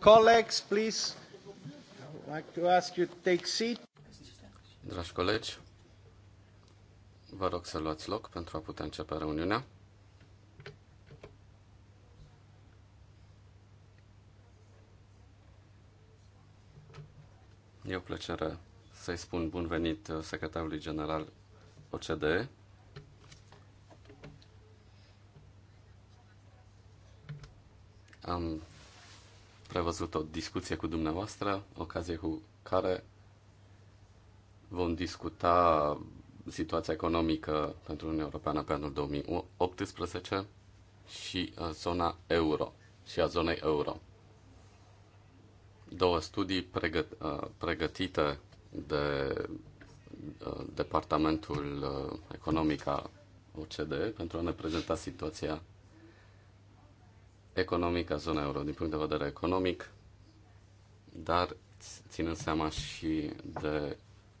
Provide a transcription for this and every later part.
Colleagues, please. I'd like to ask you to take seat. Dragi colegi, vă rog să luați loc pentru a putea începe reuniunea. E o plăcere să-i spun bun venit uh, secretarului general OCDE, am prevăzut o discuție cu dumneavoastră, ocazie cu care vom discuta situația economică pentru Uniunea Europeană pe anul 2018 și uh, zona euro și a zonei euro. Două studii uh, pregătite de uh, Departamentul Economic a OCDE pentru a ne prezenta situația economică a zonei euro, din punct de vedere economic, dar ținând seama și de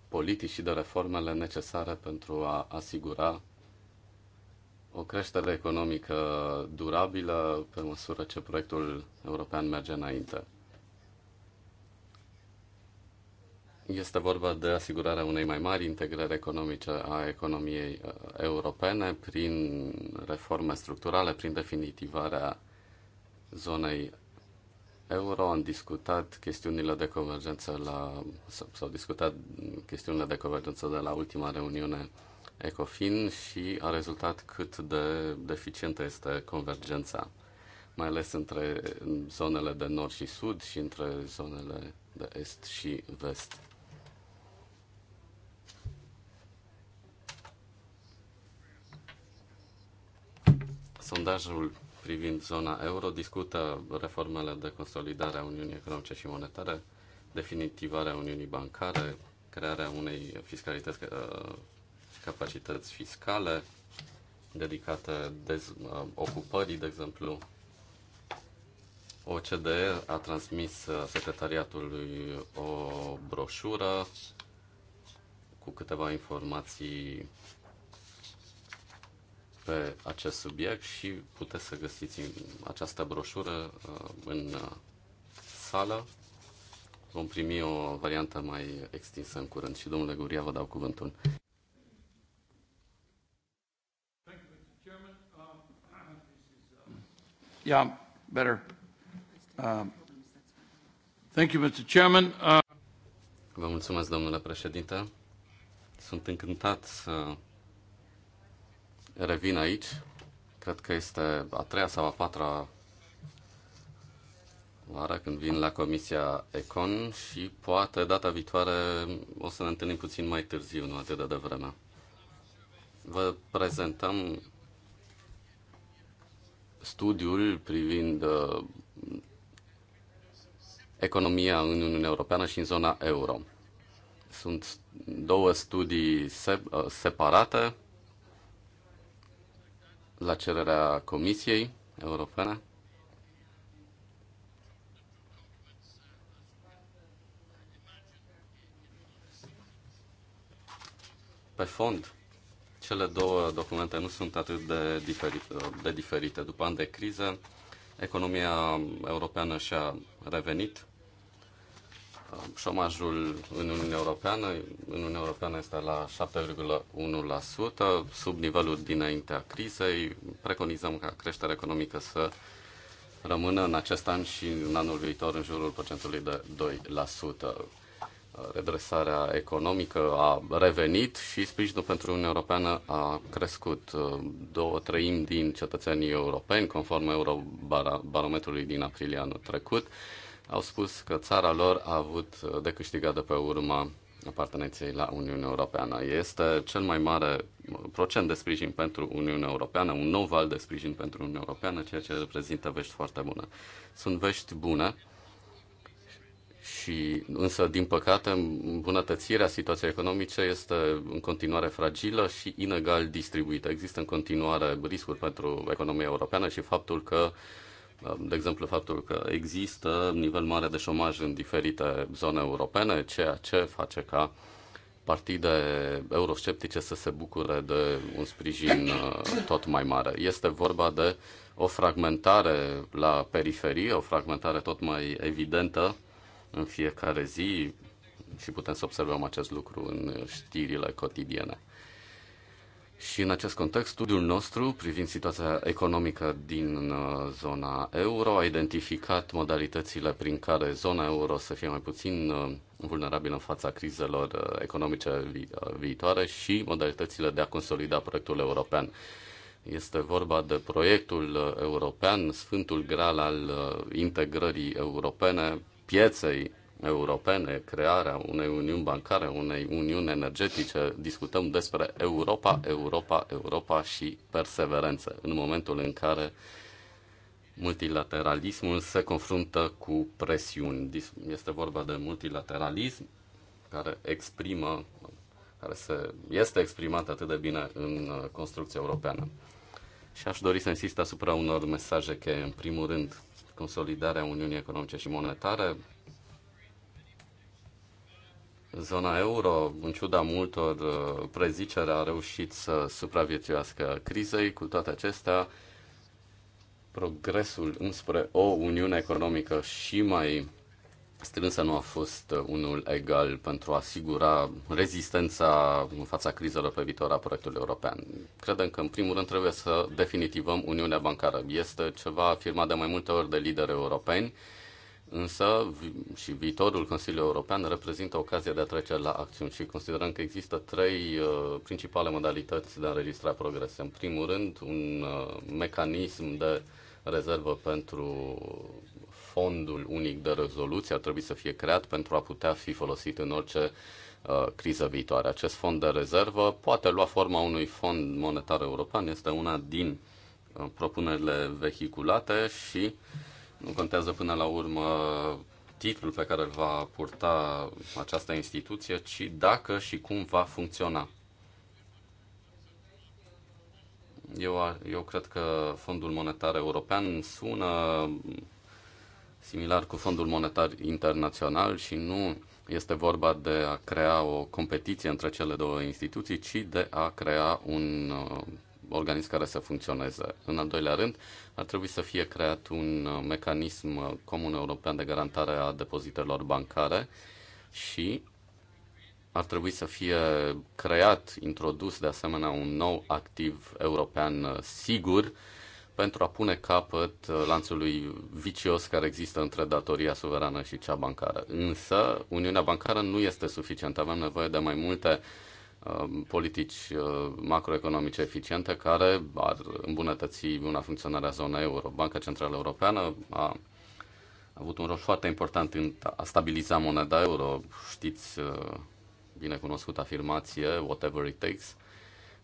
politici și de reformele necesare pentru a asigura o creștere economică durabilă pe măsură ce proiectul european merge înainte. Este vorba de asigurarea unei mai mari integrări economice a economiei uh, europene prin reforme structurale, prin definitivarea zonei euro, am discutat chestiunile de convergență la, s-au discutat chestiunile de convergență de la ultima reuniune ECOFIN și a rezultat cât de deficientă este convergența, mai ales între zonele de nord și sud și între zonele de est și vest. Sondajul privind zona euro discută reformele de consolidare a Uniunii Economice și Monetare, definitivarea Uniunii Bancare, crearea unei fiscalități, uh, capacități fiscale dedicate dez, uh, ocupării, de exemplu. OCDE a transmis uh, secretariatului o broșură cu câteva informații pe acest subiect și puteți să găsiți această broșură uh, în uh, sală. Vom primi o variantă mai extinsă în curând și domnule Guria vă dau cuvântul. Yeah, better. Uh, thank you, Mr. Chairman. Uh... Vă mulțumesc, domnule președinte. Sunt încântat să revin aici. Cred că este a treia sau a patra oară când vin la Comisia Econ și poate data viitoare o să ne întâlnim puțin mai târziu, nu atât de devreme. Vă prezentăm studiul privind uh, economia în Uniunea Europeană și în zona euro. Sunt două studii uh, separate la cererea Comisiei Europene. Pe fond, cele două documente nu sunt atât de diferite. De diferite. După ani de criză, economia europeană și-a revenit șomajul în Uniunea Europeană. În Uniunea Europeană este la 7,1%, sub nivelul dinaintea crizei. Preconizăm ca creșterea economică să rămână în acest an și în anul viitor în jurul procentului de 2%. Redresarea economică a revenit și sprijinul pentru Uniunea Europeană a crescut. Două treimi din cetățenii europeni, conform Eurobarometrului din aprilie anul trecut, au spus că țara lor a avut uh, de câștigat de pe urma aparteneței la Uniunea Europeană. Este cel mai mare procent de sprijin pentru Uniunea Europeană, un nou val de sprijin pentru Uniunea Europeană, ceea ce reprezintă vești foarte bune. Sunt vești bune, și, însă, din păcate, îmbunătățirea situației economice este în continuare fragilă și inegal distribuită. Există în continuare riscuri pentru economia europeană și faptul că uh, de exemplu, faptul că există nivel mare de șomaj în diferite zone europene, ceea ce face ca partide eurosceptice să se bucure de un sprijin uh, tot mai mare. Este vorba de o fragmentare la periferie, o fragmentare tot mai evidentă în fiecare zi și putem să observăm acest lucru în știrile cotidiene. Și în acest context, studiul nostru privind situația economică din uh, zona euro a identificat modalitățile prin care zona euro să fie mai puțin uh, vulnerabilă în fața crizelor uh, economice vi viitoare și modalitățile de a consolida proiectul european. Este vorba de proiectul european, Sfântul Graal al integrării europene, pieței europene, crearea unei uniuni bancare, unei uniuni energetice, discutăm despre Europa, Europa, Europa și perseverență în momentul în care multilateralismul se confruntă cu presiuni. Este vorba de multilateralism care exprimă, care se, este exprimat atât de bine în uh, construcția europeană. Și aș dori să insist asupra unor mesaje că, În primul rând, consolidarea Uniunii Economice și Monetare, Zona euro, în ciuda multor uh, preziceri, a reușit să supraviețuiască crizei. Cu toate acestea, progresul înspre o uniune economică și mai strânsă nu a fost uh, unul egal pentru a asigura rezistența în fața crizelor pe viitor a proiectului european. Credem că, în primul rând, trebuie să definitivăm Uniunea Bancară. Este ceva afirmat de mai multe ori de lideri europeni Însă și viitorul Consiliu European reprezintă ocazia de a trece la acțiuni și considerăm că există trei uh, principale modalități de a înregistra progrese. În primul rând, un uh, mecanism de rezervă pentru fondul unic de rezoluție ar trebui să fie creat pentru a putea fi folosit în orice uh, criză viitoare. Acest fond de rezervă poate lua forma unui fond monetar european, este una din uh, propunerile vehiculate și uh, nu contează până la urmă titlul pe care îl va purta această instituție, ci dacă și cum va funcționa. Eu, eu cred că Fondul Monetar European sună similar cu Fondul Monetar Internațional și nu este vorba de a crea o competiție între cele două instituții, ci de a crea un organism care să funcționeze. În al doilea rând, ar trebui să fie creat un uh, mecanism uh, comun european de garantare a depozitelor bancare și ar trebui să fie creat, introdus de asemenea un nou activ european uh, sigur pentru a pune capăt lanțului vicios care există între datoria suverană și cea bancară. Însă, Uniunea Bancară nu este suficientă. Avem nevoie de mai multe uh, Um, politici uh, macroeconomice eficiente care ar îmbunătăți una funcționarea zonei euro. Banca Centrală Europeană a avut un rol foarte important în a stabiliza moneda euro. Știți uh, bine cunoscută afirmație, whatever it takes.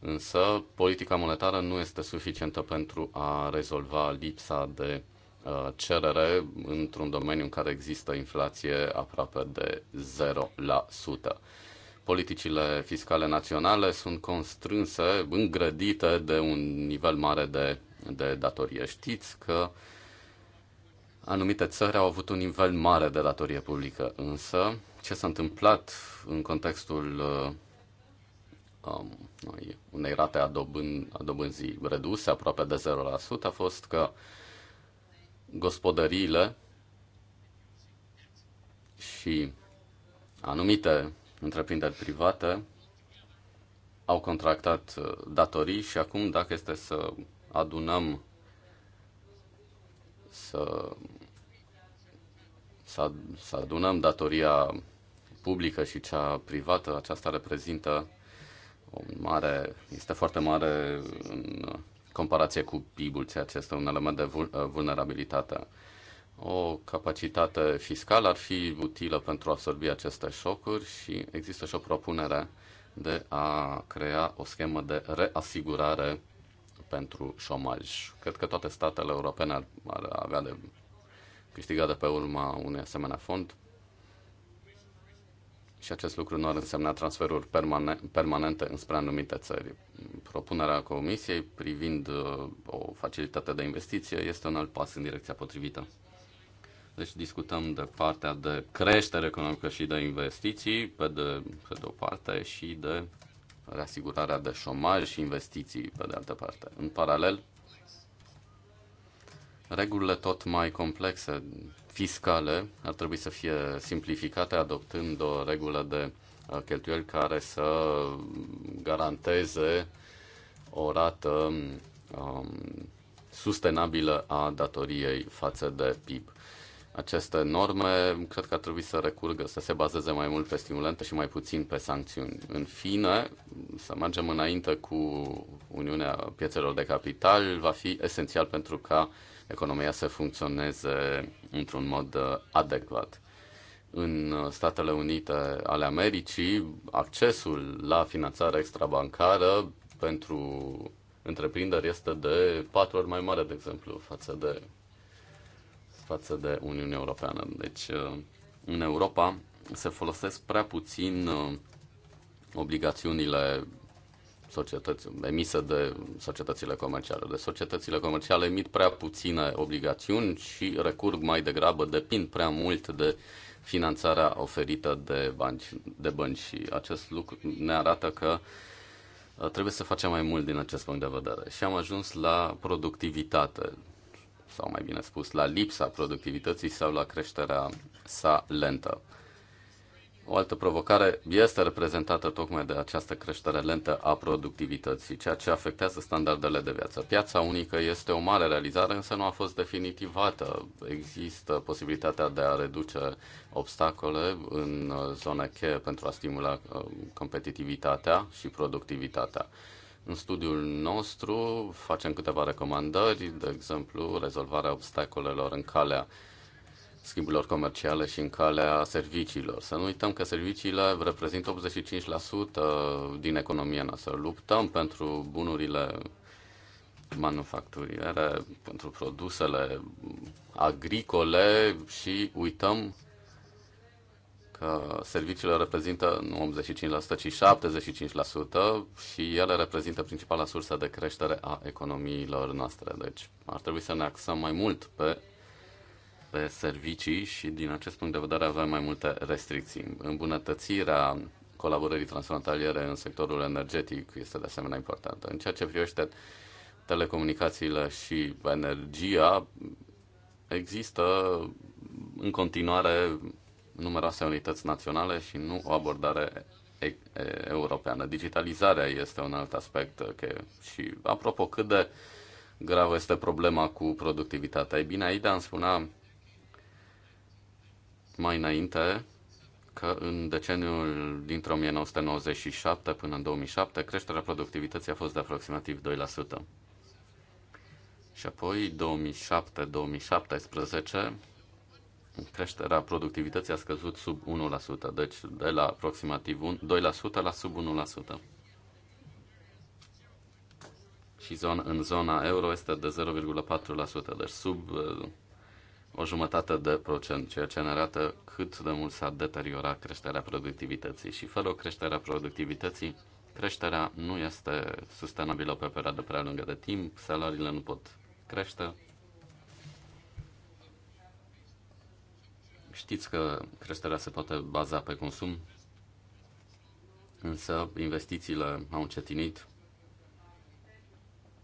Însă, politica monetară nu este suficientă pentru a rezolva lipsa de uh, cerere într-un domeniu în care există inflație aproape de 0% politicile fiscale naționale sunt constrânse, îngrădite de un nivel mare de, de datorie. Știți că anumite țări au avut un nivel mare de datorie publică, însă ce s-a întâmplat în contextul uh, um, unei rate a, dobân, a dobânzii reduse, aproape de 0%, a fost că gospodăriile și anumite întreprinderi private au contractat uh, datorii și acum, dacă este să adunăm, să, să, să adunăm datoria publică și cea privată, aceasta reprezintă o mare, este foarte mare în comparație cu PIB-ul, ceea ce este un element de uh, vulnerabilitate. O capacitate fiscală ar fi utilă pentru a absorbi aceste șocuri și există și o propunere de a crea o schemă de reasigurare pentru șomaj. Cred că toate statele europene ar, ar avea de câștigat de pe urma unui asemenea fond și acest lucru nu ar însemna transferuri permane- permanente înspre anumite țări. Propunerea Comisiei privind uh, o facilitate de investiție este un alt pas în direcția potrivită. Deci discutăm de partea de creștere economică și de investiții, pe de, pe de o parte, și de reasigurarea de șomaj și investiții, pe de altă parte. În paralel, regulile tot mai complexe fiscale ar trebui să fie simplificate adoptând o regulă de uh, cheltuieli care să garanteze o rată um, sustenabilă a datoriei față de PIB aceste norme, cred că ar trebui să recurgă, să se bazeze mai mult pe stimulente și mai puțin pe sancțiuni. În fine, să mergem înainte cu Uniunea Piețelor de Capital va fi esențial pentru ca economia să funcționeze într-un mod uh, adecvat. În uh, Statele Unite ale Americii, accesul la finanțare extrabancară pentru întreprinderi este de patru ori mai mare, de exemplu, față de față de Uniunea Europeană. Deci, uh, în Europa se folosesc prea puțin uh, obligațiunile societăți, emise de societățile comerciale. De deci, societățile comerciale emit prea puține obligațiuni și recurg mai degrabă, depind prea mult de finanțarea oferită de bani, de bănci și acest lucru ne arată că uh, trebuie să facem mai mult din acest punct de vedere. Și am ajuns la productivitate sau mai bine spus, la lipsa productivității sau la creșterea sa lentă. O altă provocare este reprezentată tocmai de această creștere lentă a productivității, ceea ce afectează standardele de viață. Piața unică este o mare realizare, însă nu a fost definitivată. Există posibilitatea de a reduce obstacole în zone cheie pentru a stimula uh, competitivitatea și productivitatea. În studiul nostru facem câteva recomandări, de exemplu, rezolvarea obstacolelor în calea schimburilor comerciale și în calea serviciilor. Să nu uităm că serviciile reprezintă 85% din economia noastră. Luptăm pentru bunurile manufacturiere, pentru produsele agricole și uităm că serviciile reprezintă nu 85%, ci 75% și ele reprezintă principala sursă de creștere a economiilor noastre. Deci ar trebui să ne axăm mai mult pe, pe servicii și din acest punct de vedere avem mai multe restricții. Îmbunătățirea colaborării transfrontaliere în sectorul energetic este de asemenea importantă. În ceea ce privește telecomunicațiile și energia, există în continuare numeroase unități naționale și nu o abordare europeană. Digitalizarea este un alt aspect. Uh, că, Și, apropo, cât de gravă este problema cu productivitatea? Ei bine, Aida îmi spunea mai înainte că în deceniul dintre 1997 până în 2007 creșterea productivității a fost de aproximativ 2%. Și apoi 2007-2017 creșterea productivității a scăzut sub 1%, deci de la aproximativ 2% la sub 1%. Și zon, în zona euro este de 0,4%, deci sub uh, o jumătate de procent, ceea ce ne arată cât de mult s-a deteriorat creșterea productivității. Și fără o creștere a productivității, creșterea nu este sustenabilă pe o perioadă prea lungă de timp, salariile nu pot crește, Știți că creșterea se poate baza pe consum, însă investițiile au încetinit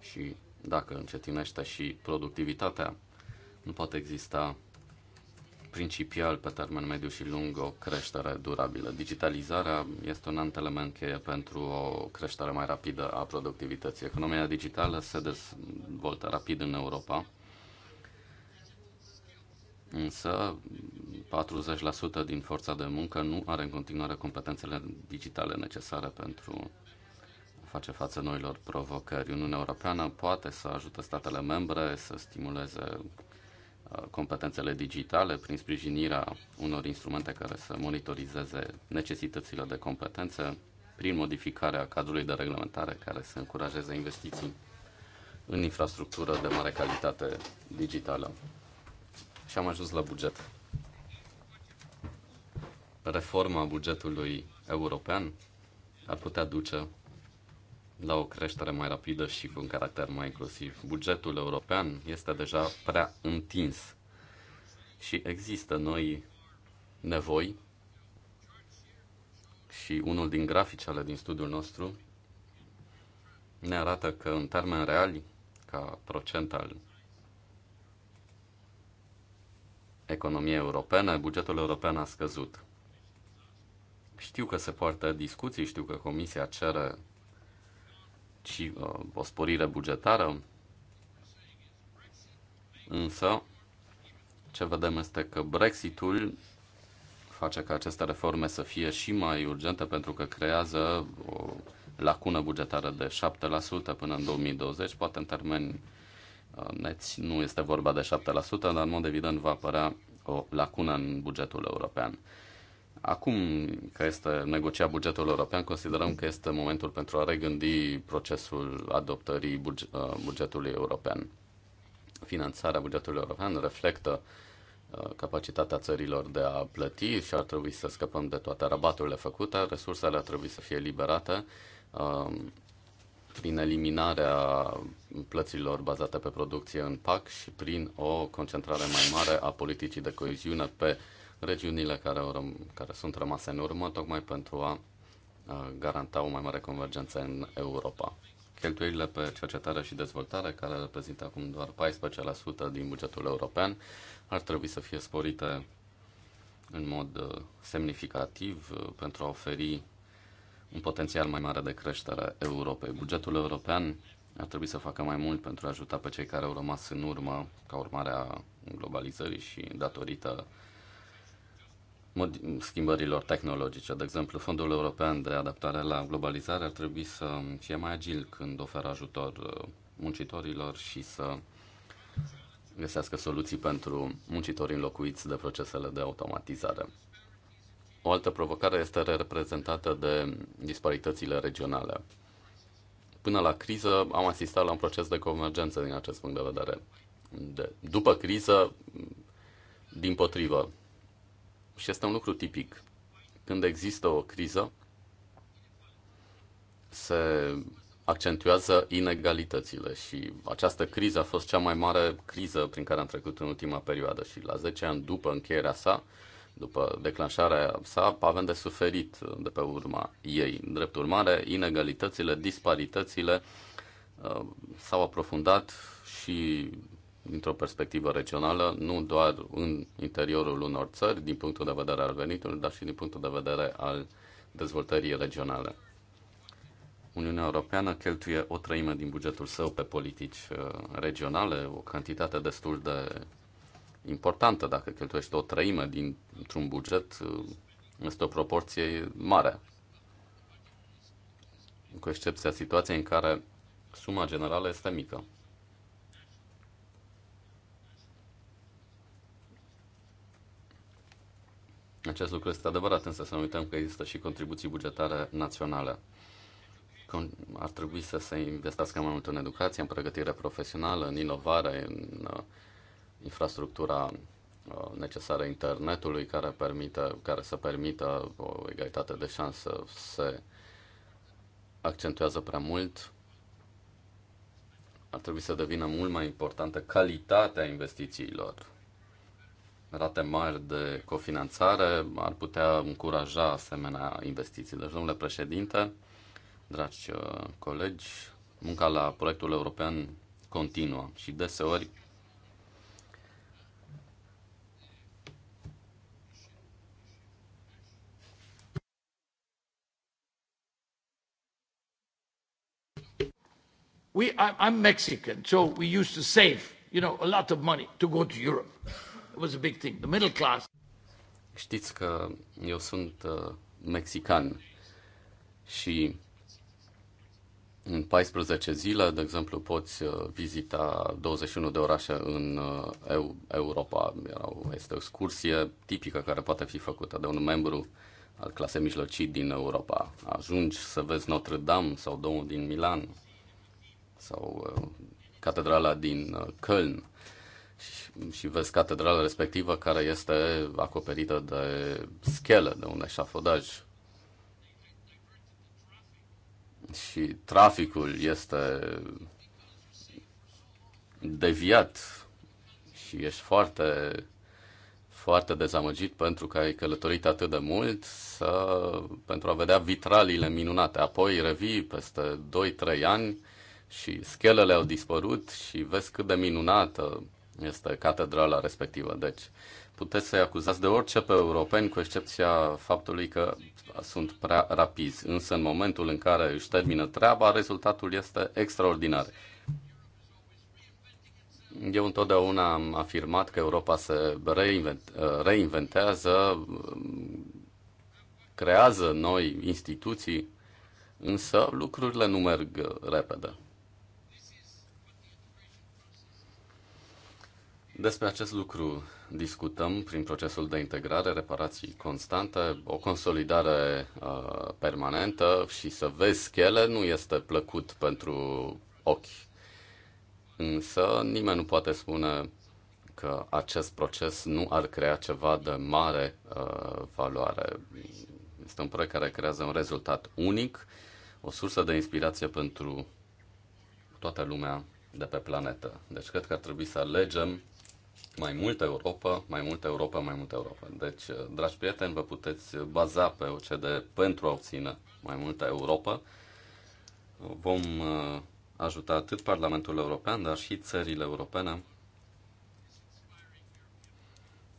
și dacă încetinește și productivitatea, nu poate exista principial pe termen mediu și lung o creștere durabilă. Digitalizarea este un alt element cheie pentru o creștere mai rapidă a productivității. Economia digitală se dezvoltă rapid în Europa însă 40% din forța de muncă nu are în continuare competențele digitale necesare pentru a face față noilor provocări. Uniunea Europeană poate să ajute statele membre să stimuleze uh, competențele digitale prin sprijinirea unor instrumente care să monitorizeze necesitățile de competențe, prin modificarea cadrului de reglementare care să încurajeze investiții în infrastructură de mare calitate digitală. Și am ajuns la buget. Reforma bugetului european ar putea duce la o creștere mai rapidă și cu un caracter mai inclusiv. Bugetul european este deja prea întins și există noi nevoi și unul din graficele din studiul nostru ne arată că în termeni reali, ca procent al economie europene, bugetul european a scăzut. Știu că se poartă discuții, știu că Comisia cere și uh, o sporire bugetară, însă ce vedem este că Brexitul face ca aceste reforme să fie și mai urgente pentru că creează o lacună bugetară de 7% până în 2020, poate în termeni neți. Nu este vorba de 7%, dar în mod evident va apărea o lacună în bugetul european. Acum că este negociat bugetul european, considerăm că este momentul pentru a regândi procesul adoptării uh, bugetului european. Finanțarea bugetului european reflectă uh, capacitatea țărilor de a plăti și ar trebui să scăpăm de toate rabaturile făcute, resursele ar trebui să fie liberate uh, prin eliminarea plăților bazate pe producție în PAC și prin o concentrare mai mare a politicii de coeziune pe regiunile care, au care sunt rămase în urmă, tocmai pentru a garanta o mai mare convergență în Europa. Cheltuielile pe cercetare și dezvoltare, care reprezintă acum doar 14% din bugetul european, ar trebui să fie sporite în mod uh, semnificativ uh, pentru a oferi un potențial mai mare de creștere Europei. Bugetul european ar trebui să facă mai mult pentru a ajuta pe cei care au rămas în urmă ca urmare a globalizării și datorită schimbărilor tehnologice. De exemplu, Fondul European de Adaptare la Globalizare ar trebui să fie mai agil când oferă ajutor uh, muncitorilor și să găsească soluții pentru muncitorii înlocuiți de procesele de automatizare. O altă provocare este reprezentată de disparitățile regionale. Până la criză am asistat la un proces de convergență din acest punct de vedere. De, după criză, din potrivă. Și este un lucru tipic. Când există o criză, se accentuează inegalitățile și această criză a fost cea mai mare criză prin care am trecut în ultima perioadă și la 10 ani după încheierea sa, după declanșarea sa, avem de suferit de pe urma ei. În drept urmare, inegalitățile, disparitățile uh, s-au aprofundat și dintr-o perspectivă regională, nu doar în interiorul unor țări, din punctul de vedere al venitului, dar și din punctul de vedere al dezvoltării regionale. Uniunea Europeană cheltuie o treime din bugetul său pe politici uh, regionale, o cantitate destul de importantă. Dacă cheltuiești o trăimă dintr-un buget, este o proporție mare. Cu excepția situației în care suma generală este mică. Acest lucru este adevărat, însă să nu uităm că există și contribuții bugetare naționale. Ar trebui să se investească mai mult în educație, în pregătire profesională, în inovare, în uh, infrastructura uh, necesară internetului care, permite, care să permită o egalitate de șansă se accentuează prea mult. Ar trebui să devină mult mai importantă calitatea investițiilor. Rate mari de cofinanțare ar putea încuraja asemenea investiții. Deci, domnule președinte, dragi uh, colegi, munca la proiectul european continuă și deseori We, I, I'm Mexican, so we used to save, you know, a lot of money to go to Europe. It was a big thing. The middle class. Știți că eu sunt uh, mexican și în 14 zile, de exemplu, poți uh, vizita 21 de orașe în uh, Europa. Este o excursie tipică care poate fi făcută de un membru al clasei mijlocii din Europa. Ajungi să vezi Notre Dame sau două din Milan sau uh, catedrala din uh, Köln și, și vezi catedrala respectivă care este acoperită de schele, de un eșafodaj. Și traficul este deviat și ești foarte, foarte dezamăgit pentru că ai călătorit atât de mult să, pentru a vedea vitraliile minunate. Apoi revii peste 2-3 ani și schelele au dispărut și vezi cât de minunată este catedrala respectivă. Deci puteți să-i acuzați de orice pe europeni, cu excepția faptului că sunt prea rapizi. Însă în momentul în care își termină treaba, rezultatul este extraordinar. Eu întotdeauna am afirmat că Europa se reinventează, creează noi instituții, însă lucrurile nu merg repede. Despre acest lucru discutăm prin procesul de integrare, reparații constante, o consolidare uh, permanentă și să vezi chele nu este plăcut pentru ochi. Însă nimeni nu poate spune că acest proces nu ar crea ceva de mare uh, valoare. Este un proiect care creează un rezultat unic, o sursă de inspirație pentru toată lumea de pe planetă. Deci cred că ar trebui să alegem mai multă Europa, mai multă Europa, mai multă Europa. Deci, uh, dragi prieteni, vă puteți baza pe OCDE pentru a obține mai multă Europa. Vom uh, ajuta atât Parlamentul European, dar și țările europene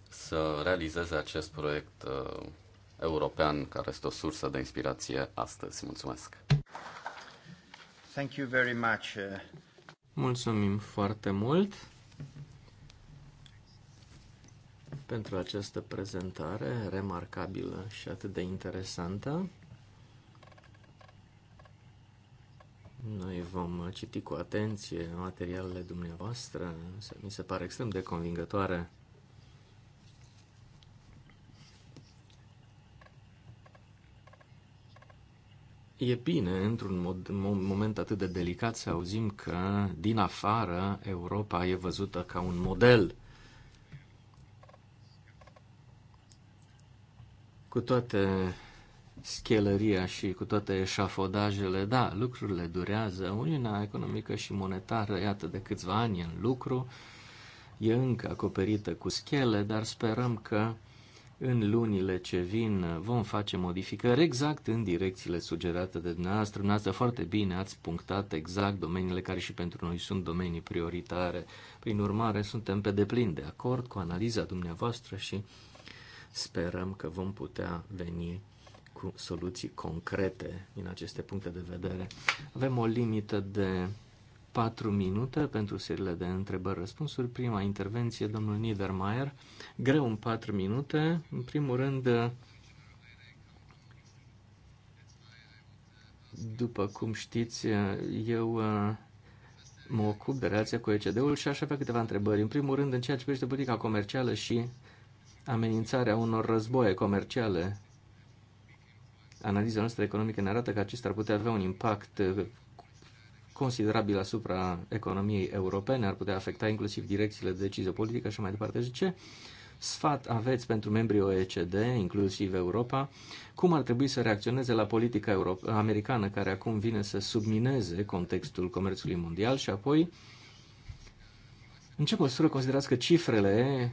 să realizeze acest proiect uh, european care este o sursă de inspirație astăzi. Mulțumesc! Thank you very much. Mulțumim foarte mult! pentru această prezentare remarcabilă și atât de interesantă. Noi vom citi cu atenție materialele dumneavoastră. Mi se pare extrem de convingătoare. E bine, într-un moment atât de delicat, să auzim că din afară Europa e văzută ca un model Cu toate schelăria și cu toate eșafodajele, da, lucrurile durează. Uniunea economică și monetară, iată, de câțiva ani în lucru, e încă acoperită cu schele, dar sperăm că în lunile ce vin vom face modificări exact în direcțiile sugerate de dumneavoastră. Dumneavoastră foarte bine ați punctat exact domeniile care și pentru noi sunt domenii prioritare. Prin urmare, suntem pe deplin de acord cu analiza dumneavoastră și sperăm că vom putea veni cu soluții concrete din aceste puncte de vedere. Avem o limită de 4 minute pentru seriile de întrebări-răspunsuri. Prima intervenție, domnul Niedermayer. Greu în 4 minute. În primul rând, după cum știți, eu uh, mă ocup de relația cu ECD-ul și aș avea câteva întrebări. În primul rând, în ceea ce privește politica comercială și amenințarea unor războaie comerciale. Analiza noastră economică ne arată că acesta ar putea avea un impact considerabil asupra economiei europene, ar putea afecta inclusiv direcțiile de decizie politică și mai departe. Și deci ce sfat aveți pentru membrii OECD, inclusiv Europa, cum ar trebui să reacționeze la politica americană care acum vine să submineze contextul comerțului mondial și apoi în ce măsură considerați că cifrele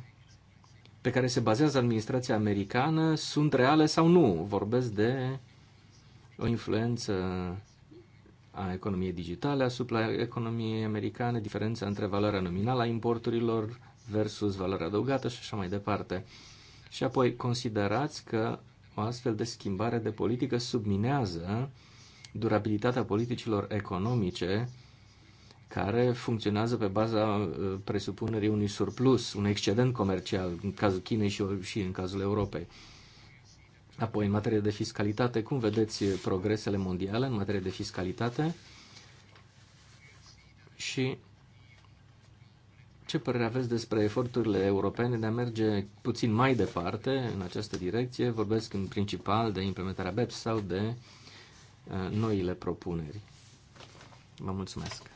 pe care se bazează administrația americană sunt reale sau nu. Vorbesc de o influență a economiei digitale asupra economiei americane, diferența între valoarea nominală a importurilor versus valoarea adăugată și așa mai departe. Și apoi considerați că o astfel de schimbare de politică subminează durabilitatea politicilor economice care funcționează pe baza uh, presupunerii unui surplus, un excedent comercial, în cazul Chinei și, și în cazul Europei. Apoi, în materie de fiscalitate, cum vedeți progresele mondiale în materie de fiscalitate? Și ce părere aveți despre eforturile europene de a merge puțin mai departe în această direcție? Vorbesc în principal de implementarea BEPS sau de uh, noile propuneri. Vă mulțumesc!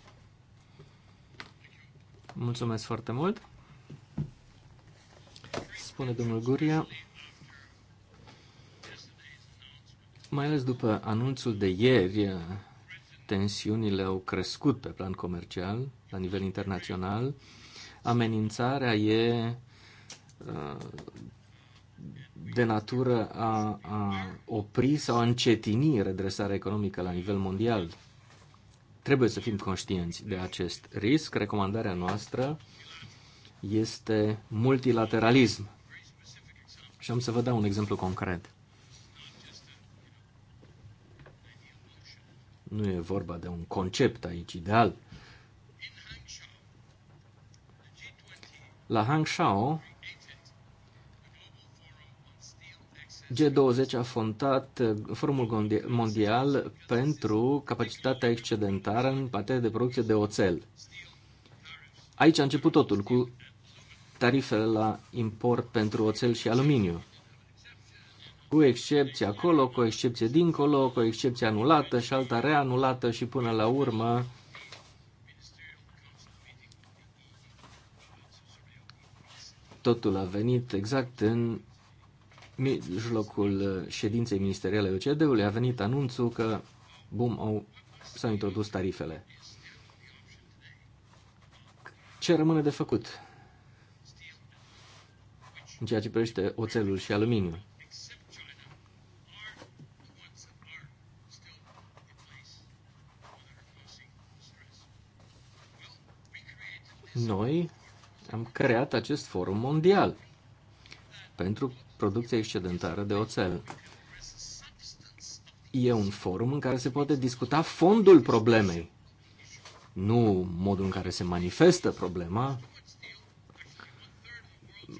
Mulțumesc foarte mult. Spune domnul Guria. Mai ales după anunțul de ieri, tensiunile au crescut pe plan comercial, la nivel internațional. Amenințarea e uh, de natură a, a opri sau a încetini redresarea economică la nivel mondial. Trebuie să fim conștienți de acest risc. Recomandarea noastră este multilateralism. Și am să vă dau un exemplu concret. Nu e vorba de un concept aici ideal. La Hangzhou, G20 a fondat eh, Forumul Mondial pentru capacitatea excedentară în materie de producție de oțel. Aici a început totul cu tarifele la import pentru oțel și aluminiu. Cu excepție acolo, cu excepție dincolo, cu excepție anulată și alta reanulată și până la urmă totul a venit exact în mijlocul uh, ședinței ministeriale OCD-ului a venit anunțul că, bum, au, s-au introdus tarifele. Ce rămâne de făcut? În ceea ce privește oțelul și aluminiul. Noi am creat acest forum mondial pentru producția excedentară de oțel. E un forum în care se poate discuta fondul problemei, nu modul în care se manifestă problema.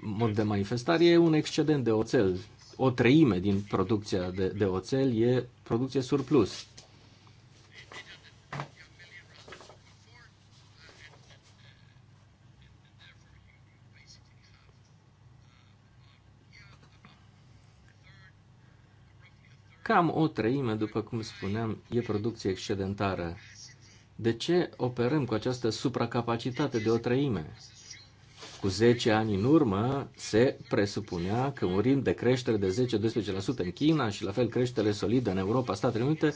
Mod de manifestare e un excedent de oțel. O treime din producția de, de oțel e producție surplus. Cam o treime, după cum spuneam, e producție excedentară. De ce operăm cu această supracapacitate de o treime? Cu 10 ani în urmă se presupunea că un ritm de creștere de 10-12% în China și la fel creștere solidă în Europa, Statele Unite,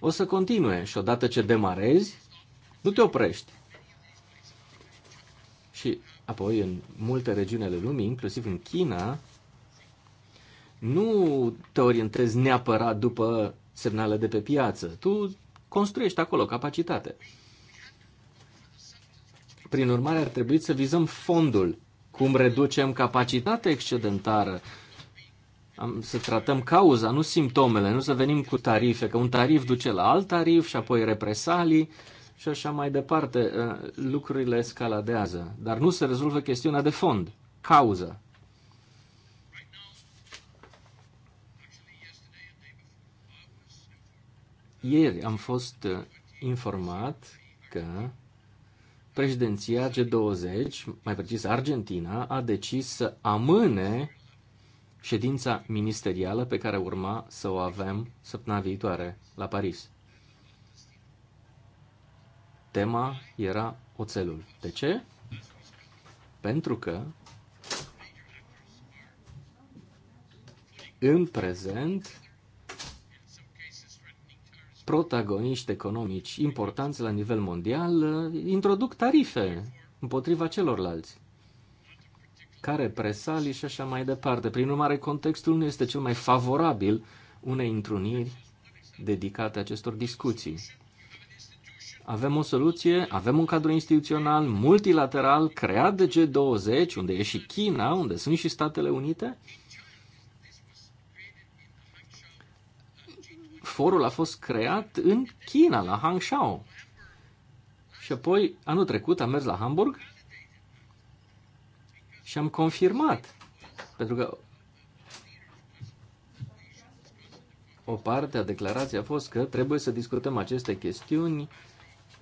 o să continue și odată ce demarezi, nu te oprești. Și apoi în multe regiuni ale lumii, inclusiv în China, nu te orientezi neapărat după semnale de pe piață. Tu construiești acolo capacitate. Prin urmare, ar trebui să vizăm fondul. Cum reducem capacitatea excedentară? Am, să tratăm cauza, nu simptomele, nu să venim cu tarife, că un tarif duce la alt tarif și apoi represalii și așa mai departe. Eh, lucrurile escaladează, dar nu se rezolvă chestiunea de fond, cauza. Ieri am fost uh, informat că președinția G20, mai precis Argentina, a decis să amâne ședința ministerială pe care urma să o avem săptămâna viitoare la Paris. Tema era oțelul. De ce? Pentru că în prezent protagoniști economici importanți la nivel mondial uh, introduc tarife împotriva celorlalți, care presali și așa mai departe. Prin urmare, contextul nu este cel mai favorabil unei întruniri dedicate acestor discuții. Avem o soluție, avem un cadru instituțional multilateral creat de G20, unde e și China, unde sunt și Statele Unite, forul a fost creat în China, la Hangzhou. Și apoi, anul trecut, am mers la Hamburg și am confirmat. Pentru că o parte a declarației a fost că trebuie să discutăm aceste chestiuni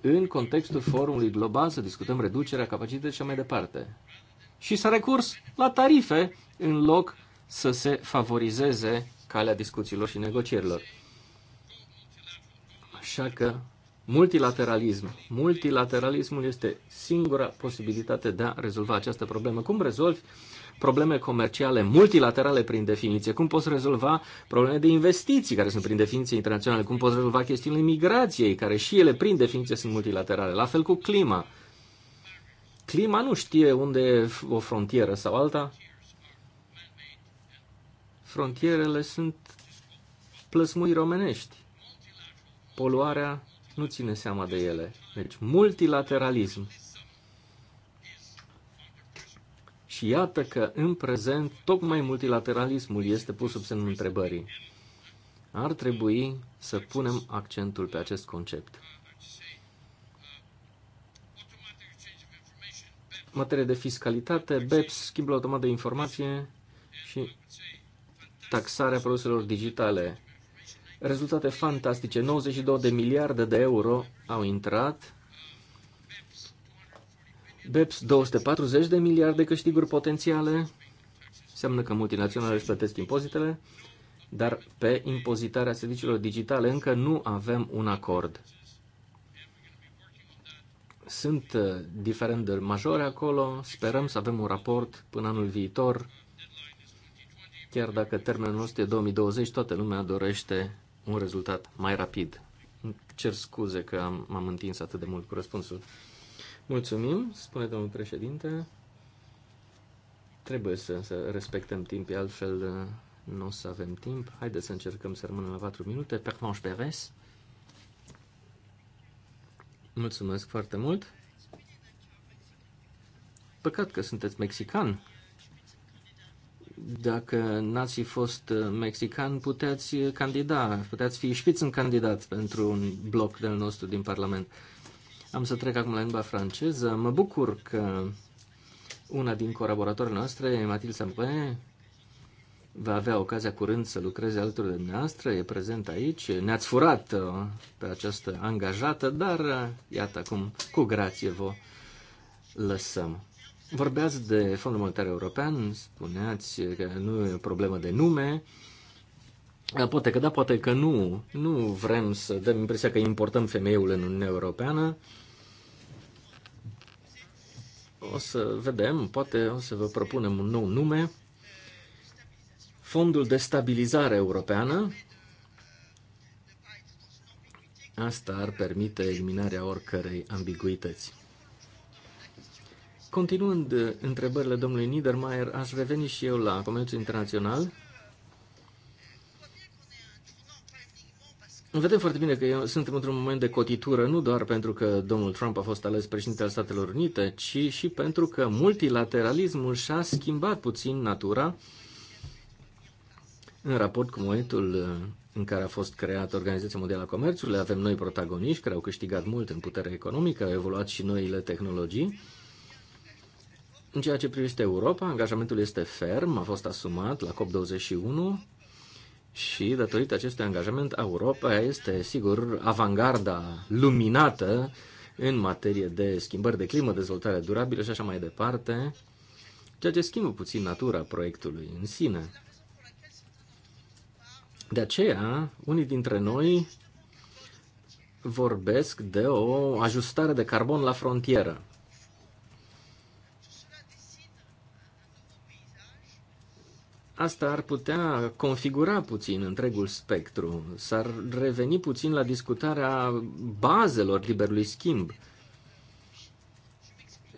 în contextul forumului global, să discutăm reducerea capacității și mai departe. Și s-a recurs la tarife în loc să se favorizeze calea discuțiilor și negocierilor. Așa că multilateralism. Multilateralismul este singura posibilitate de a rezolva această problemă. Cum rezolvi probleme comerciale multilaterale prin definiție? Cum poți rezolva probleme de investiții, care sunt prin definiție internaționale? Cum poți rezolva chestiunile migrației, care și ele prin definiție sunt multilaterale? La fel cu clima. Clima nu știe unde e o frontieră sau alta. Frontierele sunt plăsmui romenești poluarea nu ține seama de ele. Deci, multilateralism. Și iată că, în prezent, tocmai multilateralismul este pus sub semnul întrebării. Ar trebui să punem accentul pe acest concept. materie de fiscalitate, BEPS, schimbul automat de informație și taxarea produselor digitale. Rezultate fantastice, 92 de miliarde de euro au intrat, BEPS 240 de miliarde câștiguri potențiale, înseamnă că multinaționale își plătesc impozitele, dar pe impozitarea serviciilor digitale încă nu avem un acord. Sunt uh, diferende majore acolo, sperăm să avem un raport până anul viitor, chiar dacă termenul nostru e 2020, toată lumea dorește un rezultat mai rapid. cer scuze că am, m-am întins atât de mult cu răspunsul. Mulțumim, spune domnul președinte. Trebuie să, să respectăm timp, altfel uh, nu o să avem timp. Haideți să încercăm să rămânem la 4 minute. Permanche Beres. Mulțumesc foarte mult. Păcat că sunteți mexican dacă n-ați fi fost uh, mexican, puteați uh, candida, puteați fi șpiți în candidat pentru un bloc de nostru din Parlament. Am să trec acum la limba franceză. Mă bucur că una din colaboratoarele noastre, Mathilde Sampre, va avea ocazia curând să lucreze alături de dumneavoastră, e prezent aici. Ne-ați furat uh, pe această angajată, dar iată acum, cu grație vă lăsăm. Vorbeați de Fondul Monetar European, spuneați că nu e o problemă de nume. Poate că da, poate că nu. Nu vrem să dăm impresia că importăm femeiul în Uniunea Europeană. O să vedem, poate o să vă propunem un nou nume. Fondul de stabilizare europeană. Asta ar permite eliminarea oricărei ambiguități. Continuând uh, întrebările domnului Niedermayer, aș reveni și eu la comerțul internațional. Vedem foarte bine că suntem într-un moment de cotitură, nu doar pentru că domnul Trump a fost ales președinte al Statelor Unite, ci și pentru că multilateralismul și-a schimbat puțin natura în raport cu momentul uh, în care a fost creată Organizația Mondială a Comerțului. Avem noi protagoniști care au câștigat mult în putere economică, au evoluat și noile tehnologii. În ceea ce privește Europa, angajamentul este ferm, a fost asumat la COP21 și datorită acestui angajament, Europa este, sigur, avangarda luminată în materie de schimbări de climă, dezvoltare durabilă și așa mai departe, ceea ce schimbă puțin natura proiectului în sine. De aceea, unii dintre noi vorbesc de o ajustare de carbon la frontieră. Asta ar putea configura puțin întregul spectru, s-ar reveni puțin la discutarea bazelor liberului schimb.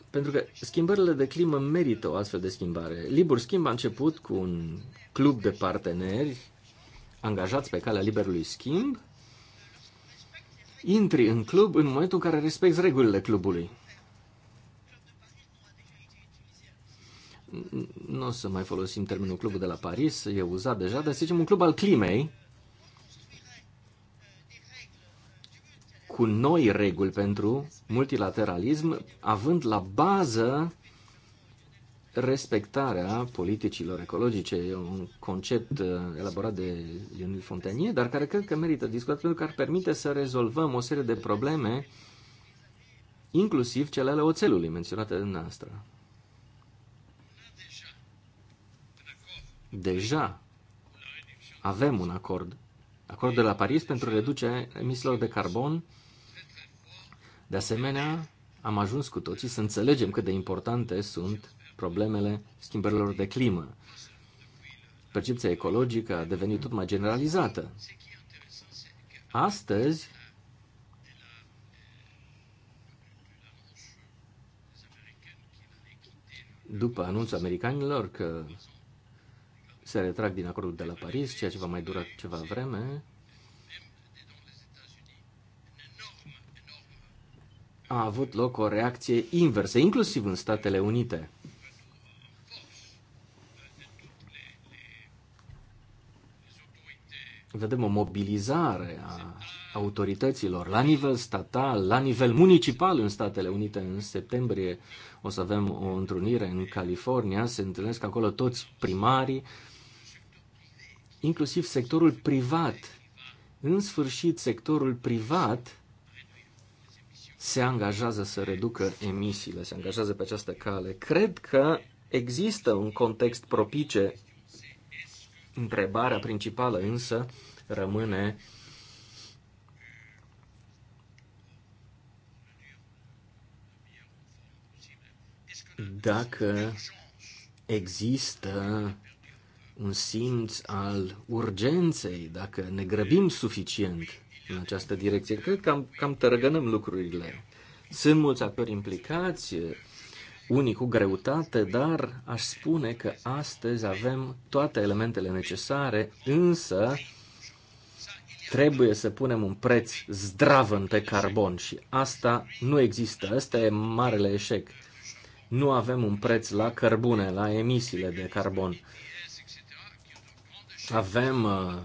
Pentru că schimbările de climă merită o astfel de schimbare. Libur Schimb a început cu un club de parteneri angajați pe calea liberului schimb. Intri în club în momentul în care respecti regulile clubului. nu o să mai folosim termenul clubul de la Paris, e uzat deja, dar să zicem un club al climei, cu noi reguli pentru multilateralism, având la bază respectarea politicilor ecologice. E un concept uh, elaborat de Ionil Fontanier, dar care cred că merită discutat pentru că ar permite să rezolvăm o serie de probleme, inclusiv cele ale oțelului menționate de noastră. deja avem un acord, acordul de la Paris pentru reducerea emisiilor de carbon. De asemenea, am ajuns cu toții să înțelegem cât de importante sunt problemele schimbărilor de climă. Percepția ecologică a devenit tot mai generalizată. Astăzi, după anunțul americanilor că se retrag din acordul de la Paris, ceea ce va mai dura ceva vreme. A avut loc o reacție inversă, inclusiv în Statele Unite. Vedem o mobilizare a autorităților la nivel statal, la nivel municipal în Statele Unite. În septembrie o să avem o întrunire în California, se întâlnesc acolo toți primarii, inclusiv sectorul privat. În sfârșit, sectorul privat se angajează să reducă emisiile, se angajează pe această cale. Cred că există un context propice. Întrebarea principală însă rămâne dacă există un simț al urgenței, dacă ne grăbim suficient în această direcție. Cred că cam, cam tărăgănăm lucrurile. Sunt mulți actori implicați, unii cu greutate, dar aș spune că astăzi avem toate elementele necesare, însă trebuie să punem un preț zdravăn pe carbon și asta nu există. Asta e marele eșec. Nu avem un preț la cărbune, la emisiile de carbon avem uh,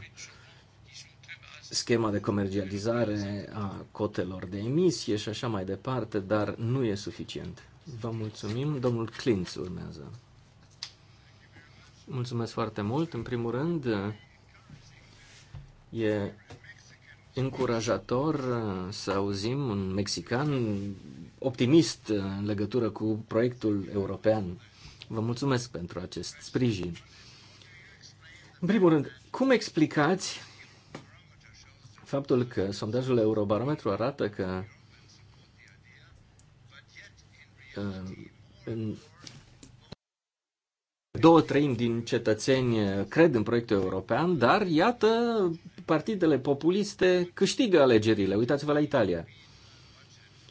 schema de comercializare a cotelor de emisie și așa mai departe, dar nu e suficient. Vă mulțumim. Domnul Clint urmează. Mulțumesc foarte mult. În primul rând, uh, e încurajator uh, să auzim un mexican optimist în legătură cu proiectul european. Vă mulțumesc pentru acest sprijin. În primul rând, cum explicați faptul că sondajul Eurobarometru arată că uh, în două treimi din cetățeni cred în proiectul european, dar iată, partidele populiste câștigă alegerile. Uitați-vă la Italia.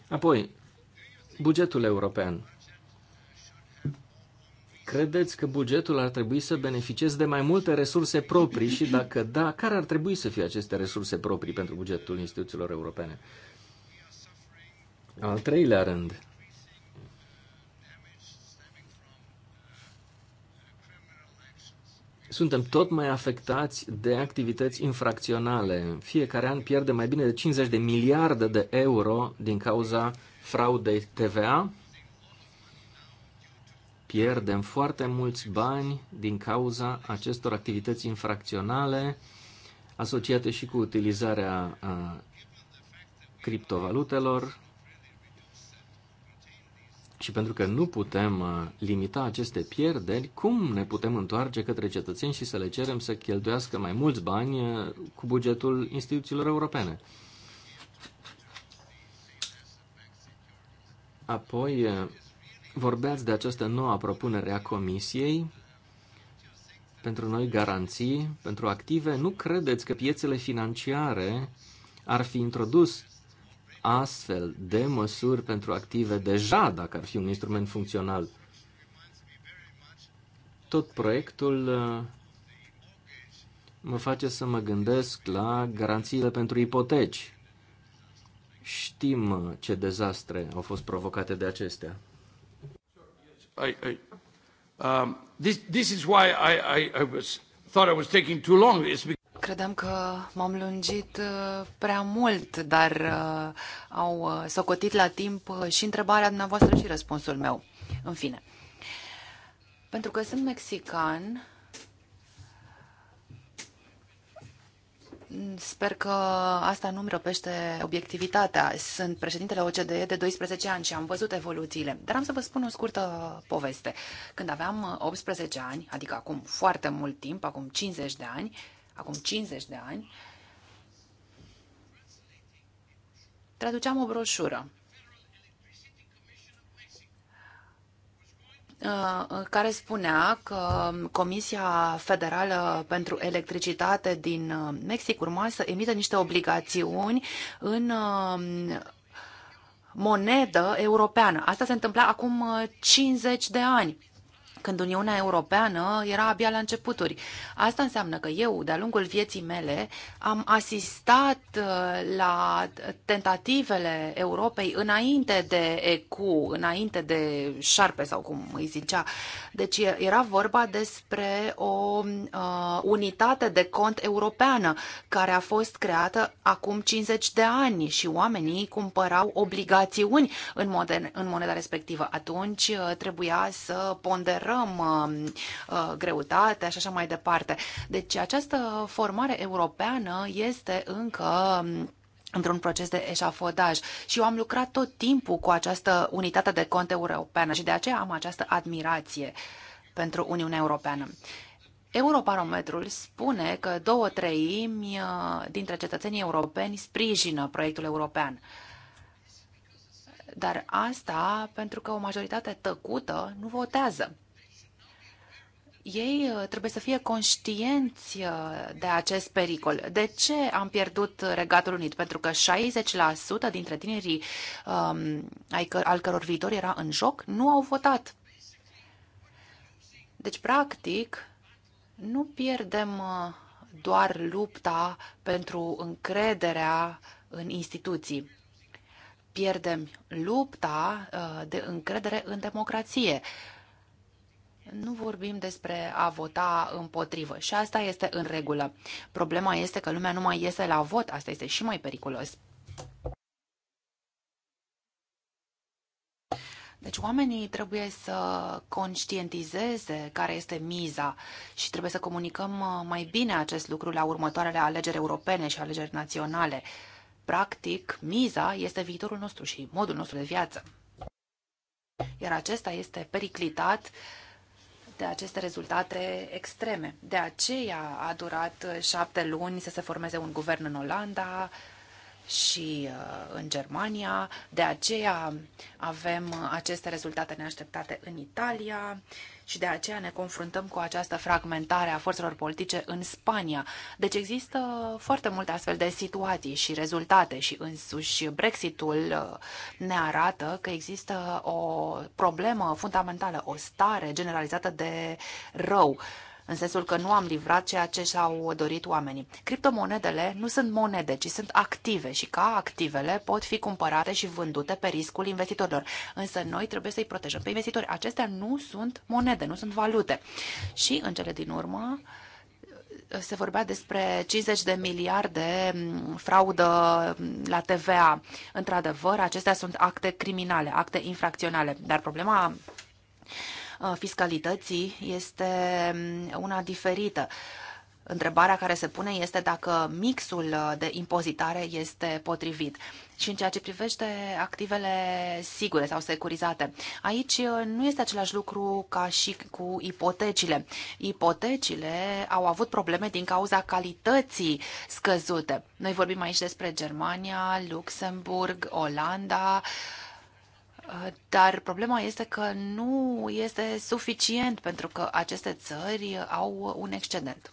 Apoi, bugetul european. Credeți că bugetul ar trebui să beneficieze de mai multe resurse proprii și dacă da, care ar trebui să fie aceste resurse proprii pentru bugetul instituțiilor europene? Al treilea rând, suntem tot mai afectați de activități infracționale. În fiecare an pierde mai bine de 50 de miliarde de euro din cauza fraudei TVA pierdem foarte mulți bani din cauza acestor activități infracționale asociate și cu utilizarea a criptovalutelor și pentru că nu putem limita aceste pierderi, cum ne putem întoarce către cetățeni și să le cerem să cheltuiască mai mulți bani cu bugetul instituțiilor europene? Apoi, vorbeați de această nouă propunere a Comisiei pentru noi garanții, pentru active. Nu credeți că piețele financiare ar fi introdus astfel de măsuri pentru active deja, dacă ar fi un instrument funcțional? Tot proiectul uh, mă face să mă gândesc la garanțiile pentru ipoteci. Știm uh, ce dezastre au fost provocate de acestea. I, I, um, this, this is why I, I, I was, thought I was taking too long. It's because Credeam că m-am lungit uh, prea mult, dar uh, au uh, socotit la timp și întrebarea dumneavoastră și răspunsul meu. În fine, pentru că sunt mexican, Sper că asta nu-mi răpește obiectivitatea. Sunt președintele OCDE de 12 ani și am văzut evoluțiile. Dar am să vă spun o scurtă poveste. Când aveam 18 ani, adică acum foarte mult timp, acum 50 de ani, acum 50 de ani, traduceam o broșură Uh, care spunea că Comisia Federală pentru Electricitate din uh, Mexic urma să emită niște obligațiuni în uh, monedă europeană. Asta se întâmpla acum 50 de ani când Uniunea Europeană era abia la începuturi. Asta înseamnă că eu, de-a lungul vieții mele, am asistat uh, la tentativele Europei înainte de EQ, înainte de șarpe sau cum îi zicea. Deci era vorba despre o uh, unitate de cont europeană care a fost creată acum 50 de ani și oamenii cumpărau obligațiuni în, moden, în moneda respectivă. Atunci uh, trebuia să ponderăm măsurăm um, uh, greutatea și așa mai departe. Deci această formare europeană este încă um, într-un proces de eșafodaj și eu am lucrat tot timpul cu această unitate de cont europeană și de aceea am această admirație pentru Uniunea Europeană. Eurobarometrul spune că două treimi uh, dintre cetățenii europeni sprijină proiectul european. Dar asta pentru că o majoritate tăcută nu votează ei uh, trebuie să fie conștienți uh, de acest pericol. De ce am pierdut Regatul Unit? Pentru că 60% dintre tinerii um, al căror viitor era în joc nu au votat. Deci, practic, nu pierdem uh, doar lupta pentru încrederea în instituții. Pierdem lupta de încredere în democrație nu vorbim despre a vota împotrivă și asta este în regulă. Problema este că lumea nu mai iese la vot, asta este și mai periculos. Deci oamenii trebuie să conștientizeze care este miza și trebuie să comunicăm uh, mai bine acest lucru la următoarele alegeri europene și alegeri naționale. Practic, miza este viitorul nostru și modul nostru de viață. Iar acesta este periclitat uh, de aceste rezultate extreme. De aceea a durat șapte luni să se formeze un guvern în Olanda, și uh, în Germania. De aceea avem uh, aceste rezultate neașteptate în Italia și de aceea ne confruntăm cu această fragmentare a forțelor politice în Spania. Deci există foarte multe astfel de situații și rezultate și însuși Brexitul uh, ne arată că există o problemă fundamentală, o stare generalizată de rău în sensul că nu am livrat ceea ce și-au dorit oamenii. Criptomonedele nu sunt monede, ci sunt active și ca activele pot fi cumpărate și vândute pe riscul investitorilor. Însă noi trebuie să-i protejăm pe investitori. Acestea nu sunt monede, nu sunt valute. Și în cele din urmă, se vorbea despre 50 de miliarde mm, fraudă mm, la TVA. Într-adevăr, acestea sunt acte criminale, acte infracționale. Dar problema Uh, fiscalității este mm, una diferită. Întrebarea care se pune este dacă mixul uh, de impozitare este potrivit. Și în ceea ce privește activele sigure sau securizate, aici uh, nu este același lucru ca și cu ipotecile. Ipotecile au avut probleme din cauza calității scăzute. Noi vorbim aici despre Germania, Luxemburg, Olanda, uh, Uh, dar problema este că nu este suficient pentru că aceste țări au un excedent.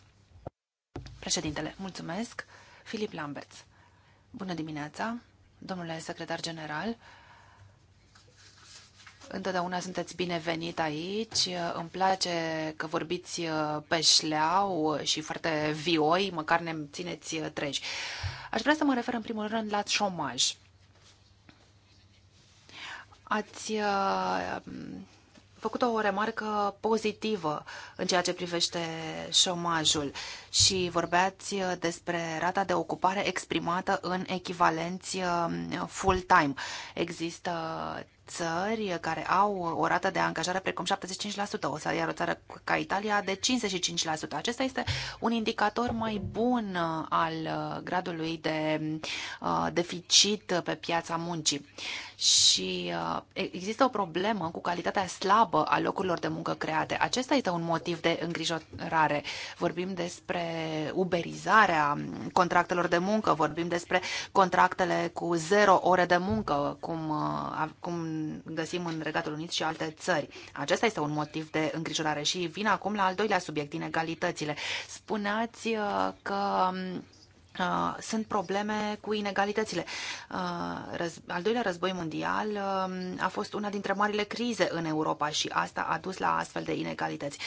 Președintele, mulțumesc. Filip Lamberts. Bună dimineața, domnule secretar general. Întotdeauna sunteți binevenit aici. Îmi place că vorbiți uh, pe șleau și foarte vioi, măcar ne țineți uh, treji. Aș vrea să mă refer în primul rând la șomaj. Ați uh, făcut o remarcă pozitivă în ceea ce privește șomajul și vorbeați uh, despre rata de ocupare exprimată în echivalenți uh, full-time. Există țări care au o rată de angajare precum 75%, o să iar o țară ca Italia de 55%. Acesta este un indicator mai bun uh, al uh, gradului de uh, deficit pe piața muncii. Și există o problemă cu calitatea slabă a locurilor de muncă create. Acesta este un motiv de îngrijorare. Vorbim despre uberizarea contractelor de muncă, vorbim despre contractele cu zero ore de muncă, cum, cum găsim în Regatul Unit și alte țări. Acesta este un motiv de îngrijorare și vin acum la al doilea subiect, inegalitățile. Spuneați uh, că um, uh, sunt probleme cu inegalitățile. Uh, al doilea război mondial um, a fost una dintre marile crize în Europa și asta a dus la astfel de inegalități.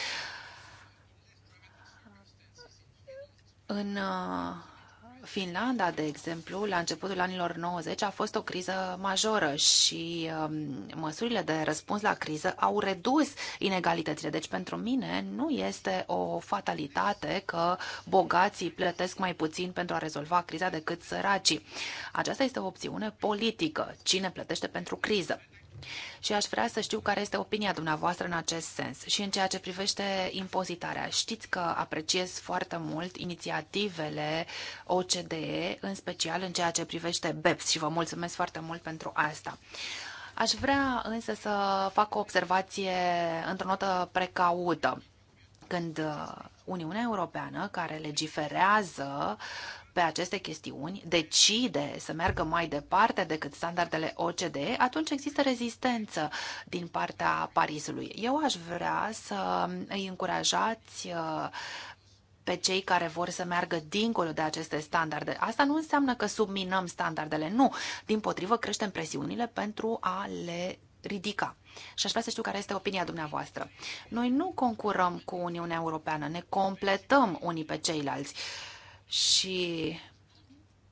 În Finlanda, de exemplu, la începutul anilor 90 a fost o criză majoră și um, măsurile de răspuns la criză au redus inegalitățile. Deci, pentru mine, nu este o fatalitate că bogații plătesc mai puțin pentru a rezolva criza decât săracii. Aceasta este o opțiune politică. Cine plătește pentru criză? Și aș vrea să știu care este opinia dumneavoastră în acest sens. Și în ceea ce privește impozitarea, știți că apreciez foarte mult inițiativele OCDE, în special în ceea ce privește BEPS și vă mulțumesc foarte mult pentru asta. Aș vrea însă să fac o observație într-o notă precaută. Când uh, Uniunea Europeană, care legiferează pe aceste chestiuni decide să meargă mai departe decât standardele OCDE, atunci există rezistență din partea Parisului. Eu aș vrea să îi încurajați uh, pe cei care vor să meargă dincolo de aceste standarde. Asta nu înseamnă că subminăm standardele, nu. Din potrivă, creștem presiunile pentru a le ridica. Și aș vrea să știu care este opinia dumneavoastră. Noi nu concurăm cu Uniunea Europeană, ne completăm unii pe ceilalți. Uh, și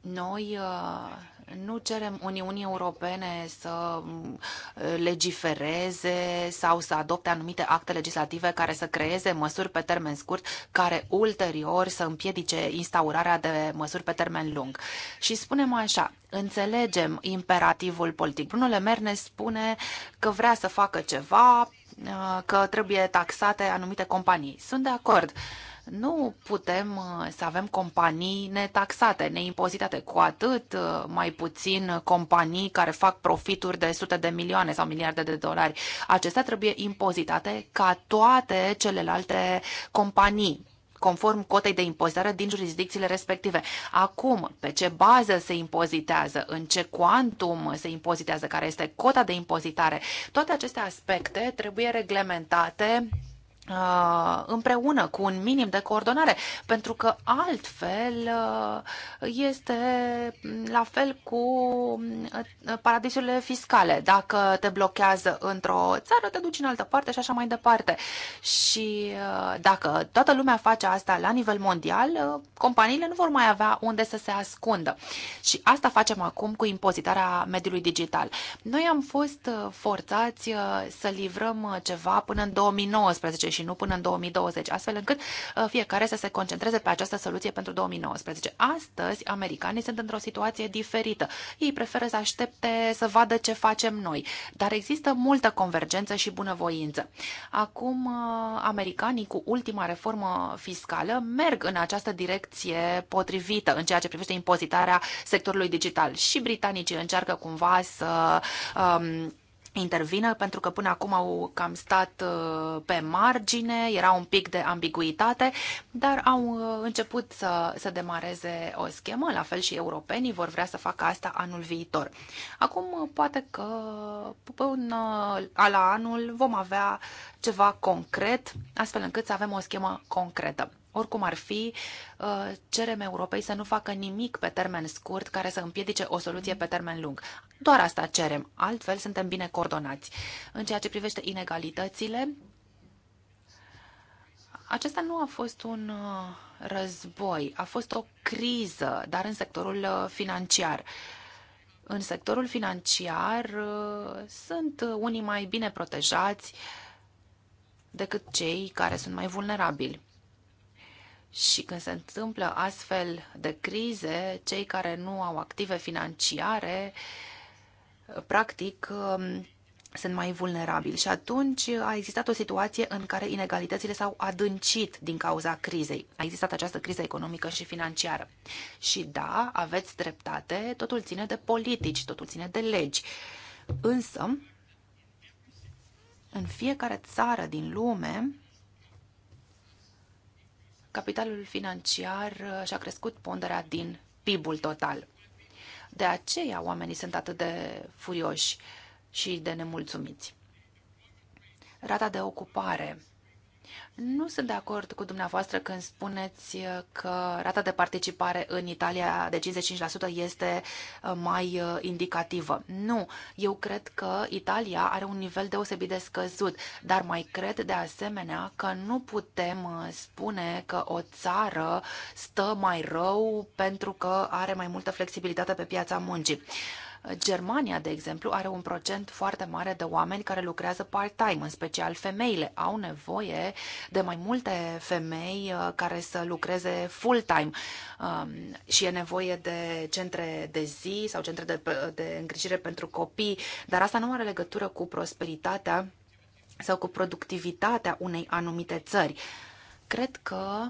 noi uh, nu cerem Uniunii Europene să uh, legifereze sau să adopte anumite acte legislative care să creeze măsuri pe termen scurt, care ulterior să împiedice instaurarea de măsuri pe termen lung. Și spunem așa, înțelegem imperativul politic. Bruno Le Maire ne spune că vrea să facă ceva, uh, că trebuie taxate anumite companii. Sunt de acord. Nu putem uh, să avem companii netaxate, neimpozitate, cu atât uh, mai puțin companii care fac profituri de sute de milioane sau miliarde de dolari. Acestea trebuie impozitate ca toate celelalte companii conform cotei de impozitare din jurisdicțiile respective. Acum, pe ce bază se impozitează, în ce cuantum se impozitează, care este cota de impozitare, toate aceste aspecte trebuie reglementate Uh, împreună cu un minim de coordonare, pentru că altfel uh, este la fel cu uh, paradisurile fiscale. Dacă te blochează într-o țară, te duci în altă parte și așa mai departe. Și dacă toată lumea face asta la nivel mondial, companiile nu vor mai avea unde să se ascundă. Și asta facem acum cu impozitarea mediului digital. Noi am fost forțați să livrăm ceva până în 2019 și nu până în 2020, astfel încât uh, fiecare să se concentreze pe această soluție pentru 2019. Astăzi, americanii sunt într-o situație diferită. Ei preferă să aștepte să vadă ce facem noi, dar există multă convergență și bunăvoință. Acum, uh, americanii cu ultima reformă fiscală merg în această direcție potrivită în ceea ce privește impozitarea sectorului digital și britanicii încearcă cumva să um, intervină pentru că până acum au cam stat uh, pe margine, era un pic de ambiguitate, dar au uh, început să, să demareze o schemă, la fel și europenii vor vrea să facă asta anul viitor. Acum uh, poate că până la anul vom avea ceva concret, astfel încât să avem o schemă concretă. Oricum ar fi, uh, cerem Europei să nu facă nimic pe termen scurt care să împiedice o soluție pe termen lung. Doar asta cerem, altfel suntem bine coordonați. În ceea ce privește inegalitățile, acesta nu a fost un uh, război, a fost o criză, dar în sectorul uh, financiar. În sectorul financiar sunt unii mai bine protejați decât cei care sunt mai vulnerabili. Și când se întâmplă astfel de crize, cei care nu au active financiare, practic, um, sunt mai vulnerabili și atunci a existat o situație în care inegalitățile s-au adâncit din cauza crizei. A existat această criză economică și financiară. Și da, aveți dreptate, totul ține de politici, totul ține de legi. Însă, în fiecare țară din lume, capitalul financiar uh, și-a crescut ponderea din PIB-ul total. De aceea oamenii sunt atât de furioși și de nemulțumiți. Rata de ocupare nu sunt de acord cu dumneavoastră când spuneți uh, că rata de participare în Italia de 55% este uh, mai uh, indicativă. Nu, eu cred că Italia are un nivel deosebit de scăzut, dar mai cred de asemenea că nu putem spune că o țară stă mai rău pentru că are mai multă flexibilitate pe piața muncii. Germania, de exemplu, are un procent foarte mare de oameni care lucrează part-time, în special femeile. Au nevoie de mai multe femei uh, care să lucreze full-time um, și e nevoie de centre de zi sau centre de, de îngrijire pentru copii, dar asta nu are legătură cu prosperitatea sau cu productivitatea unei anumite țări. Cred că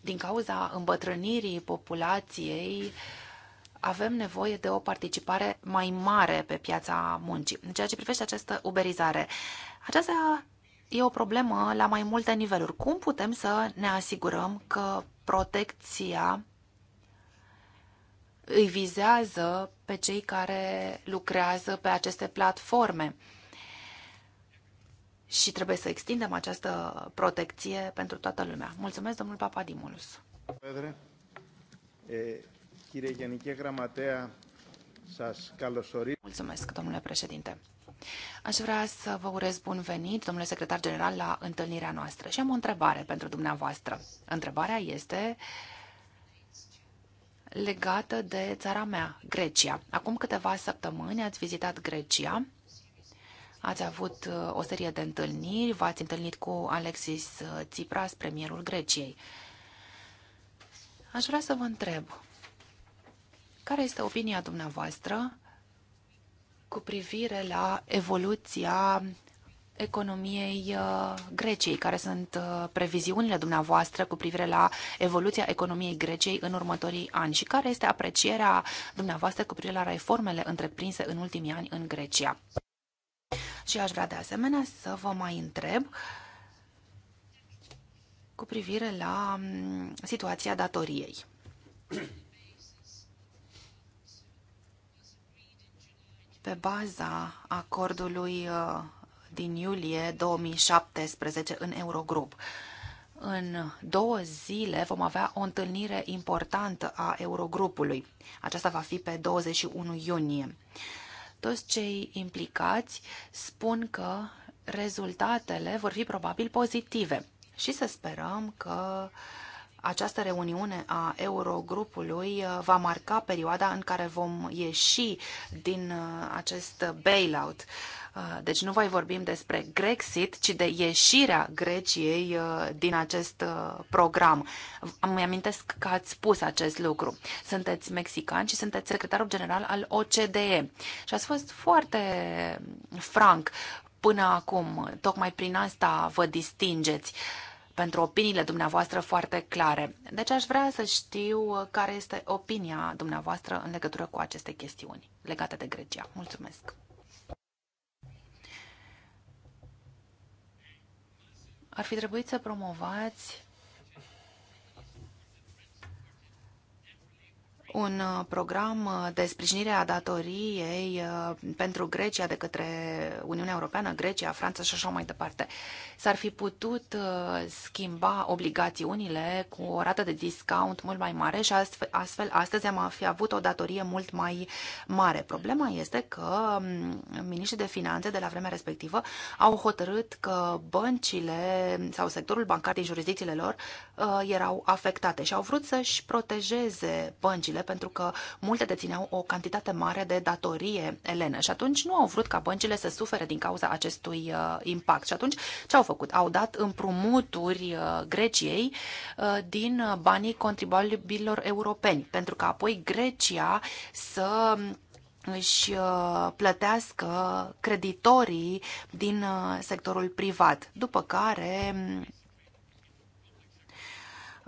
din cauza îmbătrânirii populației, uh, avem nevoie de o participare mai mare pe piața muncii. În ceea ce privește această uberizare, aceasta e o problemă la mai multe niveluri. Cum putem să ne asigurăm că protecția îi vizează pe cei care lucrează pe aceste platforme? Și trebuie să extindem această protecție pentru toată lumea. Mulțumesc, domnul Papadimulus. Pedre. Mulțumesc, domnule președinte. Aș vrea să vă urez bun venit, domnule secretar general, la întâlnirea noastră și am o întrebare pentru dumneavoastră. Întrebarea este legată de țara mea, Grecia. Acum câteva săptămâni ați vizitat Grecia, ați avut uh, o serie de întâlniri, v-ați întâlnit cu Alexis uh, Tsipras, premierul Greciei. Aș vrea să vă întreb, care este opinia dumneavoastră cu privire la evoluția economiei uh, Greciei? Care sunt uh, previziunile dumneavoastră cu privire la evoluția economiei Greciei în următorii ani? Și care este aprecierea dumneavoastră cu privire la reformele întreprinse în ultimii ani în Grecia? Și aș vrea de asemenea să vă mai întreb cu privire la mm, situația datoriei. Pe baza acordului uh, din iulie 2017 în Eurogrup, în două zile vom avea o întâlnire importantă a Eurogrupului. Aceasta va fi pe 21 iunie. Toți cei implicați spun că rezultatele vor fi probabil pozitive și să sperăm că uh, această reuniune a Eurogrupului uh, va marca perioada în care vom ieși din uh, acest bailout. Uh, deci nu voi vorbim despre Grexit, ci de ieșirea Greciei din acest program. Îmi amintesc că ați spus acest lucru. Sunteți mexican și sunteți secretarul general al OCDE. Și ați fost foarte franc până acum. Tocmai prin asta vă distingeți pentru opiniile dumneavoastră foarte clare. Deci aș vrea să știu care este opinia dumneavoastră în legătură cu aceste chestiuni legate de Grecia. Mulțumesc! Ar fi trebuit să promovați un uh, program uh, de sprijinire a datoriei uh, pentru Grecia de către Uniunea Europeană, Grecia, Franța și așa mai departe. S-ar fi putut schimba obligațiunile cu o rată de discount mult mai mare și astfel astăzi am fi avut o datorie mult mai mare. Problema este că um, miniștrii de finanțe de la vremea respectivă au hotărât că băncile sau sectorul bancar din jurisdicțiile lor erau afectate și au vrut să-și protejeze băncile băncile pentru că multe dețineau o cantitate mare de datorie elene și atunci nu au vrut ca băncile să sufere din cauza acestui uh, impact. Și atunci ce au făcut? Au dat împrumuturi uh, Greciei uh, din banii contribuabililor europeni pentru că apoi Grecia să își plătească creditorii din sectorul privat, după care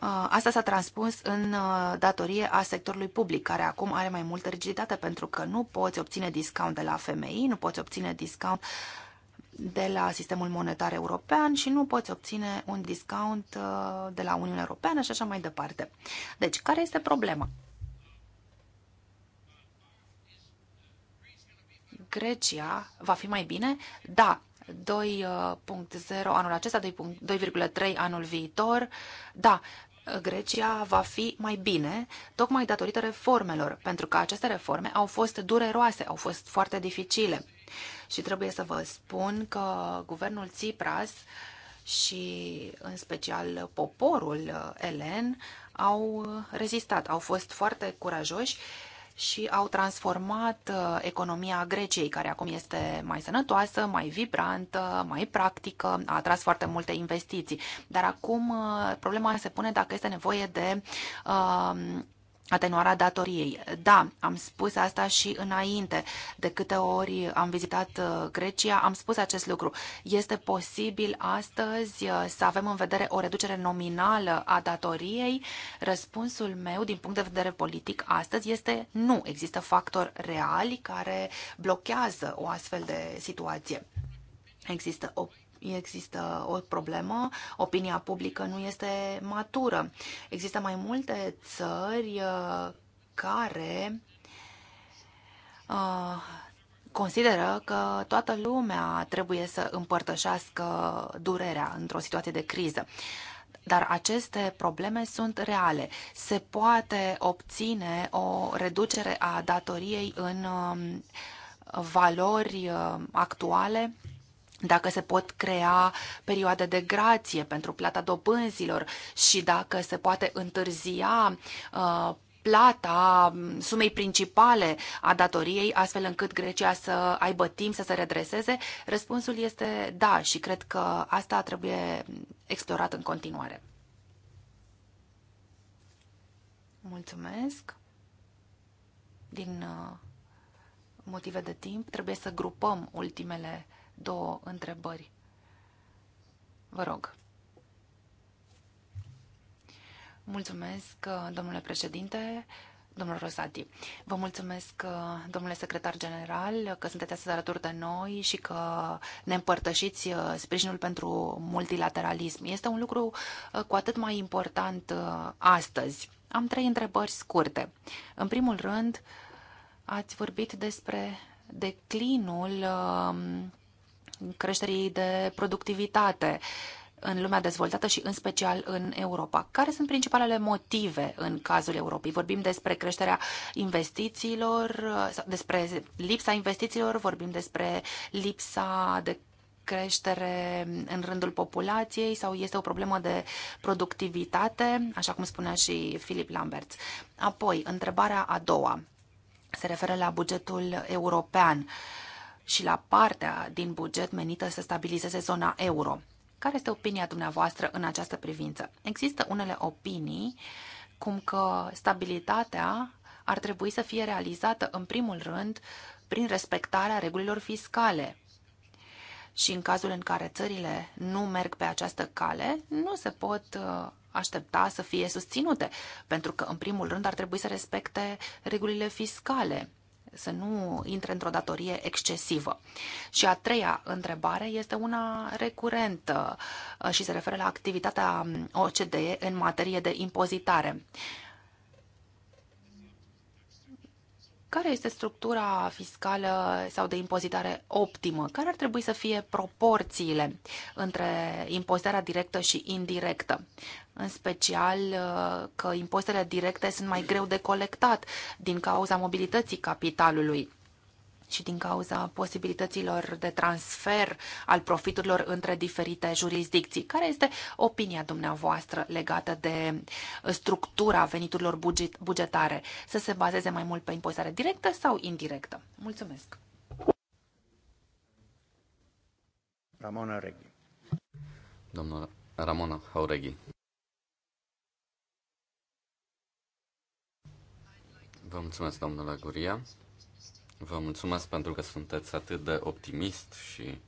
Uh, asta s-a transpus în uh, datorie a sectorului public, care acum are mai multă rigiditate pentru că nu poți obține discount de la FMI, nu poți obține discount de la sistemul monetar european și nu poți obține un discount uh, de la Uniunea Europeană și așa mai departe. Deci, care este problema? Grecia va fi mai bine? Da, 2.0 anul acesta, 2.3 anul viitor. Da, Grecia va fi mai bine, tocmai datorită reformelor, pentru că aceste reforme au fost dureroase, au fost foarte dificile. Și trebuie să vă spun că guvernul Tsipras și în special poporul elen au rezistat, au fost foarte curajoși și au transformat uh, economia Greciei, care acum este mai sănătoasă, mai vibrantă, mai practică, a atras foarte multe investiții. Dar acum uh, problema se pune dacă este nevoie de uh, atenuarea datoriei. Da, am spus asta și înainte. De câte ori am vizitat uh, Grecia, am spus acest lucru. Este posibil astăzi uh, să avem în vedere o reducere nominală a datoriei? Răspunsul meu, din punct de vedere politic, astăzi este nu. Există factori reali care blochează o astfel de situație. Există o există o problemă, opinia publică nu este matură. Există mai multe țări uh, care uh, consideră că toată lumea trebuie să împărtășească durerea într-o situație de criză. Dar aceste probleme sunt reale. Se poate obține o reducere a datoriei în um, valori uh, actuale dacă se pot crea perioade de grație pentru plata dobânzilor și dacă se poate întârzia uh, plata sumei principale a datoriei, astfel încât Grecia să aibă timp să se redreseze? Răspunsul este da și cred că asta trebuie explorat în continuare. Mulțumesc. Din uh, motive de timp, trebuie să grupăm ultimele două întrebări. Vă rog. Mulțumesc, domnule președinte, domnul Rosati. Vă mulțumesc, domnule secretar general, că sunteți astăzi alături de noi și că ne împărtășiți uh, sprijinul pentru multilateralism. Este un lucru uh, cu atât mai important uh, astăzi. Am trei întrebări scurte. În primul rând, ați vorbit despre declinul uh, creșterii de productivitate în lumea dezvoltată și în special în Europa. Care sunt principalele motive în cazul Europei? Vorbim despre creșterea investițiilor, despre lipsa investițiilor, vorbim despre lipsa de creștere în rândul populației sau este o problemă de productivitate, așa cum spunea și Filip Lambert. Apoi, întrebarea a doua se referă la bugetul european. Uh, și la partea din buget menită să stabilizeze zona euro. Care este opinia dumneavoastră în această privință? Există unele opinii cum că stabilitatea ar trebui să fie realizată în primul rând prin respectarea regulilor fiscale. Și în cazul în care țările nu merg pe această cale, nu se pot uh, aștepta să fie susținute, pentru că, în primul rând, ar trebui să respecte regulile fiscale să nu intre într-o datorie excesivă. Și a treia întrebare este una recurentă uh, și se referă la activitatea um, OCDE în materie de impozitare. care este structura fiscală sau de impozitare optimă? Care ar trebui să fie proporțiile între impozitarea directă și indirectă? în special uh, că impozitele directe sunt mai greu de colectat din cauza mobilității capitalului și din cauza posibilităților de transfer al profiturilor între diferite jurisdicții. Care este opinia dumneavoastră legată de structura veniturilor bugetare? Să se bazeze mai mult pe impozitare directă sau indirectă? Mulțumesc! Ramona Reghi. Domnul Ramona Haureghi. Vă mulțumesc, domnule Guria. Vă mulțumesc pentru că sunteți atât de optimist și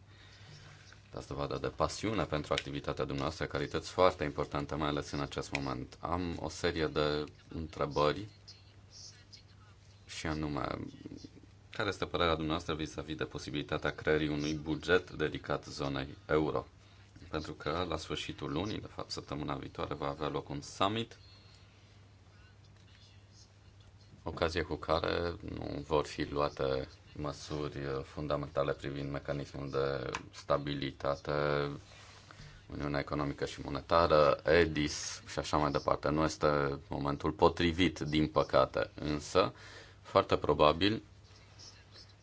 dați dovadă de pasiune pentru activitatea dumneavoastră, calități foarte importante, mai ales în acest moment. Am o serie de întrebări și anume, care este părerea dumneavoastră vis-a-vis -vis de posibilitatea creării unui buget dedicat zonei euro? Pentru că la sfârșitul lunii, de fapt săptămâna viitoare, va avea loc un summit ocazie cu care nu vor fi luate măsuri fundamentale privind mecanismul de stabilitate, Uniunea Economică și Monetară, EDIS și așa mai departe. Nu este momentul potrivit, din păcate, însă foarte probabil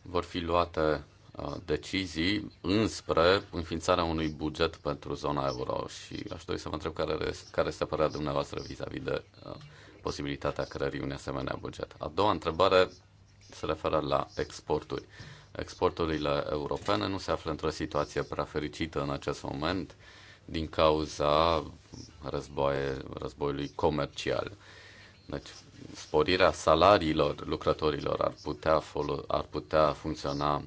vor fi luate uh, decizii înspre înființarea unui buget pentru zona euro și aș dori să vă întreb care, care este părerea dumneavoastră vis-a-vis -vis de uh, posibilitatea creării unui asemenea buget. A doua întrebare se referă la exporturi. Exporturile europene nu se află într-o situație prea fericită în acest moment din cauza războaie, războiului comercial. Deci, sporirea salariilor lucrătorilor ar putea, ar putea funcționa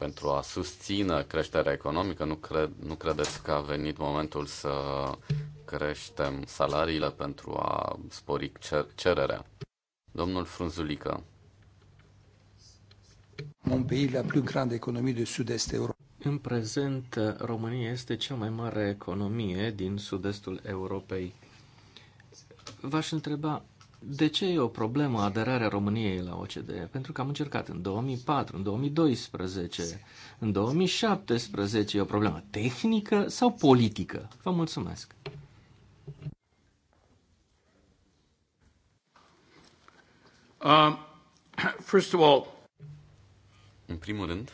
pentru a susține creșterea economică. Nu, cred, nu credeți că a venit momentul să creștem salariile pentru a spori cer- cererea? Domnul Frunzulică. Mon pays la plus grande economie de sud-est Europa. În prezent, România este cea mai mare economie din sud-estul Europei. V-aș întreba de ce e o problemă aderarea României la OCDE? Pentru că am încercat în 2004, în 2012, în 2017. E o problemă tehnică sau politică? Vă mulțumesc! Um, first of all, în primul rând,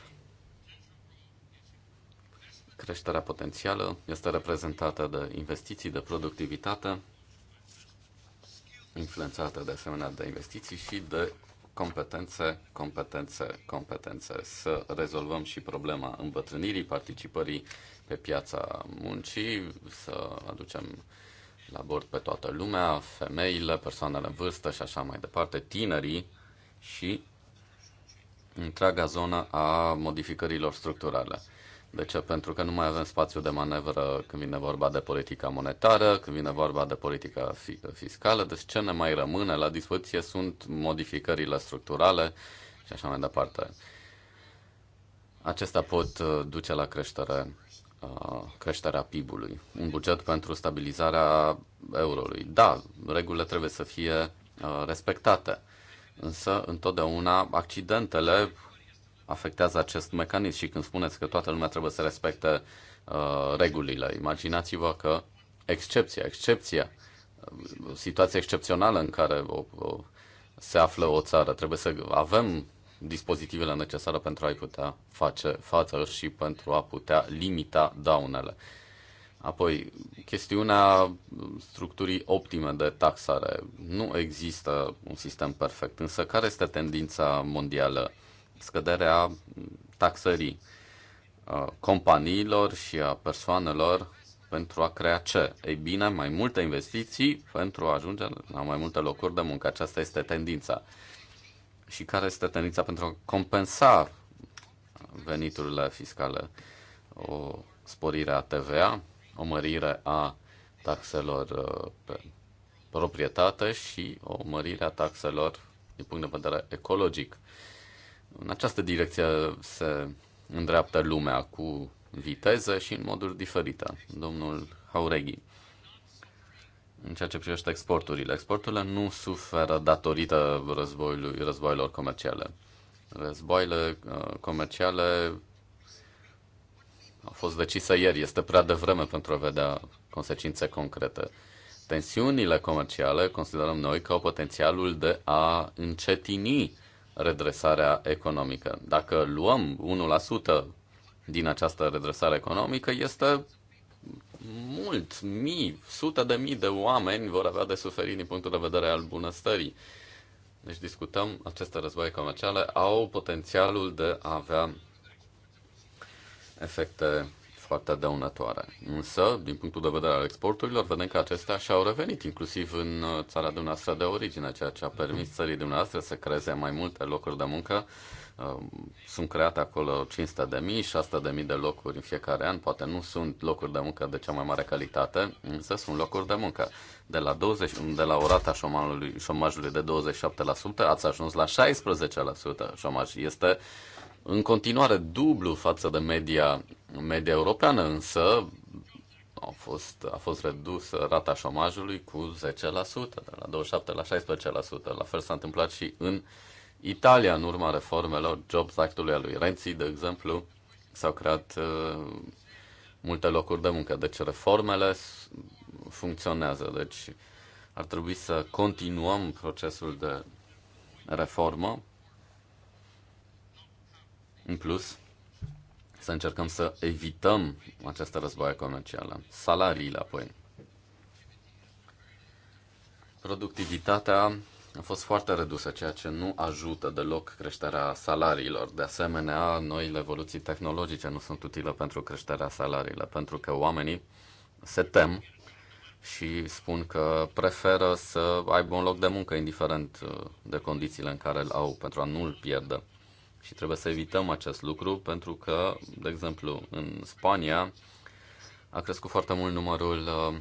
creșterea potențială este reprezentată de investiții, de productivitate, influențată de asemenea de investiții și de competențe, competențe, competențe. Să rezolvăm și problema îmbătrânirii, participării pe piața muncii, să aducem la bord pe toată lumea, femeile, persoanele în vârstă și așa mai departe, tinerii și întreaga zonă a modificărilor structurale. De ce? Pentru că nu mai avem spațiu de manevră când vine vorba de politica monetară, când vine vorba de politica fi- fiscală. Deci ce ne mai rămâne la dispoziție sunt modificările structurale și așa mai departe. Acestea pot uh, duce la creștere, uh, creșterea PIB-ului. Un buget pentru stabilizarea eurului. Da, regulile trebuie să fie uh, respectate. Însă, întotdeauna, accidentele afectează acest mecanism și când spuneți că toată lumea trebuie să respecte uh, regulile, imaginați-vă că excepția, excepția, um, situația excepțională în care o, o, se află o țară, trebuie să avem dispozitivele necesare pentru a-i putea face față și pentru a putea limita daunele. Apoi, chestiunea structurii optime de taxare. Nu există un sistem perfect, însă care este tendința mondială? scăderea taxării uh, companiilor și a persoanelor pentru a crea ce? Ei bine, mai multe investiții pentru a ajunge la mai multe locuri de muncă. Aceasta este tendința. Și care este tendința pentru a compensa veniturile fiscale? O sporire a TVA, o mărire a taxelor uh, pe proprietate și o mărire a taxelor din punct de vedere ecologic în această direcție se îndreaptă lumea cu viteză și în moduri diferite. Domnul Haureghi, în ceea ce privește exporturile, exporturile nu suferă datorită războiului, războiilor comerciale. Războaile uh, comerciale au fost decise ieri, este prea devreme pentru a vedea consecințe concrete. Tensiunile comerciale considerăm noi că au potențialul de a încetini redresarea economică. Dacă luăm 1% din această redresare economică, este mult, mii, sute de mii de oameni vor avea de suferit din punctul de vedere al bunăstării. Deci discutăm, aceste războaie comerciale au potențialul de a avea efecte foarte dăunătoare. Însă, din punctul de vedere al exporturilor, vedem că acestea și-au revenit, inclusiv în uh, țara dumneavoastră de origine, ceea ce a permis țării dumneavoastră să creeze mai multe locuri de muncă. Uh, sunt create acolo 500 de mii, 600 de mii de locuri în fiecare an. Poate nu sunt locuri de muncă de cea mai mare calitate, însă sunt locuri de muncă. De la, 20, de la o rata șomajului, șomajului de 27% ați ajuns la 16% șomaj. Este uh, în continuare dublu față de media, media europeană, însă a fost, a fost redusă rata șomajului cu 10%, de la 27% la 16%. La fel s-a întâmplat și în Italia, în urma reformelor Jobs Actului a lui Renzi, de exemplu, s-au creat uh, multe locuri de muncă. Deci reformele funcționează. Deci ar trebui să continuăm procesul de reformă în plus, să încercăm să evităm această războaie comercială. Salariile apoi. Productivitatea a fost foarte redusă, ceea ce nu ajută deloc creșterea salariilor. De asemenea, noile evoluții tehnologice nu sunt utile pentru creșterea salariilor, pentru că oamenii se tem și spun că preferă să aibă un loc de muncă, indiferent uh, de condițiile în care îl au, pentru a nu-l pierde și trebuie să evităm acest lucru pentru că, de exemplu, în Spania a crescut foarte mult numărul uh,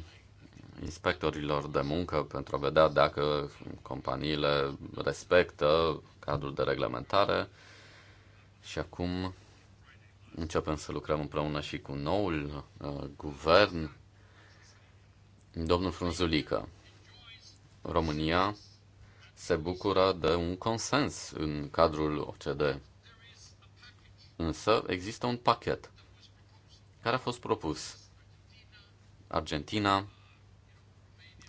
inspectorilor de muncă pentru a vedea dacă companiile respectă cadrul de reglementare și acum începem să lucrăm împreună și cu noul uh, guvern, domnul Frunzulică. România se bucură de un consens în cadrul OCDE Însă există un pachet care a fost propus. Argentina,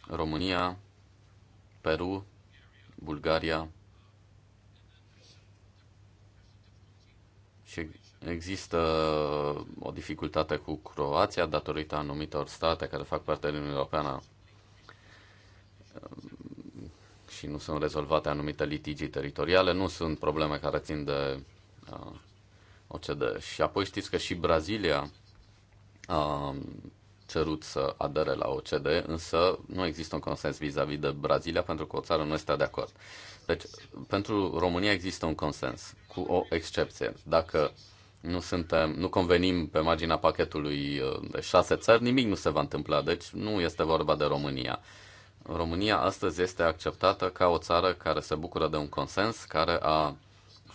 România, Peru, Bulgaria și există o dificultate cu Croația datorită anumitor state care fac parte din Europeană și nu sunt rezolvate anumite litigii teritoriale, nu sunt probleme care țin de uh, OCDE. Și apoi știți că și Brazilia a cerut să adere la OCDE, însă nu există un consens vis-a-vis -vis de Brazilia pentru că o țară nu este de acord. Deci, pentru România există un consens, cu o excepție. Dacă nu, suntem, nu convenim pe marginea pachetului uh, de șase țări, nimic nu se va întâmpla. Deci nu este vorba de România. România astăzi este acceptată ca o țară care se bucură de un consens, care a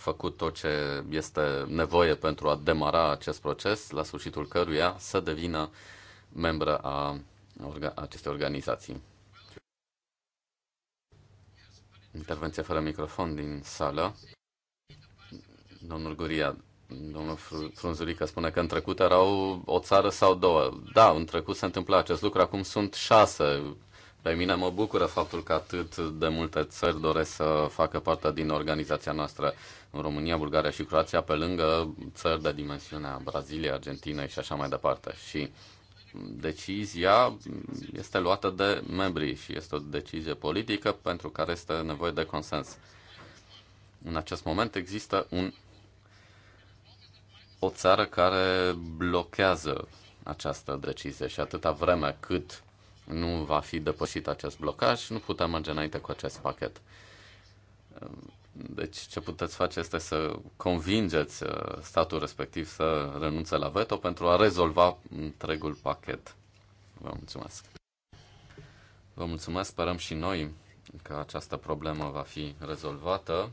făcut tot ce este nevoie pentru a demara acest proces, la sfârșitul căruia să devină membră a acestei organizații. Intervenție fără microfon din sală. Domnul Guria, domnul Frunzurică spune că în trecut erau o țară sau două. Da, în trecut se întâmpla acest lucru, acum sunt șase pe mine mă bucură faptul că atât de multe țări doresc să facă parte din organizația noastră în România, Bulgaria și Croația, pe lângă țări de dimensiunea Braziliei, Argentinei și așa mai departe. Și decizia este luată de membrii și este o decizie politică pentru care este nevoie de consens. În acest moment există un, o țară care blochează această decizie și atâta vreme cât nu va fi depășit acest blocaj și nu putem merge înainte cu acest pachet. Deci ce puteți face este să convingeți uh, statul respectiv să renunțe la veto pentru a rezolva întregul pachet. Vă mulțumesc. Vă mulțumesc, sperăm și noi că această problemă va fi rezolvată.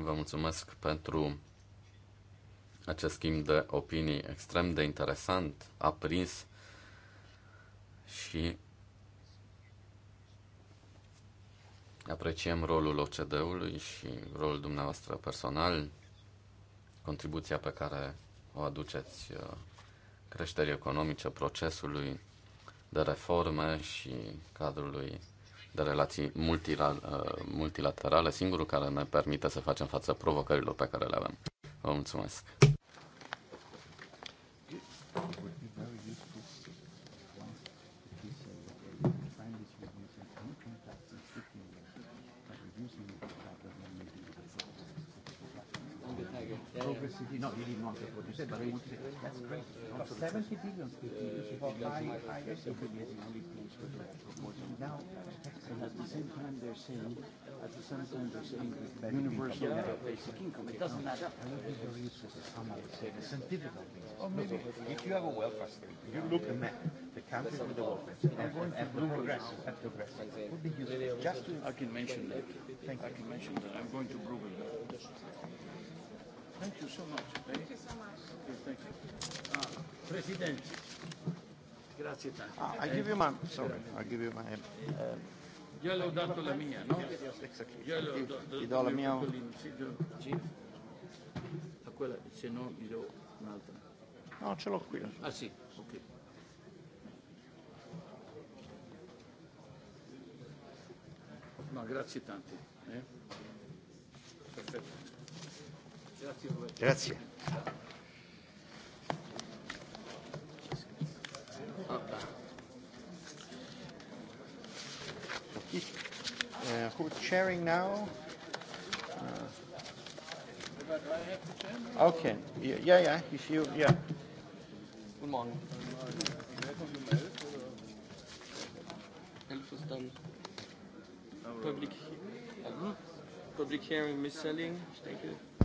Vă mulțumesc pentru acest schimb de opinii extrem de interesant, aprins și apreciem rolul OCD-ului și rolul dumneavoastră personal, contribuția pe care o aduceți uh, creșterii economice, procesului de reforme și cadrului de relații uh, multilaterale, singurul care ne permite să facem față provocărilor pe care le avem. Vă mulțumesc! really not really want to what you said, but they want to say, that's great. Also 70 billion people for high, high Now, and at the same time they're saying, at the same time they're saying universal yeah. basic income. It doesn't matter. I would be very useful for some of the scientific things. Or maybe if you have a welfare state, you look at the map, the countries with the welfare state, and, and progress, and progress. Would be useful. Just to I can mention that. Thank you. I can mention that. I'm going to Google that. Thank you so much. President. Grazie tanto. I give you my, sorry, I give you my... Io le ho dato la mia, no? Yes, exactly. Io le ho dato do la mia. A quella, se no gli do un'altra. No, ce l'ho qui. Ah sì, ok. No, grazie tante. Eh? Perfetto. Grazie. Eh, who's sharing now? Uh, okay. Yeah, yeah. If you, yeah. Good morning. Elf ist dann Public, Public Hearing, Mis-Selling, ich denke.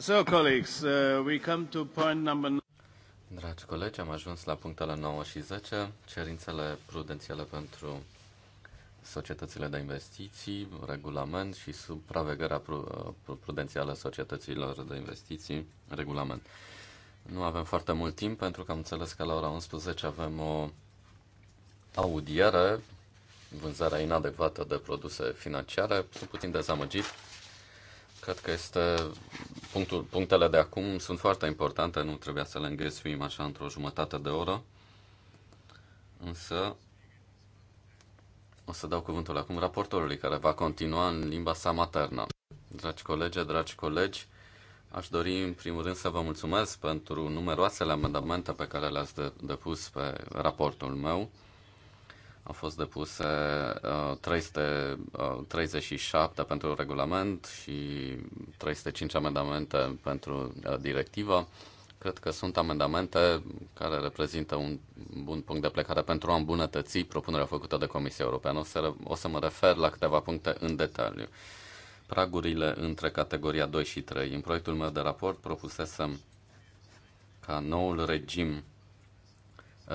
So, colleagues, uh, we come to point number... Dragi colegi, am ajuns la punctele 9 și 10, cerințele prudențiale pentru societățile de investiții, regulament și supravegherea uh, prudențială societăților de investiții, regulament. Nu avem foarte mult timp pentru că am înțeles că la ora 11 avem o audiere, vânzarea inadecvată de produse financiare, sunt puțin dezamăgit. Cred că este punctul, punctele de acum sunt foarte importante, nu trebuia să le înghesuim așa într-o jumătate de oră. Însă o să dau cuvântul acum raportorului care va continua în limba sa maternă. Dragi colegi, dragi colegi, aș dori în primul rând să vă mulțumesc pentru numeroasele amendamente pe care le-ați depus pe raportul meu. Au fost depuse uh, 337 uh, pentru regulament și 305 amendamente pentru uh, directivă. Cred că sunt amendamente care reprezintă un bun punct de plecare pentru a îmbunătăți propunerea făcută de Comisia Europeană. O să, o să mă refer la câteva puncte în detaliu. Pragurile între categoria 2 și 3. În proiectul meu de raport propusesem ca noul regim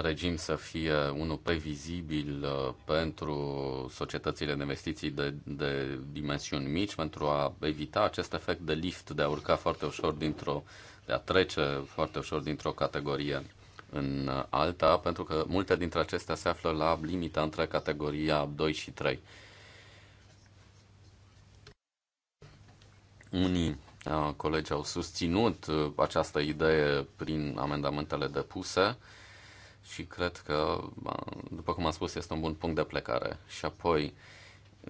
regim să fie unul previzibil uh, pentru societățile de investiții de, de dimensiuni mici, pentru a evita acest efect de lift, de a urca foarte ușor dintr-o, de a trece foarte ușor dintr-o categorie în alta, pentru că multe dintre acestea se află la limita între categoria 2 și 3. Unii uh, colegi au susținut uh, această idee prin amendamentele depuse, și cred că, după cum am spus, este un bun punct de plecare. Și apoi,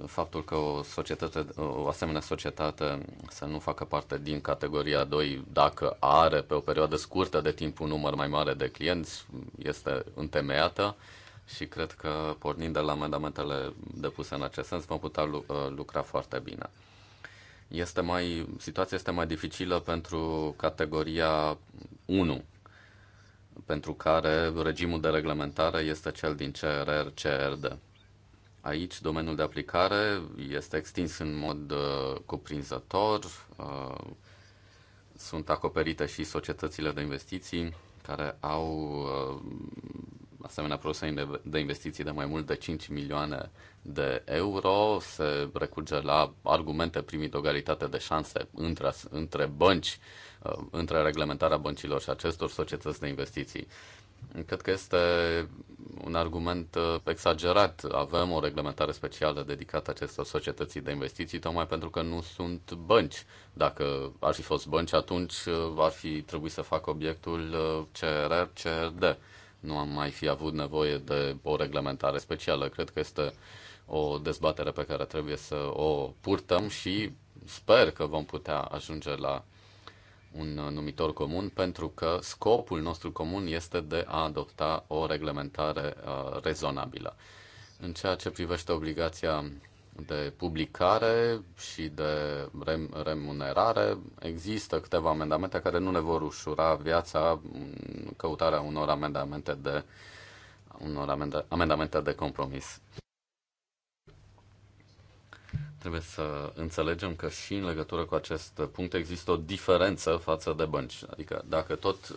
faptul că o, societate, o asemenea societate să nu facă parte din categoria 2 dacă are pe o perioadă scurtă de timp un număr mai mare de clienți este întemeiată și cred că pornind de la amendamentele depuse în acest sens vom putea uh, lucra foarte bine. Este mai, situația este mai dificilă pentru categoria 1 pentru care regimul de reglementare este cel din CRR-CRD. Aici domeniul de aplicare este extins în mod uh, cuprinzător, uh, sunt acoperite și societățile de investiții care au uh, asemenea produse de investiții de mai mult de 5 milioane de euro, se recurge la argumente primit o egalitate de șanse între, între bănci Uh, între reglementarea băncilor și acestor societăți de investiții. Cred că este un argument uh, exagerat. Avem o reglementare specială dedicată acestor societății de investiții, tocmai pentru că nu sunt bănci. Dacă ar fi fost bănci, atunci uh, ar fi trebuit să facă obiectul CRR, CRD. Nu am mai fi avut nevoie de o reglementare specială. Cred că este o dezbatere pe care trebuie să o purtăm și sper că vom putea ajunge la un uh, numitor comun, pentru că scopul nostru comun este de a adopta o reglementare uh, rezonabilă. În ceea ce privește obligația de publicare și de remunerare, există câteva amendamente care nu ne vor ușura viața căutarea unor amendamente de unor amendamente de compromis. Trebuie să înțelegem că și în legătură cu acest punct există o diferență față de bănci. Adică dacă tot uh,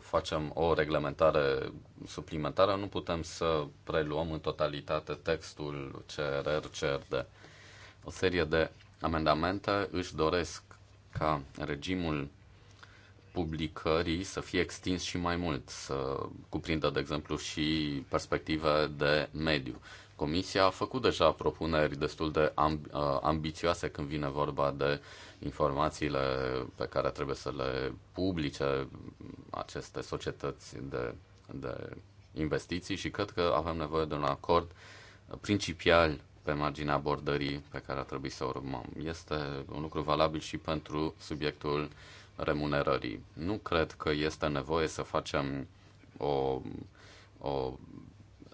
facem o reglementare suplimentară, nu putem să preluăm în totalitate textul CRR, CRD. O serie de amendamente își doresc ca regimul publicării să fie extins și mai mult, să cuprindă, de exemplu, și perspective de mediu. Uh, Comisia a făcut deja propuneri destul de amb- uh, ambițioase când vine vorba de informațiile pe care trebuie să le publice aceste societăți de, de investiții și cred că avem nevoie de un acord principial pe marginea abordării pe care ar trebui să urmăm. Este un lucru valabil și pentru subiectul remunerării. Nu cred că este nevoie să facem o, o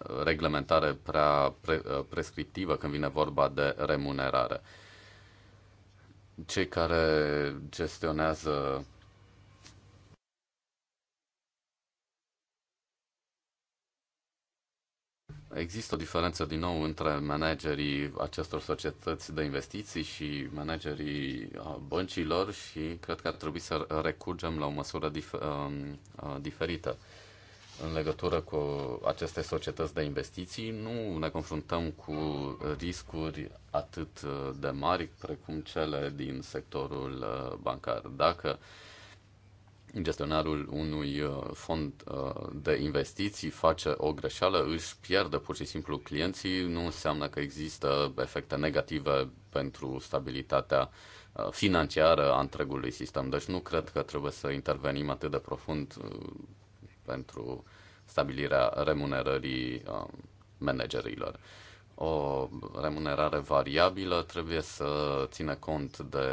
reglementare prea pre, uh, prescriptivă când vine vorba de remunerare. Cei care gestionează Există o diferență din nou între managerii acestor societăți de investiții și managerii uh, băncilor și cred că ar trebui să recurgem la o măsură dif- uh, diferită în legătură cu aceste societăți de investiții, nu ne confruntăm cu riscuri atât de mari precum cele din sectorul uh, bancar. Dacă gestionarul unui uh, fond uh, de investiții face o greșeală, își pierde pur și simplu clienții, nu înseamnă că există efecte negative pentru stabilitatea financiară a întregului sistem. Deci nu cred că trebuie să intervenim atât de profund pentru stabilirea remunerării um, managerilor. O remunerare variabilă trebuie să țină cont de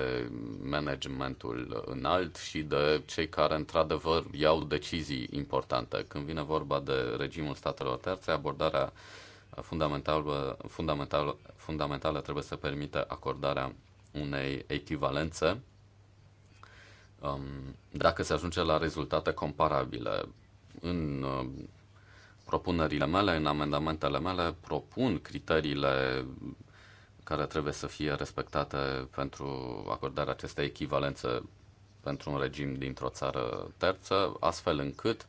managementul înalt și de cei care într-adevăr iau decizii importante. Când vine vorba de regimul statelor terțe, abordarea fundamentală, fundamental, fundamentală trebuie să permită acordarea unei echivalențe um, dacă se ajunge la rezultate comparabile în uh, propunerile mele, în amendamentele mele, propun criteriile care trebuie să fie respectate pentru acordarea acestei echivalențe pentru un regim dintr-o țară terță, astfel încât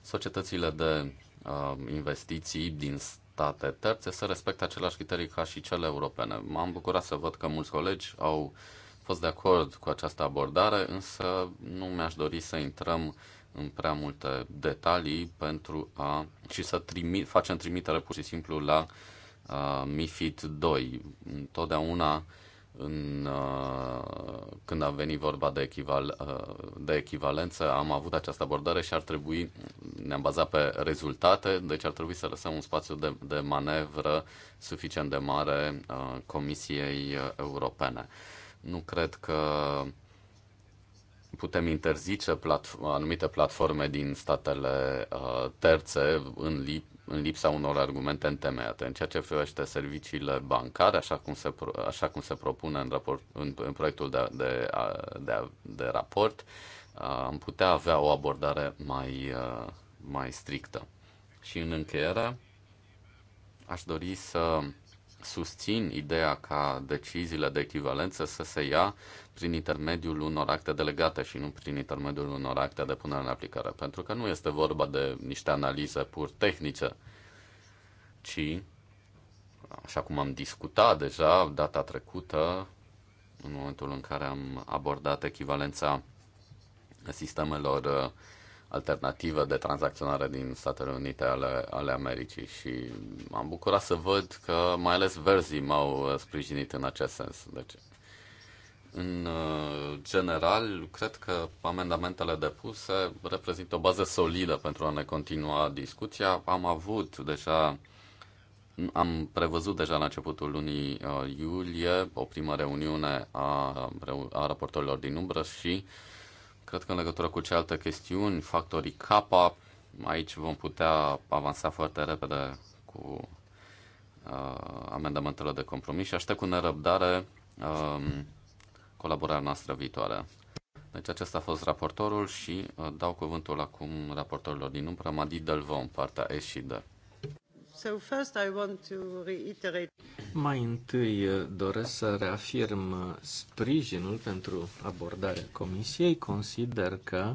societățile de uh, investiții din state terțe să respecte aceleași criterii ca și cele europene. M-am bucurat să văd că mulți colegi au fost de acord cu această abordare, însă nu mi-aș dori să intrăm în prea multe detalii pentru a, și să trimi, facem trimitere pur și simplu la uh, MIFID 2. Întotdeauna în, uh, când a venit vorba de, echival, uh, de echivalență am avut această abordare și ar trebui, ne-am bazat pe rezultate, deci ar trebui să lăsăm un spațiu de, de manevră suficient de mare uh, Comisiei Europene. Nu cred că putem interzice platf- anumite platforme din statele uh, terțe în, li- în lipsa unor argumente întemeiate. În ceea ce privește serviciile bancare, așa cum se, pro- așa cum se propune în, raport, în, în proiectul de, de, de, de raport, uh, am putea avea o abordare mai, uh, mai strictă. Și în încheiere, aș dori să susțin ideea ca deciziile de echivalență să se ia prin intermediul unor acte delegate și nu prin intermediul unor acte de punere în aplicare, pentru că nu este vorba de niște analize pur tehnice, ci, așa cum am discutat deja data trecută, în momentul în care am abordat echivalența sistemelor alternativă de tranzacționare din Statele Unite ale, ale Americii și am bucurat să văd că mai ales verzii m-au uh, sprijinit în acest sens. Deci, în uh, general, cred că amendamentele depuse reprezintă o bază solidă pentru a ne continua discuția. Am avut deja am prevăzut deja la începutul lunii uh, iulie o primă reuniune a, a raportorilor din umbră și Cred că în legătură cu cealaltă chestiuni, factorii K, aici vom putea avansa foarte repede cu uh, amendamentele de compromis și aștept cu nerăbdare uh, colaborarea noastră viitoare. Deci acesta a fost raportorul și uh, dau cuvântul acum raportorilor din umbră, Madi Delvon, partea S și D. Mai întâi uh, doresc să reafirm uh, sprijinul pentru abordarea Comisiei. Consider că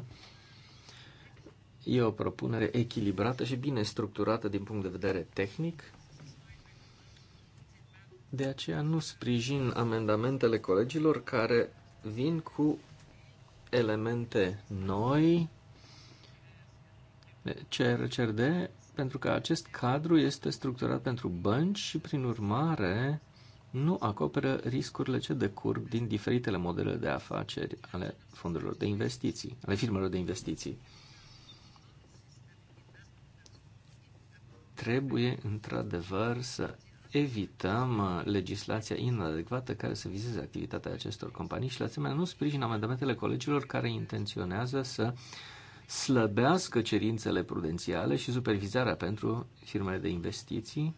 e o propunere echilibrată și bine structurată din punct de vedere tehnic. De aceea nu sprijin amendamentele colegilor care vin cu elemente noi. de pentru că acest cadru este structurat pentru bănci și, prin urmare, nu acoperă riscurile ce decurg din diferitele modele de afaceri ale fondurilor de investiții, ale firmelor de investiții. Trebuie, într-adevăr, să evităm uh, legislația inadecvată care să vizeze activitatea acestor companii și, la asemenea, nu sprijin amendamentele colegilor care intenționează să uh, slăbească cerințele prudențiale și supervizarea pentru firmele de investiții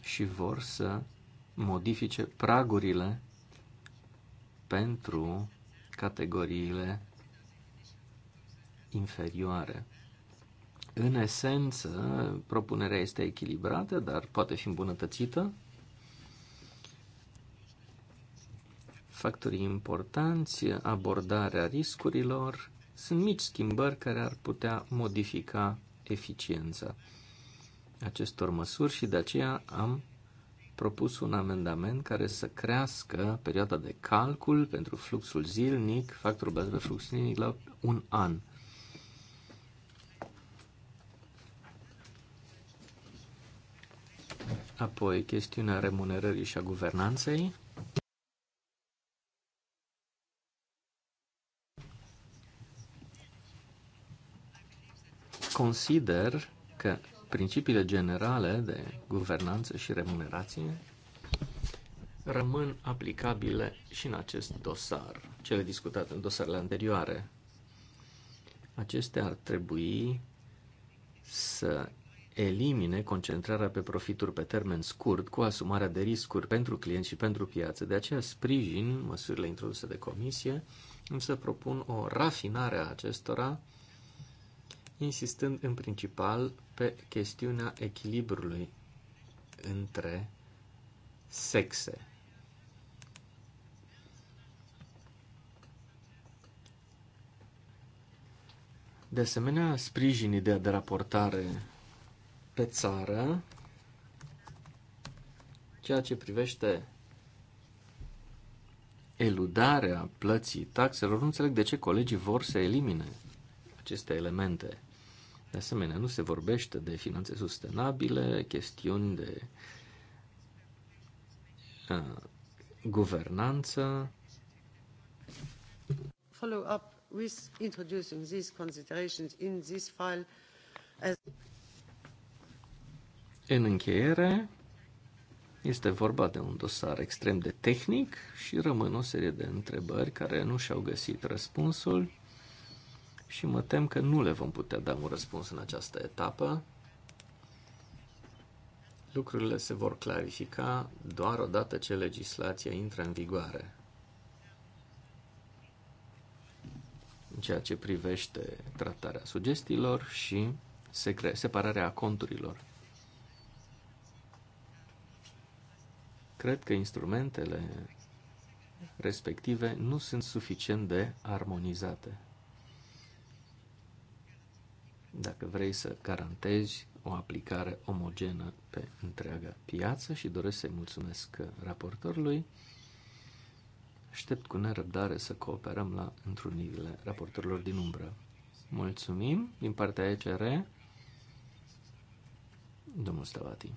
și vor să modifice pragurile pentru categoriile inferioare. În esență, propunerea este echilibrată, dar poate fi îmbunătățită factorii importanți, abordarea riscurilor, sunt mici schimbări care ar putea modifica eficiența acestor măsuri și de aceea am propus un amendament care să crească perioada de calcul pentru fluxul zilnic, factorul bază pe flux zilnic, la un an. Apoi, chestiunea remunerării și a guvernanței. Consider că principiile generale de guvernanță și remunerație rămân aplicabile și în acest dosar, cele discutate în dosarele anterioare. Acestea ar trebui să elimine concentrarea pe profituri pe termen scurt cu asumarea de riscuri pentru clienți și pentru piață. De aceea sprijin măsurile introduse de comisie, însă propun o rafinare a acestora insistând în principal pe chestiunea echilibrului între sexe. De asemenea, sprijin ideea de raportare pe țară, ceea ce privește eludarea plății taxelor, nu înțeleg de ce colegii vor să elimine aceste elemente. De asemenea, nu se vorbește de finanțe sustenabile, chestiuni de uh, guvernanță. Follow up with introducing these considerations in this file as... În încheiere, este vorba de un dosar extrem de tehnic și rămân o serie de întrebări care nu și-au găsit răspunsul și mă tem că nu le vom putea da un răspuns în această etapă. Lucrurile se vor clarifica doar odată ce legislația intră în vigoare. În ceea ce privește tratarea sugestiilor și separarea conturilor. Cred că instrumentele respective nu sunt suficient de armonizate dacă vrei să garantezi o aplicare omogenă pe întreaga piață și doresc să-i mulțumesc raportorului. Aștept cu nerăbdare să cooperăm la întrunirile raportorilor din umbră. Mulțumim din partea ECR, domnul Stavati.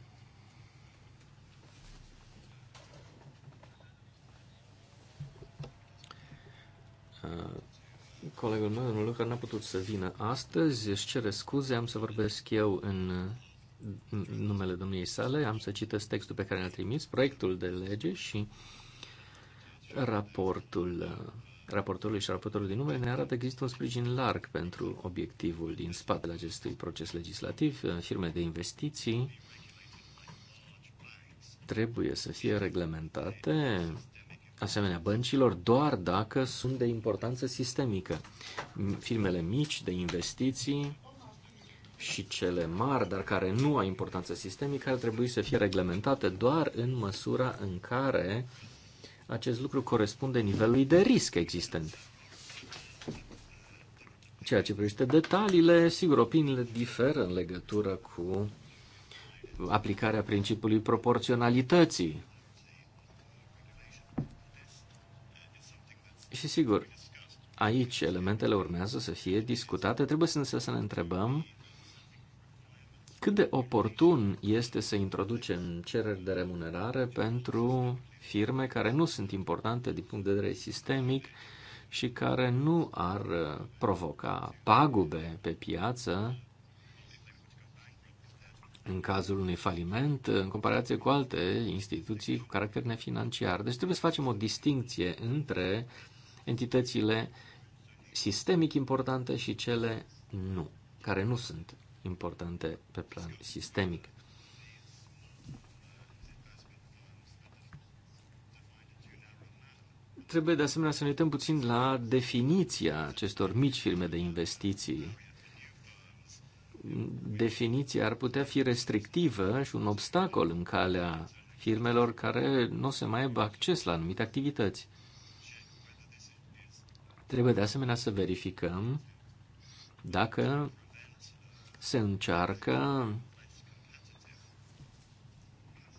Uh, Colegul meu, domnul Luca, n-a putut să vină astăzi, își cere scuze, am să vorbesc eu în numele domniei sale, am să citesc textul pe care l-a trimis, proiectul de lege și raportul raportorului și raportul din numele ne arată că există un sprijin larg pentru obiectivul din spatele acestui proces legislativ, firme de investiții, trebuie să fie reglementate asemenea băncilor doar dacă sunt de importanță sistemică. Firmele mici de investiții și cele mari, dar care nu au importanță sistemică, ar trebui să fie reglementate doar în măsura în care acest lucru corespunde nivelului de risc existent. Ceea ce privește detaliile, sigur, opiniile diferă în legătură cu aplicarea principiului proporționalității Și sigur, aici elementele urmează să fie discutate. Trebuie însă să ne întrebăm cât de oportun este să introducem cereri de remunerare pentru firme care nu sunt importante din punct de vedere sistemic și care nu ar provoca pagube pe piață în cazul unui faliment în comparație cu alte instituții cu caracter nefinanciar. Deci trebuie să facem o distinție între entitățile sistemic importante și cele nu, care nu sunt importante pe plan sistemic. Trebuie de asemenea să ne uităm puțin la definiția acestor mici firme de investiții. Definiția ar putea fi restrictivă și un obstacol în calea firmelor care nu se mai aibă acces la anumite activități. Trebuie de asemenea să verificăm dacă se încearcă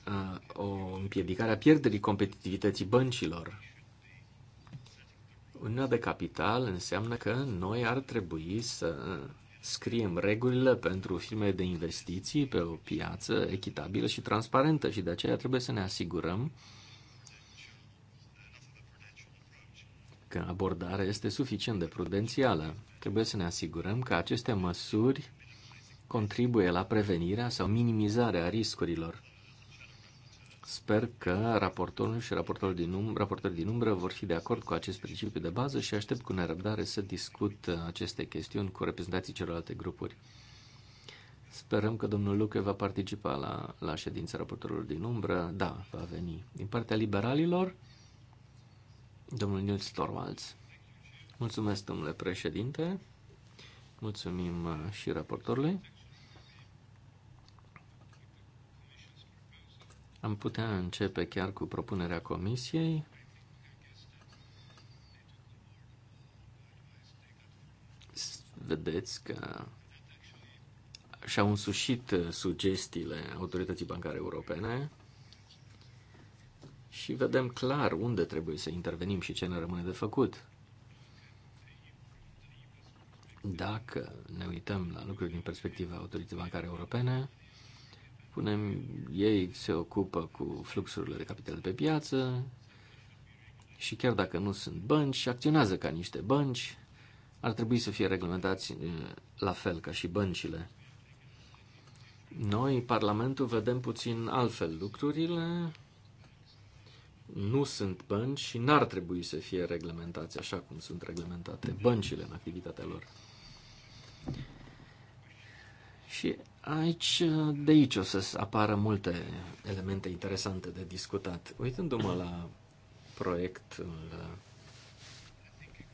uh, o împiedicare a pierderii competitivității băncilor. Uniunea de capital înseamnă că noi ar trebui să scriem regulile pentru firme de investiții pe o piață echitabilă și transparentă și de aceea trebuie să ne asigurăm uh, că abordarea este suficient de prudențială. Trebuie să ne asigurăm că aceste măsuri contribuie la prevenirea sau minimizarea riscurilor. Sper că raportorul și raportorul din, um, raportorul din umbră vor fi de acord cu acest principiu de bază și aștept cu nerăbdare să discut aceste chestiuni cu reprezentații celorlalte grupuri. Sperăm că domnul Lucre va participa la, la ședința raportorului din umbră. Da, va veni. Din partea liberalilor, Domnul Nils Torvalds. Mulțumesc, domnule președinte. Mulțumim uh, și raportorului. Am putea începe chiar cu propunerea comisiei. Vedeți că și-au însușit uh, sugestiile autorității bancare europene și vedem clar unde trebuie să intervenim și ce ne rămâne de făcut. Dacă ne uităm la lucruri din perspectiva autorității bancare europene, punem, ei se ocupă cu fluxurile de capital pe piață și chiar dacă nu sunt bănci, acționează ca niște bănci, ar trebui să fie reglementați eh, la fel ca și băncile. Noi, Parlamentul, vedem puțin altfel lucrurile, nu sunt bănci și n-ar trebui să fie reglementați așa cum sunt reglementate mhm. băncile în activitatea lor. Și aici, de aici o să apară multe elemente interesante de discutat. Uitându-mă la proiectul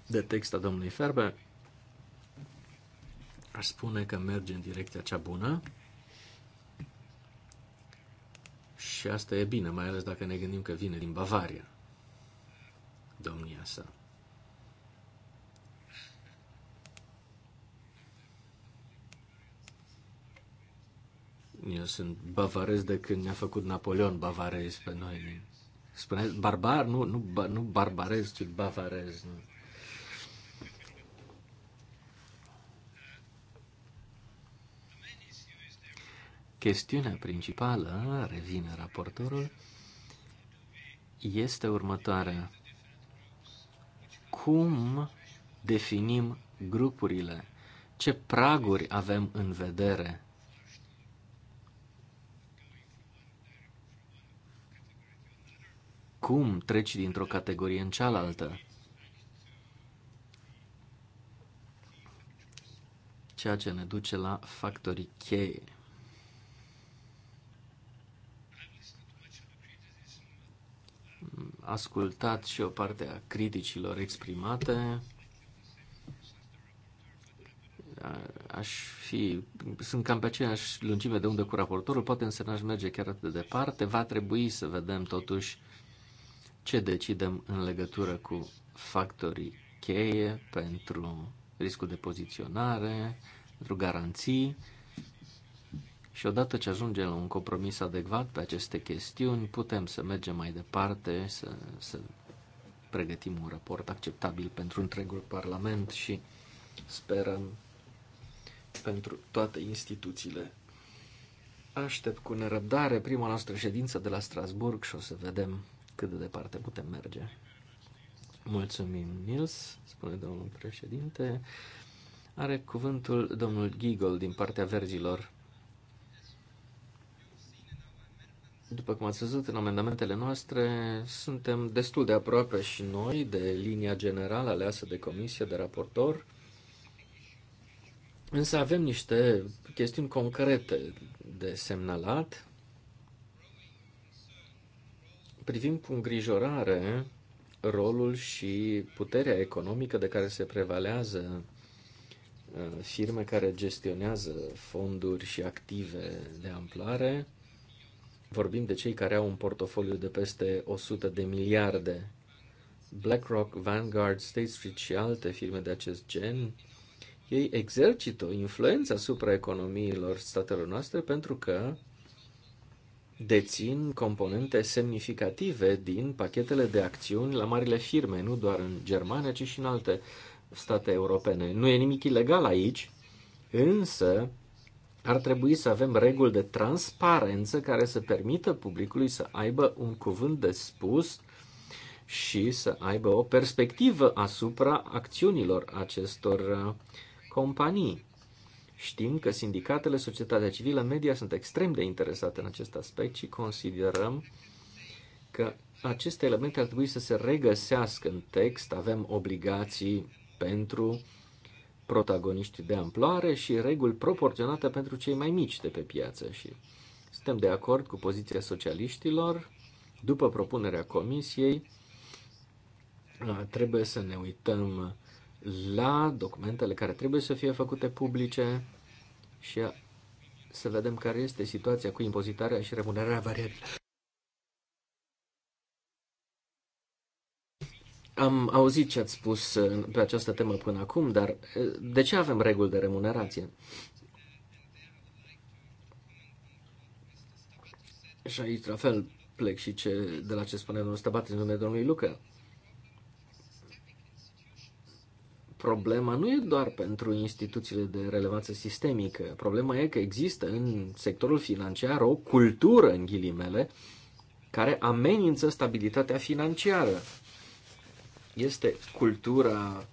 de text a domnului Ferber, aș spune că merge în direcția cea bună. Și asta e bine, mai ales dacă ne gândim că vine din Bavaria, domnia sa. Eu sunt bavarez de când ne-a făcut Napoleon bavarez pe noi. Spuneți barbar? Nu, nu, nu barbarez, ci bavarez. Nu. Chestiunea principală, revine raportorul, este următoarea. Cum definim grupurile? Ce praguri avem în vedere? Cum treci dintr-o categorie în cealaltă? Ceea ce ne duce la factorii cheie. ascultat și o parte a criticilor exprimate. Aș fi, sunt cam pe aceeași lungime de undă cu raportorul, poate însă n-aș merge chiar atât de departe. Va trebui să vedem totuși ce decidem în legătură cu factorii cheie pentru riscul de poziționare, pentru garanții și odată ce ajungem la un compromis adecvat pe aceste chestiuni, putem să mergem mai departe, să, să pregătim un raport acceptabil pentru întregul Parlament și sperăm pentru toate instituțiile. Aștept cu nerăbdare prima noastră ședință de la Strasburg și o să vedem cât de departe putem merge. Mulțumim, Nils, spune domnul președinte. Are cuvântul domnul Gigol din partea verzilor. După cum ați văzut în amendamentele noastre, suntem destul de aproape și noi de linia generală aleasă de comisie, de raportor, însă avem niște chestiuni concrete de semnalat. Privim cu îngrijorare rolul și puterea economică de care se prevalează uh, firme care gestionează fonduri și active de amplare, Vorbim de cei care au un portofoliu de peste 100 de miliarde. BlackRock, Vanguard, State Street și alte firme de acest gen, ei exercită influența asupra economiilor statelor noastre pentru că dețin componente semnificative din pachetele de acțiuni la marile firme, nu doar în Germania, ci și în alte state europene. Nu e nimic ilegal aici, însă ar trebui să avem reguli de transparență care să permită publicului să aibă un cuvânt de spus și să aibă o perspectivă asupra acțiunilor acestor uh, companii. Știm că sindicatele, societatea civilă, media sunt extrem de interesate în acest aspect și considerăm că aceste elemente ar trebui să se regăsească în text. Avem obligații pentru protagoniști de amploare și reguli proporționate pentru cei mai mici de pe piață. Și suntem de acord cu poziția socialiștilor. După propunerea comisiei, trebuie să ne uităm la documentele care trebuie să fie făcute publice și să vedem care este situația cu impozitarea și remunerarea variabilă. Am auzit ce ați spus uh, pe această temă până acum, dar uh, de ce avem reguli de remunerație? Și aici, la fel, plec și ce, de la ce spune domnul Stabat în numele domnului Luca. Problema nu e doar pentru instituțiile de relevanță sistemică. Problema e că există în sectorul financiar o cultură, în ghilimele, care amenință stabilitatea financiară este cultura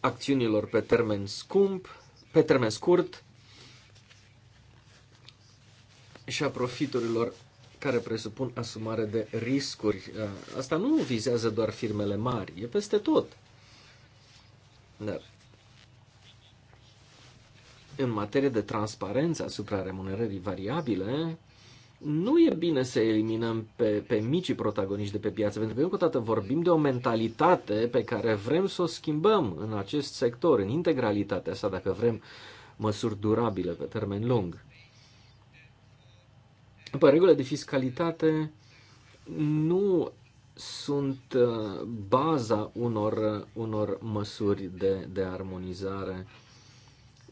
acțiunilor pe termen scump, pe termen scurt și a profiturilor care presupun asumare de riscuri. Uh, asta nu vizează doar firmele mari, e peste tot. Dar în materie de transparență asupra remunerării variabile, nu e bine să eliminăm pe, pe micii protagoniști de pe piață, pentru că încă o dată vorbim de o mentalitate pe care vrem să o schimbăm în acest sector, în integralitatea sa, dacă vrem măsuri durabile pe termen lung. După regulile de fiscalitate, nu sunt uh, baza unor, uh, unor măsuri de, de armonizare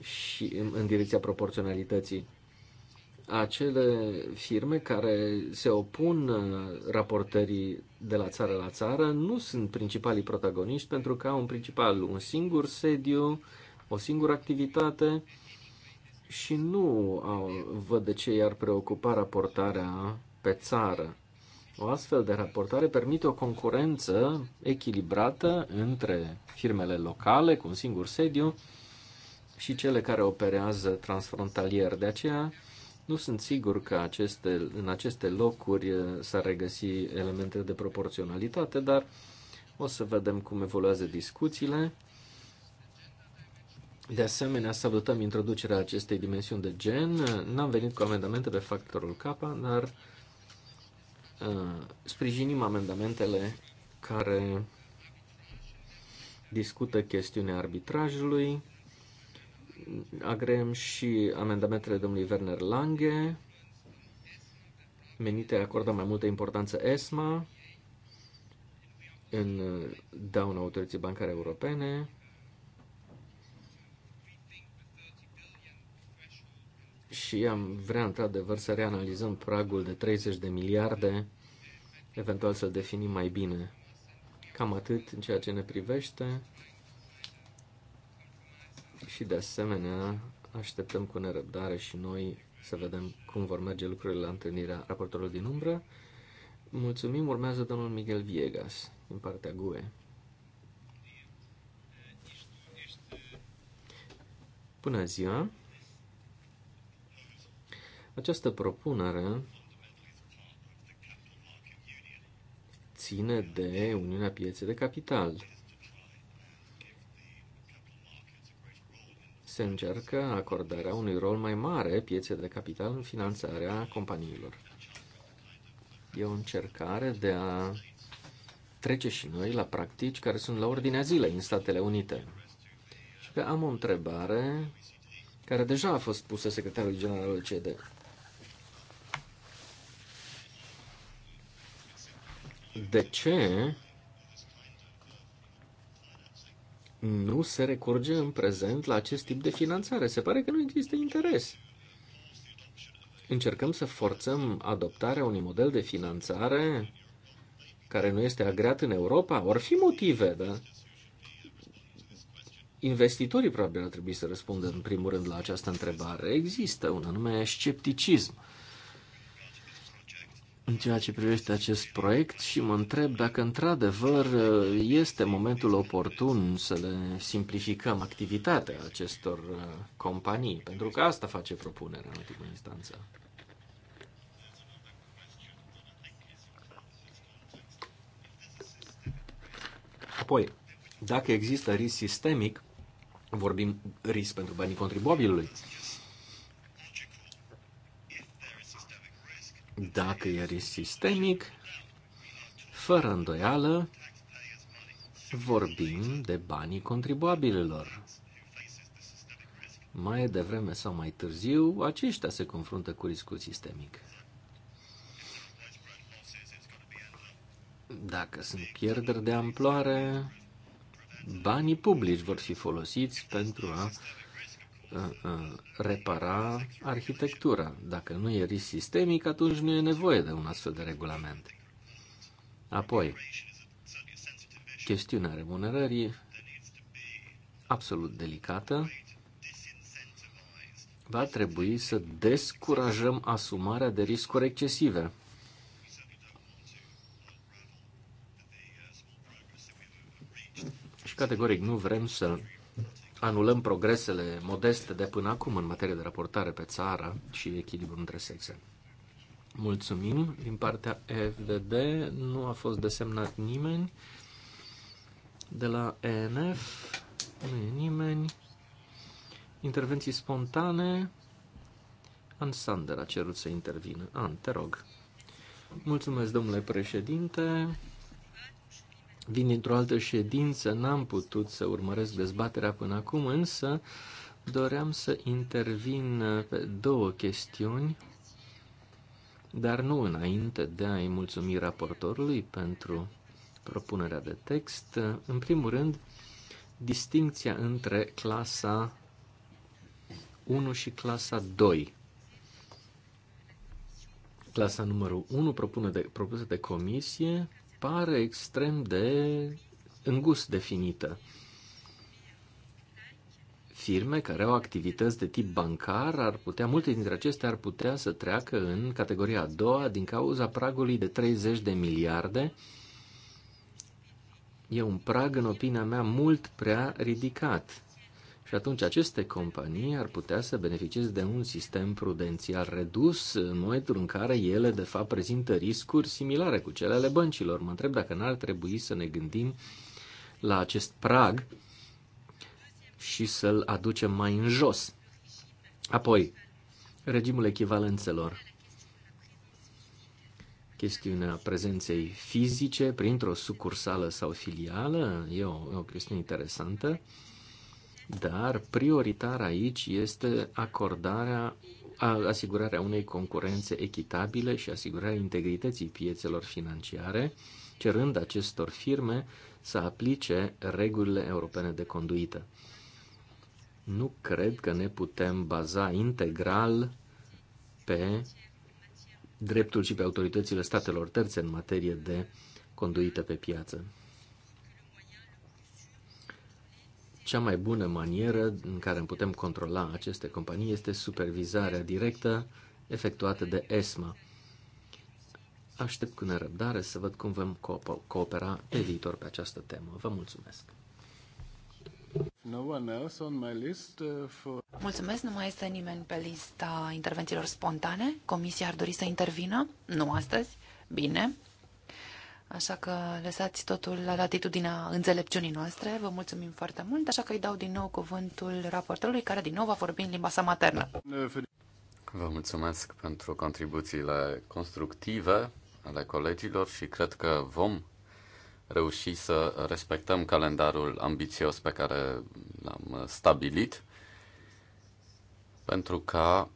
și în, în direcția proporționalității acele firme care se opun uh, raportării de la țară la țară nu sunt principalii protagoniști pentru că au un principal un singur sediu, o singură activitate și nu au, văd de ce i-ar preocupa raportarea pe țară. O astfel de raportare permite o concurență echilibrată între firmele locale cu un singur sediu și cele care operează transfrontalier. De aceea, nu sunt sigur că aceste, în aceste locuri eh, s-ar regăsi elemente de proporționalitate, dar o să vedem cum evoluează discuțiile. De asemenea, salutăm introducerea acestei dimensiuni de gen. N-am venit cu amendamente pe factorul K, dar uh, sprijinim amendamentele care discută chestiunea arbitrajului agrem și amendamentele domnului Werner Lange, menite acordă mai multă importanță ESMA în dauna autorității bancare europene. Și am vrea într-adevăr să reanalizăm pragul de 30 de miliarde, eventual să-l definim mai bine. Cam atât în ceea ce ne privește. Și de asemenea, așteptăm cu nerăbdare și noi să vedem cum vor merge lucrurile la întâlnirea raportorului din umbră. Mulțumim, urmează domnul Miguel Viegas din partea GUE. Bună ziua! Această propunere ține de Uniunea Pieței de Capital. se încearcă acordarea unui rol mai mare pieței de capital în finanțarea companiilor. E o încercare de a trece și noi la practici care sunt la ordinea zilei în Statele Unite. Și că am o întrebare care deja a fost pusă secretarului general al CD. De ce nu se recurge în prezent la acest tip de finanțare. Se pare că nu există interes. Încercăm să forțăm adoptarea unui model de finanțare care nu este agreat în Europa? Or fi motive, da? Investitorii probabil ar trebui să răspundă în primul rând la această întrebare. Există un anume scepticism în ceea ce privește acest proiect și mă întreb dacă într-adevăr este momentul oportun să le simplificăm activitatea acestor uh, companii, pentru că asta face propunerea în ultimă instanță. Apoi, dacă există risc sistemic, vorbim risc pentru banii contribuabilului, dacă e risc sistemic, fără îndoială, vorbim de banii contribuabililor. Mai devreme sau mai târziu, aceștia se confruntă cu riscul sistemic. Dacă sunt pierderi de amploare, banii publici vor fi folosiți pentru a repara arhitectura. Dacă nu e risc sistemic, atunci nu e nevoie de un astfel de regulament. Apoi, chestiunea remunerării, absolut delicată, va trebui să descurajăm asumarea de riscuri excesive. Și categoric nu vrem să anulăm progresele modeste de până acum în materie de raportare pe țară și echilibru între sexe. Mulțumim. Din partea FDD nu a fost desemnat nimeni. De la ENF nu e nimeni. Intervenții spontane. An Sander a cerut să intervină. An, te rog. Mulțumesc, domnule președinte. Vin dintr-o altă ședință, n-am putut să urmăresc dezbaterea până acum, însă doream să intervin uh, pe două chestiuni, dar nu înainte de a-i mulțumi raportorului pentru propunerea de text. Uh, în primul rând, distinția între clasa 1 și clasa 2. Clasa numărul 1 propune de, de comisie pare extrem de îngust definită. Firme care au activități de tip bancar ar putea, multe dintre acestea ar putea să treacă în categoria a doua din cauza pragului de 30 de miliarde. E un prag, în opinia mea, mult prea ridicat și atunci aceste companii ar putea să beneficieze de un sistem prudențial redus în momentul în care ele, de fapt, prezintă riscuri similare cu cele ale băncilor. Mă întreb dacă n-ar trebui să ne gândim la acest prag și să-l aducem mai în jos. Apoi, regimul echivalențelor. Chestiunea prezenței fizice printr-o sucursală sau filială e o, e o chestiune interesantă. Uh, dar prioritar aici este acordarea, asigurarea unei concurențe echitabile și asigurarea integrității piețelor financiare, cerând acestor firme să aplice regulile europene de conduită. Nu cred că ne putem baza integral pe dreptul și pe autoritățile statelor terțe în materie de conduită pe piață. Cea mai bună manieră în care putem controla aceste companii este supervizarea directă efectuată de ESMA. Aștept cu nerăbdare să văd cum vom coopera pe viitor pe această temă. Vă mulțumesc! Uh, mulțumesc, nu mai este nimeni pe lista intervențiilor spontane. Comisia ar dori să intervină? Nu astăzi? Bine. Așa că lăsați totul la latitudinea înțelepciunii noastre. Vă mulțumim foarte mult, așa că îi dau din nou cuvântul raportorului, care din nou va vorbi în limba sa maternă. Vă mulțumesc pentru contribuțiile constructive ale colegilor și cred că vom reuși să respectăm calendarul ambițios pe care l-am stabilit pentru ca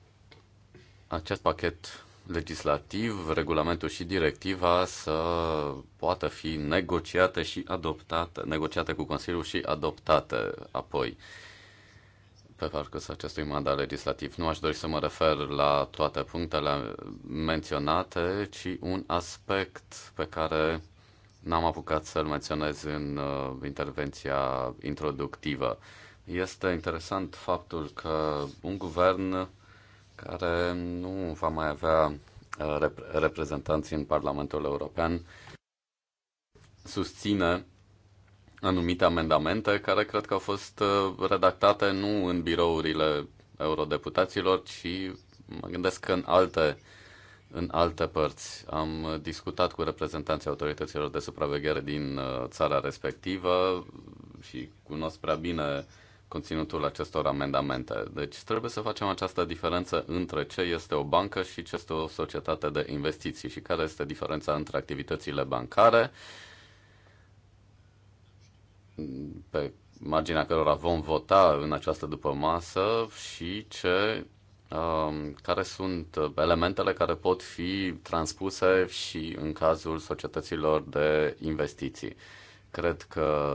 acest pachet legislativ, regulamentul și directiva să poată fi negociate și adoptate, negociate cu Consiliul și adoptate apoi pe parcursul acestui mandat legislativ. Nu aș dori să mă refer la toate punctele menționate, ci un aspect pe care n-am apucat să-l menționez în uh, intervenția introductivă. Este interesant faptul că un guvern care nu va mai avea uh, rep- reprezentanții în Parlamentul European, susține anumite amendamente care cred că au fost uh, redactate nu în birourile eurodeputaților, ci mă gândesc că în alte, în alte părți. Am discutat cu reprezentanții autorităților de supraveghere din uh, țara respectivă și cunosc prea bine uh, conținutul acestor amendamente. Deci trebuie să facem această diferență între ce este o bancă și ce este o societate de investiții și care este diferența între activitățile bancare pe marginea cărora vom vota în această după masă și ce um, care sunt elementele care pot fi transpuse și în cazul societăților de investiții. Cred că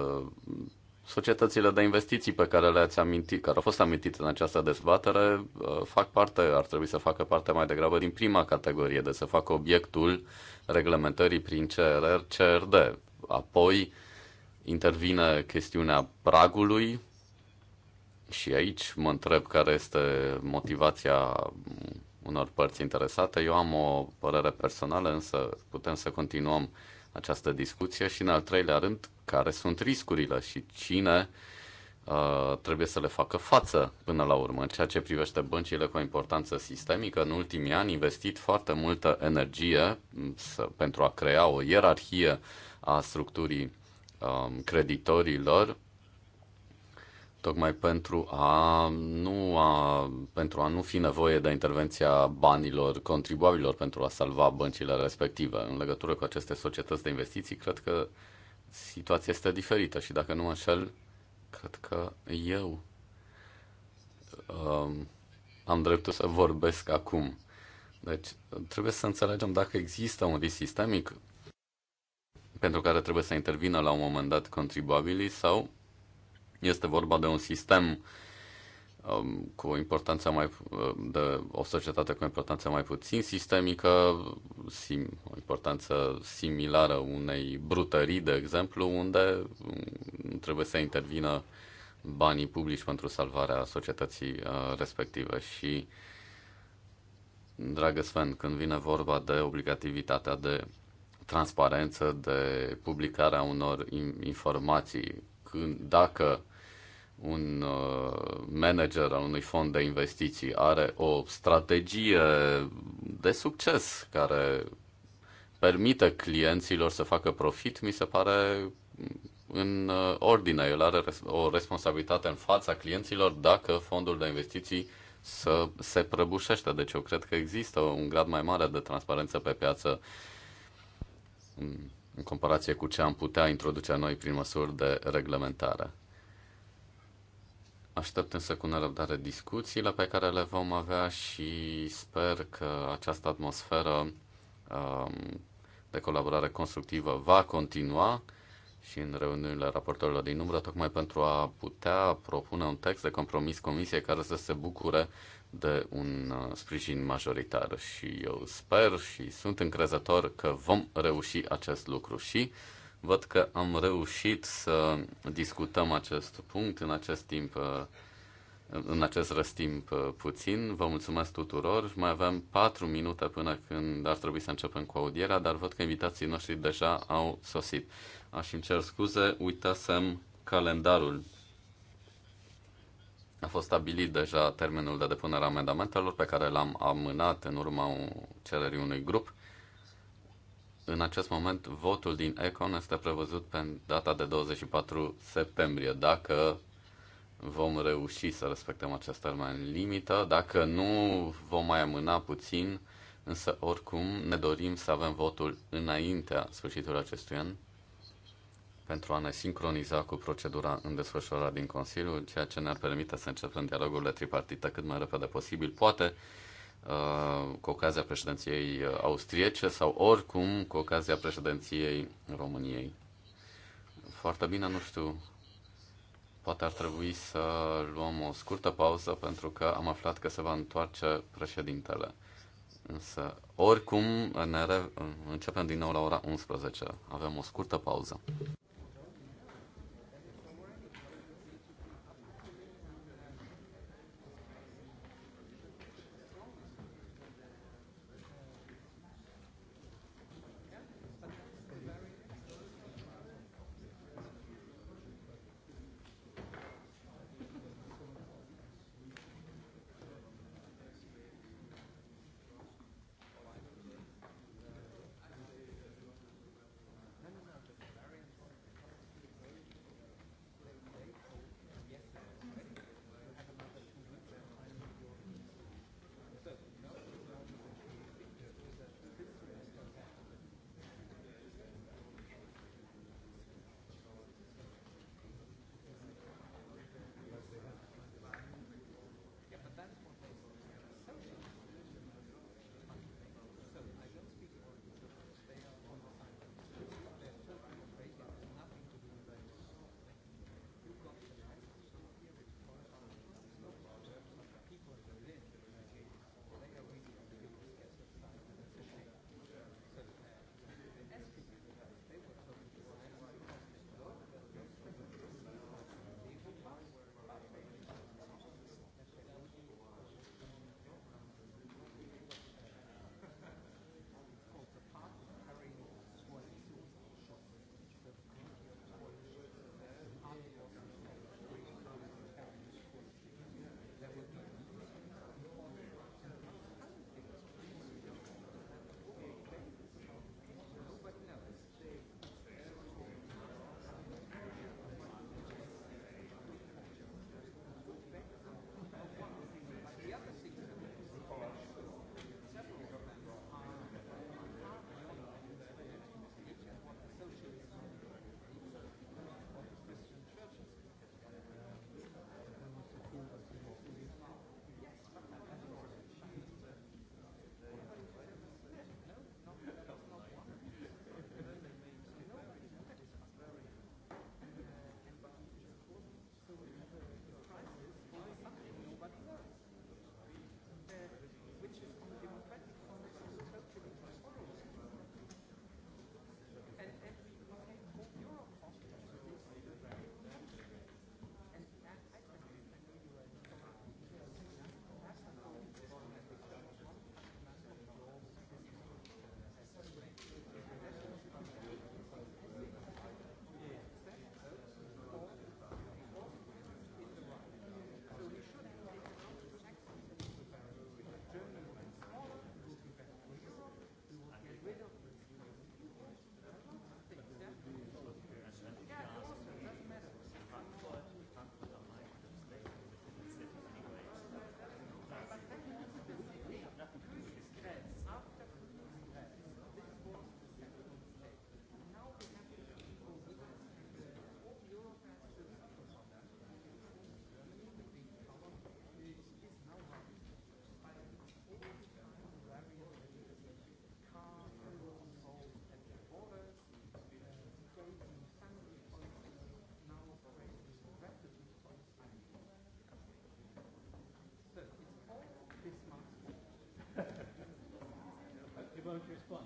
societățile de investiții pe care le-ați amintit, care au fost amintite în această dezbatere, uh, fac parte, ar trebui să facă parte mai degrabă din prima categorie, de să facă obiectul reglementării prin CRR, CRD. Apoi intervine chestiunea pragului și aici mă întreb care este motivația unor părți interesate. Eu am o părere personală, însă putem să continuăm această discuție și, în al treilea rând, care sunt riscurile și cine uh, trebuie să le facă față până la urmă. În ceea ce privește băncile cu o importanță sistemică, în ultimii ani investit foarte multă energie mm, să, pentru a crea o ierarhie a structurii um, creditorilor tocmai pentru a nu, a, pentru a nu fi nevoie de intervenția banilor contribuabilor pentru a salva băncile respective. În legătură cu aceste societăți de investiții, cred că situația este diferită și dacă nu înșel, cred că eu um, am dreptul să vorbesc acum. Deci trebuie să înțelegem dacă există un risc sistemic pentru care trebuie să intervină la un moment dat contribuabilii sau este vorba de un sistem um, cu o importanță mai de o societate cu o importanță mai puțin sistemică, sim, o importanță similară unei brutării, de exemplu, unde um, trebuie să intervină banii publici pentru salvarea societății uh, respective și dragă Sven, când vine vorba de obligativitatea de transparență, de publicarea unor informații, când, dacă un uh, manager al unui fond de investiții are o strategie de succes care permite clienților să facă profit, mi se pare în uh, ordine. El are o responsabilitate în fața clienților dacă fondul de investiții să se prăbușește. Deci eu cred că există un grad mai mare de transparență pe piață în comparație cu ce am putea introduce noi prin măsuri de reglementare. Aștept însă cu nerăbdare discuțiile pe care le vom avea și sper că această atmosferă um, de colaborare constructivă va continua și în reuniunile raportorilor din umbră, tocmai pentru a putea propune un text de compromis comisie care să se bucure de un uh, sprijin majoritar. Și eu sper și sunt încrezător că vom reuși acest lucru și Văd că am reușit să discutăm acest punct în acest timp, uh, în acest răstimp uh, puțin. Vă mulțumesc tuturor. Mai avem patru minute până când ar trebui să începem cu audierea, dar văd că invitații noștri deja au sosit. Aș îmi cer scuze, uitasem calendarul. A fost stabilit deja termenul de depunere a amendamentelor pe care l-am amânat în urma cererii unui grup în acest moment votul din Econ este prevăzut pe data de 24 septembrie, dacă vom reuși să respectăm acest termen limită, dacă nu vom mai amâna puțin, însă oricum ne dorim să avem votul înaintea sfârșitului acestui an pentru a ne sincroniza cu procedura în desfășurare din Consiliu, ceea ce ne-ar permite să începem dialogurile tripartite cât mai repede posibil, poate Uh, cu ocazia președinției austriece sau oricum cu ocazia președinției României. Foarte bine, nu știu, poate ar trebui să luăm o scurtă pauză pentru că am aflat că se va întoarce președintele. Însă, oricum, ne re- începem din nou la ora 11. Avem o scurtă pauză. respond.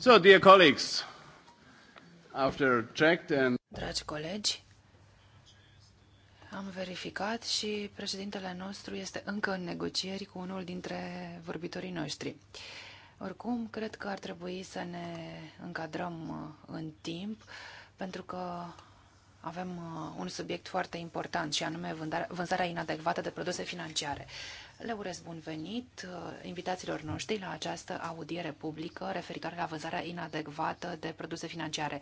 So, dear colleagues, after checked and... Dragi colegi, am verificat și președintele nostru este încă în negocieri cu unul dintre vorbitorii noștri. Oricum, cred că ar trebui să ne încadrăm uh, în timp, pentru că avem uh, un subiect foarte important și anume vânzarea inadecvată de produse financiare. Le urez bun venit uh, invitațiilor noștri la această audiere publică referitoare la vânzarea inadecvată de produse financiare.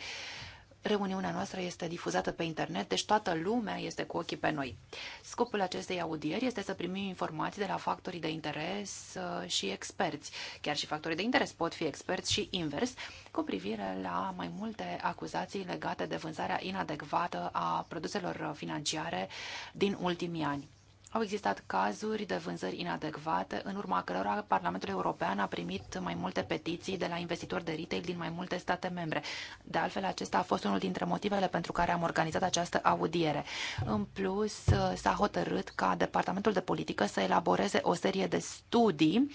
Reuniunea noastră este difuzată pe internet, deci toată lumea este cu ochii pe noi. Scopul acestei audieri este să primim informații de la factorii de interes uh, și experți. Chiar și factorii de interes pot fi experți și invers, cu privire la mai multe acuzații legate de vânzarea inadecvată a produselor financiare din ultimii ani. Au existat cazuri de vânzări inadecvate, în urma cărora Parlamentul European a primit mai multe petiții de la investitori de retail din mai multe state membre. De altfel, acesta a fost unul dintre motivele pentru care am organizat această audiere. În plus, s-a hotărât ca Departamentul de Politică să elaboreze o serie de studii,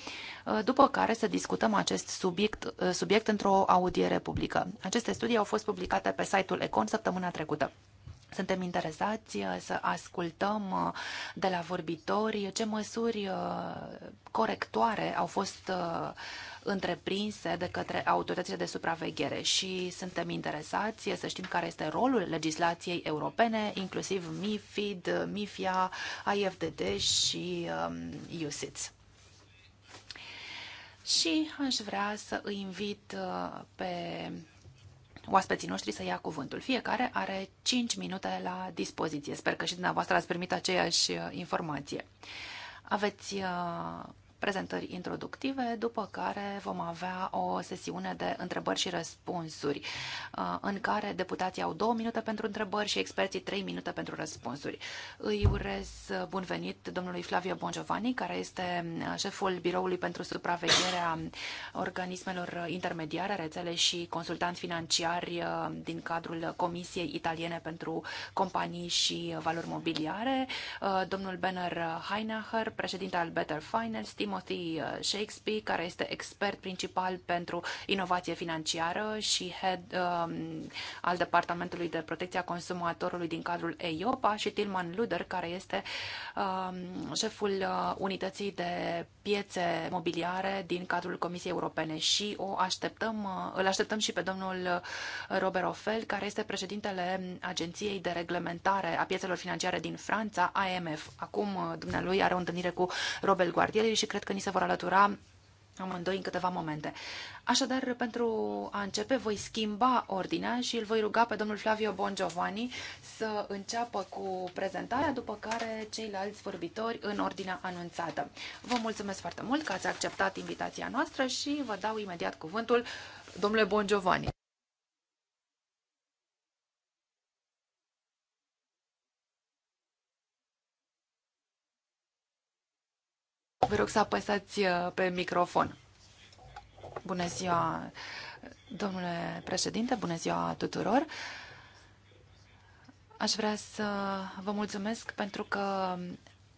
după care să discutăm acest subiect, subiect într-o audiere publică. Aceste studii au fost publicate pe site-ul Econ săptămâna trecută. Suntem interesați uh, să ascultăm uh, de la vorbitori ce măsuri uh, corectoare au fost întreprinse de către autoritățile de supraveghere și suntem interesați să știm care este rolul legislației europene, inclusiv MIFID, MIFIA, IFDD și um, USIT. Și aș vrea să îi invit pe oaspeții noștri să ia cuvântul. Fiecare are 5 minute la dispoziție. Sper că și dumneavoastră ați primit aceeași uh, informație. Aveți uh, prezentări introductive, după care vom avea o sesiune de întrebări și răspunsuri, uh, în care deputații au două minute pentru întrebări și experții trei minute pentru răspunsuri. Îi urez bun venit domnului Flavio Bongiovanni, care este uh, șeful Biroului pentru Supravegherea Organismelor Intermediare, Rețele și Consultanți Financiari uh, din cadrul Comisiei Italiene pentru Companii și Valori Mobiliare, domnul Benner Heinacher, președinte al Better Finance, Team, Timothy uh, Shakespeare, care este expert principal pentru inovație financiară și head um, al Departamentului de Protecție a Consumatorului din cadrul EIOPA și Tilman Luder, care este um, șeful uh, unității de piețe mobiliare din cadrul Comisiei Europene și o așteptăm, uh, îl așteptăm și pe domnul Robert Ofel, care este președintele Agenției de Reglementare a Piețelor Financiare din Franța, AMF. Acum dumnealui are o întâlnire cu Robert Guardieri și cred cred că ni se vor alătura amândoi în câteva momente. Așadar, pentru a începe, voi schimba ordinea și îl voi ruga pe domnul Flavio Bongiovanni să înceapă cu prezentarea, după care ceilalți vorbitori în ordinea anunțată. Vă mulțumesc foarte mult că ați acceptat invitația noastră și vă dau imediat cuvântul domnule Bongiovanni. Vă rog să apăsați uh, pe microfon. Bună ziua, domnule președinte, bună ziua tuturor. Aș vrea să vă mulțumesc pentru că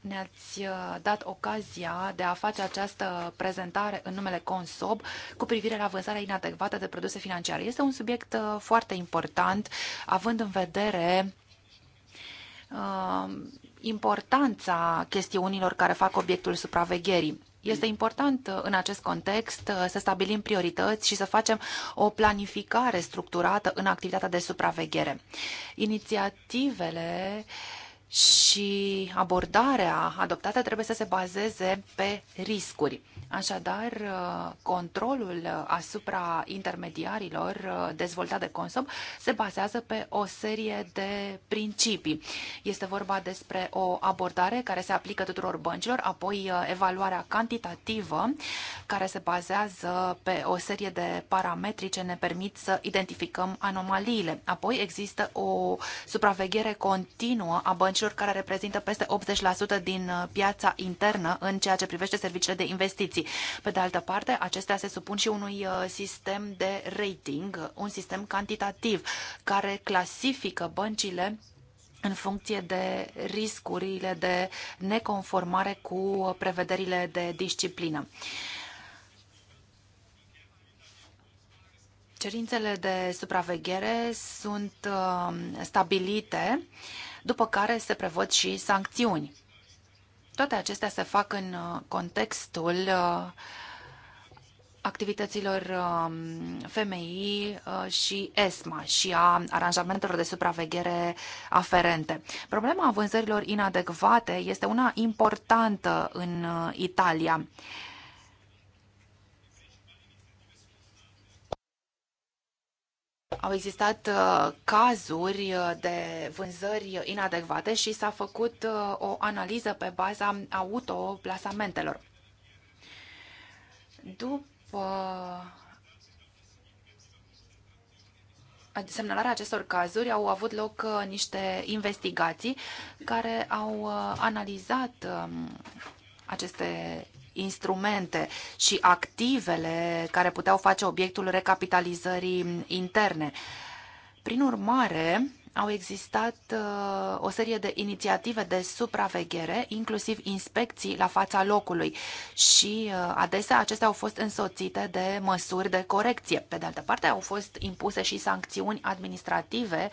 ne-ați uh, dat ocazia de a face această prezentare în numele CONSOB cu privire la vânzarea inadecvată de produse financiare. Este un subiect uh, foarte important, având în vedere uh, importanța chestiunilor care fac obiectul supravegherii. Este important uh, în acest context uh, să stabilim priorități și să facem o planificare structurată în activitatea de supraveghere. Inițiativele uh, și abordarea adoptată trebuie să se bazeze pe riscuri. Așadar, uh, controlul asupra intermediarilor uh, dezvoltat de Consob se bazează pe o serie de principii. Este vorba despre o abordare care se aplică tuturor băncilor, apoi uh, evaluarea cantitativă care se bazează pe o serie de parametri ce ne permit să identificăm anomaliile. Apoi există o supraveghere continuă a băncilor nișuri care reprezintă peste 80% din uh, piața internă în ceea ce privește serviciile de investiții. Pe de altă parte, acestea se supun și unui uh, sistem de rating, uh, un sistem cantitativ care clasifică băncile în funcție de riscurile de neconformare cu prevederile de disciplină. Cerințele de supraveghere sunt stabilite după care se prevăd și sancțiuni. Toate acestea se fac în uh, contextul uh, activităților um, FMI uh, și ESMA și a aranjamentelor de supraveghere aferente. Problema vânzărilor inadecvate este una importantă în Italia Au existat uh, cazuri uh, de vânzări inadecvate și s-a făcut uh, o analiză pe baza autoplasamentelor. După semnalarea acestor cazuri au avut loc niște investigații care au analizat um, aceste instrumente și activele care puteau face obiectul recapitalizării interne. Prin urmare, au existat uh, o serie de inițiative de supraveghere, inclusiv inspecții la fața locului și uh, adesea acestea au fost însoțite de măsuri de corecție. Pe de altă parte, au fost impuse și sancțiuni administrative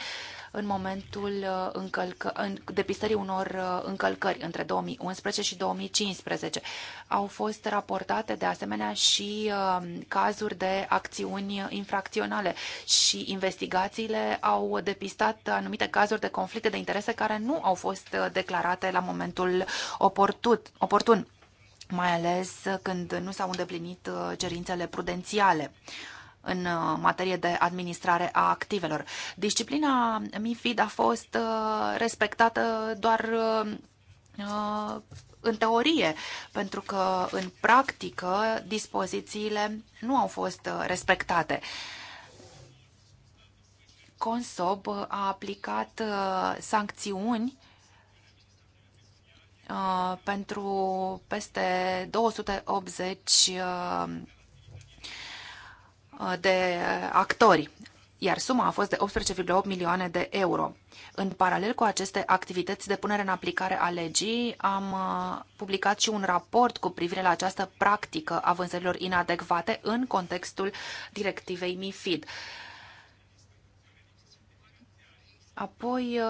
în momentul uh, încălcă, în, depistării unor uh, încălcări între 2011 și 2015. Au fost raportate de asemenea și uh, cazuri de acțiuni infracționale și investigațiile au depistat anumite cazuri de conflicte de interese care nu au fost declarate la momentul oportun. oportun mai ales când nu s-au îndeplinit cerințele prudențiale în uh, materie de administrare a activelor. Disciplina MIFID a fost uh, respectată doar uh, în teorie, pentru că în practică dispozițiile nu au fost respectate. Consob a aplicat sancțiuni pentru peste 280 Uh, de uh, actori, iar suma a fost de 18,8 milioane de euro. În paralel cu aceste activități de punere în aplicare a legii, am uh, publicat și un raport cu privire la această practică a vânzărilor inadecvate în contextul directivei MIFID. Apoi,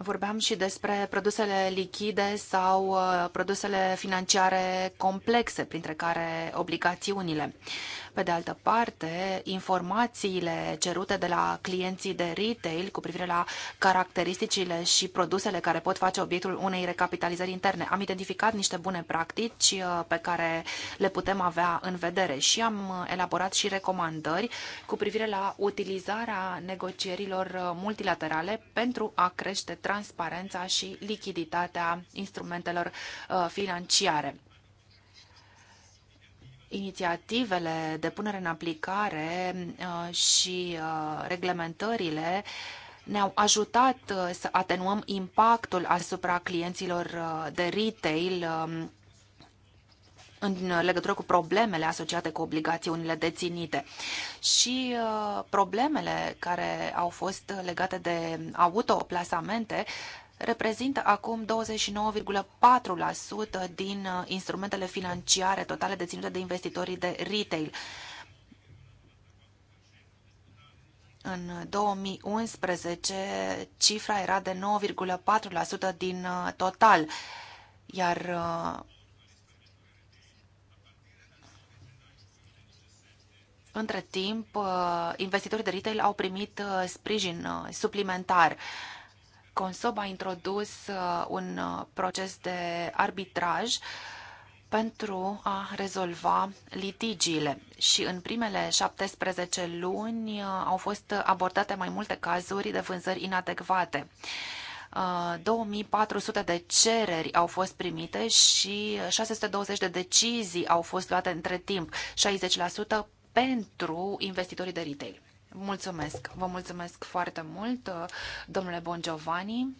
Vorbeam și despre produsele lichide sau uh, produsele financiare complexe, printre care obligațiunile. Pe de altă parte, informațiile cerute de la clienții de retail cu privire la caracteristicile și produsele care pot face obiectul unei recapitalizări interne. Am identificat niște bune practici uh, pe care le putem avea în vedere și am uh, elaborat și recomandări cu privire la utilizarea negocierilor uh, multilaterale pentru a crește transparența și lichiditatea instrumentelor financiare inițiativele de punere în aplicare uh, și uh, reglementările ne-au ajutat uh, să atenuăm impactul asupra clienților de retail um, în legătură cu problemele asociate cu obligațiunile deținite și problemele care au fost legate de autoplasamente reprezintă acum 29,4% din uh, instrumentele financiare totale deținute de investitorii de retail. În 2011, cifra era de 9,4% din uh, total, iar uh, Între timp, investitorii de retail au primit sprijin suplimentar. Consob a introdus uh, un uh, proces de arbitraj pentru a rezolva litigiile și în primele 17 luni uh, au fost abordate mai multe cazuri de vânzări inadecvate. 2400 de cereri au fost primite și 620 de decizii au fost luate între timp, 60% pentru investitorii de retail. Mulțumesc. Vă mulțumesc foarte mult, domnule Bongiovanni.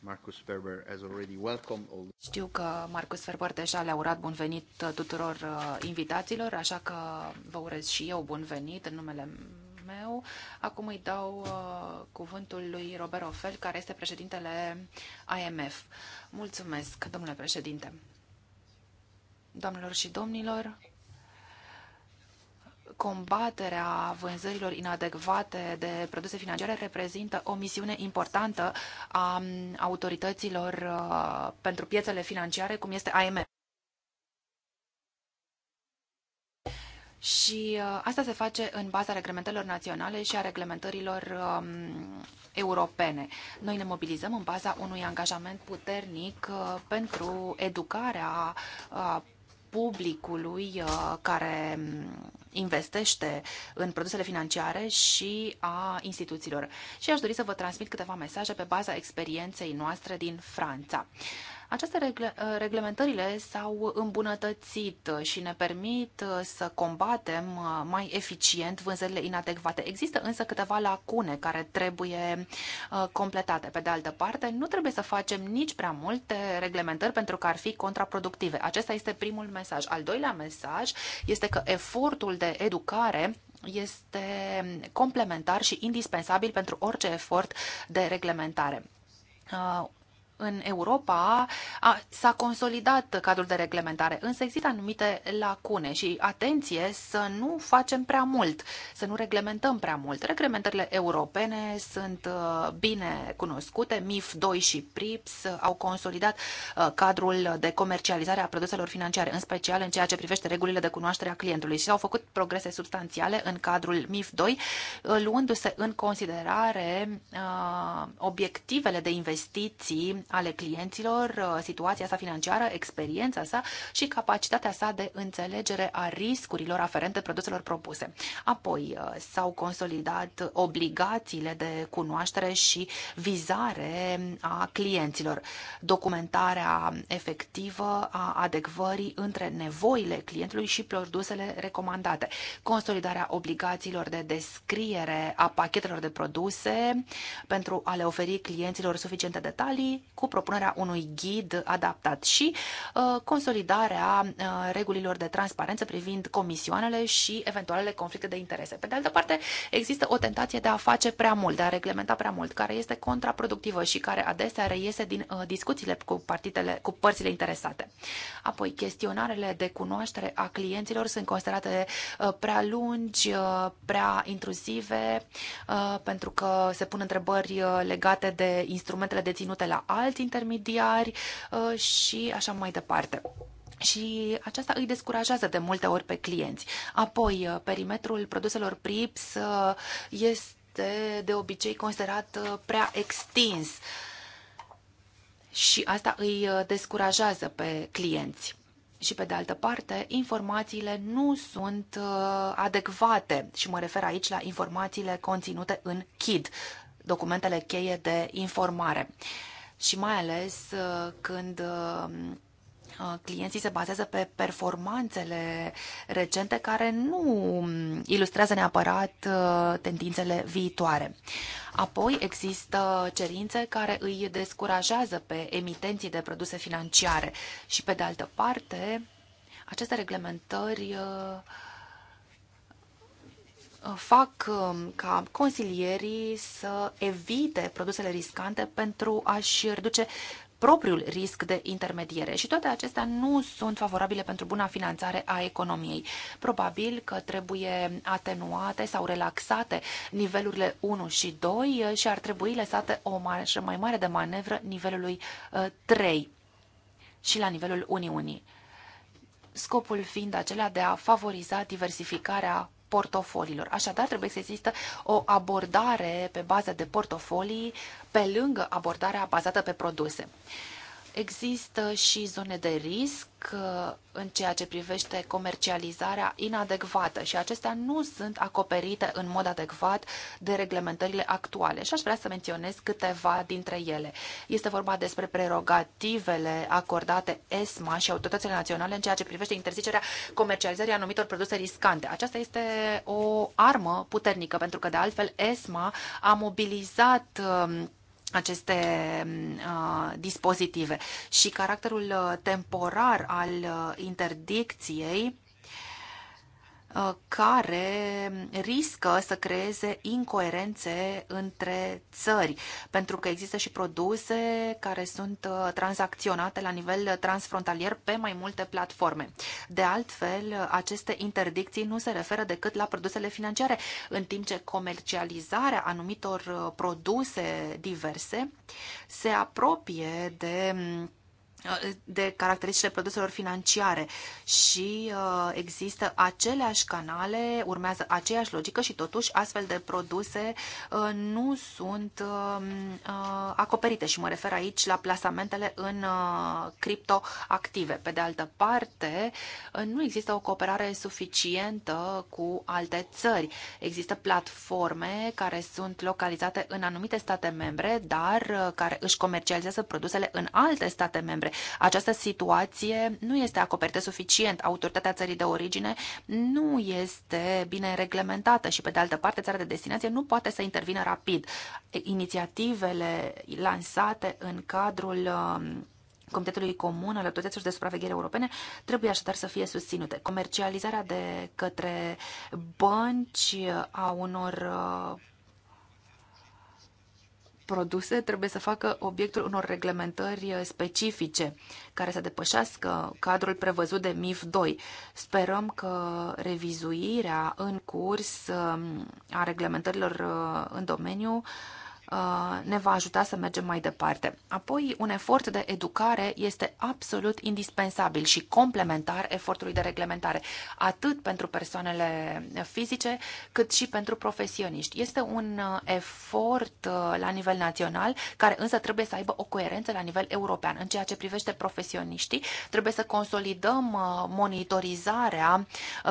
Marcus Ferber has already welcomed all... Știu că Marcus Ferber deja le-a urat bun venit tuturor uh, invitaților, așa că vă urez și eu bun venit în numele meu. Acum îi dau uh, cuvântul lui Robert Ofel, care este președintele IMF. Mulțumesc, domnule președinte. Doamnelor și domnilor, combaterea vânzărilor inadecvate de produse financiare reprezintă o misiune importantă a um, autorităților uh, pentru piețele financiare, cum este AMF. Și uh, asta se face în baza reglementărilor naționale și a reglementărilor um, europene. Noi ne mobilizăm în baza unui angajament puternic uh, pentru educarea publicului uh, care mm, investește în produsele financiare și a instituțiilor. Și aș dori să vă transmit câteva mesaje pe baza experienței noastre din Franța. Aceste regle, uh, reglementările s-au îmbunătățit și ne permit uh, să combatem uh, mai eficient vânzările inadecvate. Există însă câteva lacune care trebuie completate. Pe de altă parte, nu trebuie să facem nici prea multe reglementări pentru că ar fi contraproductive. Acesta este primul mesaj. Al doilea mesaj este că efortul de educare este complementar și indispensabil pentru orice efort de reglementare în Europa s-a consolidat cadrul de reglementare, însă există anumite lacune și atenție să nu facem prea mult, să nu reglementăm prea mult. Reglementările europene sunt uh, bine cunoscute, MIF 2 și PRIPS au consolidat uh, cadrul de comercializare a produselor financiare, în special în ceea ce privește regulile de cunoaștere a clientului și s-au făcut progrese substanțiale în cadrul MIF 2, uh, luându-se în considerare obiectivele de investiții ale clienților, uh, situația sa financiară, experiența sa și capacitatea sa de înțelegere a riscurilor aferente produselor propuse. Apoi uh, s-au consolidat obligațiile de cunoaștere și vizare a clienților, documentarea efectivă a adecvării între nevoile clientului și produsele recomandate, consolidarea obligațiilor de descriere a pachetelor de produse pentru a le oferi clienților suficiente detalii, cu propunerea unui ghid adaptat și uh, consolidarea uh, regulilor de transparență privind comisioanele și eventualele conflicte de interese. Pe de altă parte, există o tentație de a face prea mult, de a reglementa prea mult, care este contraproductivă și care adesea reiese din uh, discuțiile cu partidele, cu părțile interesate. Apoi, chestionarele de cunoaștere a clienților sunt considerate prea lungi, prea intruzive, pentru că se pun întrebări legate de instrumentele deținute la alt alți intermediari uh, și așa mai departe. Și aceasta îi descurajează de multe ori pe clienți. Apoi, uh, perimetrul produselor PRIPS uh, este de obicei considerat prea extins și asta îi descurajează pe clienți. Și pe de altă parte, informațiile nu sunt adecvate și mă refer aici la informațiile conținute în KID, documentele cheie de informare. Uh, și mai ales uh, când uh, uh, clienții se bazează pe performanțele recente care nu mm, ilustrează neapărat tendințele viitoare. Apoi există cerințe care îi descurajează pe emitenții de produse financiare și pe de altă parte aceste reglementări uh, fac um, ca consilierii să evite produsele riscante pentru a-și reduce propriul risc de intermediere și toate acestea nu sunt favorabile pentru buna finanțare a economiei. Probabil că trebuie atenuate sau relaxate nivelurile 1 și 2 uh, și ar trebui lăsate o marjă mai mare de manevră nivelului 3 uh, și la nivelul Uniunii. Scopul fiind acela de a favoriza diversificarea portofoliilor. Așadar, trebuie să există o abordare pe bază de portofolii, pe lângă abordarea bazată pe produse. Există și zone de risc uh, în ceea ce privește comercializarea inadecvată și acestea nu sunt acoperite în mod adecvat de reglementările actuale și aș vrea să menționez câteva dintre ele. Este vorba despre prerogativele acordate ESMA și autoritățile naționale în ceea ce privește interzicerea comercializării anumitor produse riscante. Aceasta este o armă puternică pentru că de altfel ESMA a mobilizat um, aceste uh, dispozitive și caracterul uh, temporar al uh, interdicției Uh, care riscă să creeze incoerențe între țări, pentru că există și produse care sunt uh, tranzacționate la nivel transfrontalier pe mai multe platforme. De altfel, aceste interdicții nu se referă decât la produsele financiare, în timp ce comercializarea anumitor uh, produse diverse se apropie de mm, de caracteristicile produselor financiare și uh, există aceleași canale, urmează aceeași logică și totuși astfel de produse uh, nu sunt um, uh, acoperite și mă refer aici la plasamentele în criptoactive. Pe de altă parte, nu există o cooperare suficientă cu alte țări. Există platforme care sunt localizate în anumite state membre, dar care își comercializează produsele în alte state membre această situație nu este acoperită suficient. Autoritatea țării de origine nu este bine reglementată și, pe de altă parte, țara de destinație nu poate să intervină rapid. Inițiativele lansate în cadrul um, Comitetului Comun al Autorităților de Supraveghere Europene trebuie așadar să fie susținute. Comercializarea de către bănci a unor uh, produse trebuie să facă obiectul unor reglementări uh, specifice care să depășească cadrul prevăzut de MIF 2. Sperăm că revizuirea în curs um, a reglementărilor uh, în domeniu Uh, ne va ajuta să mergem mai departe. Apoi, un efort de educare este absolut indispensabil și complementar efortului de reglementare, atât pentru persoanele fizice, cât și pentru profesioniști. Este un uh, efort uh, la nivel național, care însă trebuie să aibă o coerență la nivel european. În ceea ce privește profesioniștii, trebuie să consolidăm monitorizarea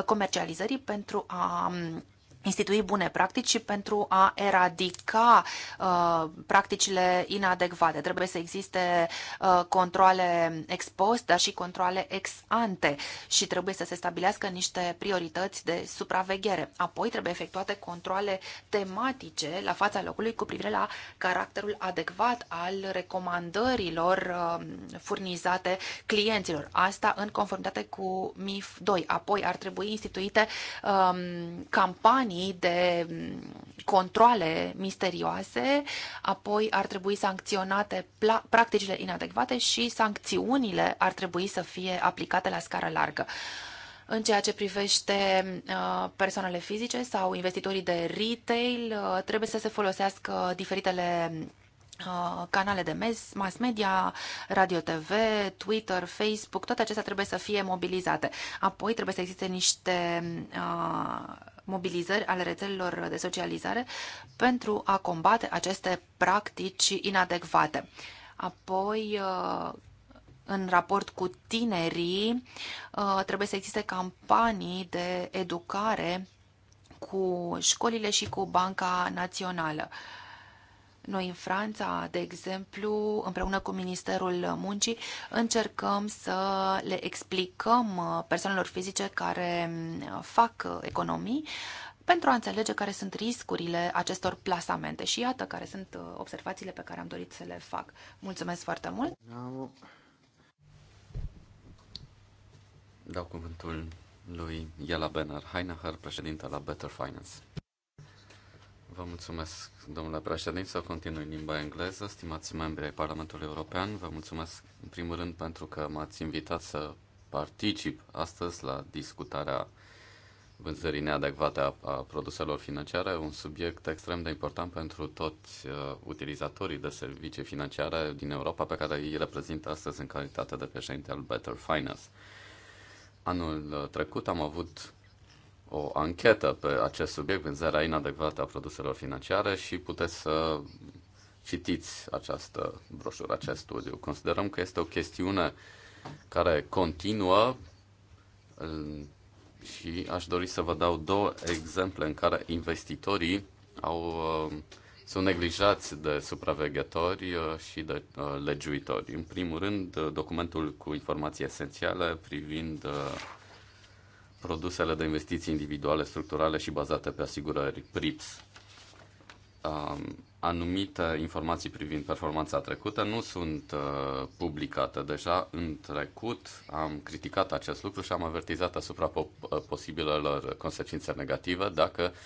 comercializării pentru a um, institui bune practici și pentru a eradica uh, practicile inadecvate. Trebuie să existe uh, controle ex post, dar și controle ex ante și trebuie să se stabilească niște priorități de supraveghere. Apoi trebuie efectuate controle tematice la fața locului cu privire la caracterul adecvat al recomandărilor uh, furnizate clienților. Asta în conformitate cu MIF 2. Apoi ar trebui instituite uh, campanii mii de mm, controle misterioase, apoi ar trebui sancționate practicile inadecvate și sancțiunile ar trebui să fie aplicate la scară largă. În ceea ce privește mm, uh, persoanele fizice sau investitorii de retail, uh, trebuie să se folosească diferitele mm, uh, canale de mass media, radio TV, Twitter, Facebook, toate acestea trebuie să fie mobilizate. Apoi trebuie să existe niște uh, mobilizări ale rețelelor de socializare pentru a combate aceste practici inadecvate. Apoi, uh, în raport cu tinerii, uh, trebuie să existe campanii de educare cu școlile și cu Banca Națională. Noi în Franța, de exemplu, împreună cu Ministerul Muncii, încercăm să le explicăm uh, persoanelor fizice care uh, fac economii pentru a înțelege care sunt riscurile acestor plasamente. Și iată care sunt uh, observațiile pe care am dorit să le fac. Mulțumesc foarte mult! Now... Dau cuvântul lui Iala Benner, Heinacher, președinte la Better Finance. Vă mulțumesc, domnule președinte, să continui în limba engleză. Stimați membri ai Parlamentului European, vă mulțumesc în primul rând pentru că m-ați invitat să particip astăzi la discutarea vânzării neadecvate a, a produselor financiare, un subiect extrem de important pentru toți uh, utilizatorii de servicii financiare din Europa, pe care îi reprezint astăzi în calitate de președinte al Better Finance. Anul uh, trecut am avut o anchetă pe acest subiect, vânzarea inadecvată a produselor financiare și puteți să citiți această broșură, acest studiu. Considerăm că este o chestiune care continuă și aș dori să vă dau două exemple în care investitorii au, uh, sunt neglijați de supraveghetori uh, și de uh, legiuitori. În primul rând, documentul cu informații esențiale privind produsele de investiții individuale, structurale și bazate pe asigurări, PRIPS. Um, anumite informații privind performanța trecută nu sunt uh, publicate. Deja în trecut am criticat acest lucru și am avertizat asupra po- uh, posibilelor consecințe negative dacă uh,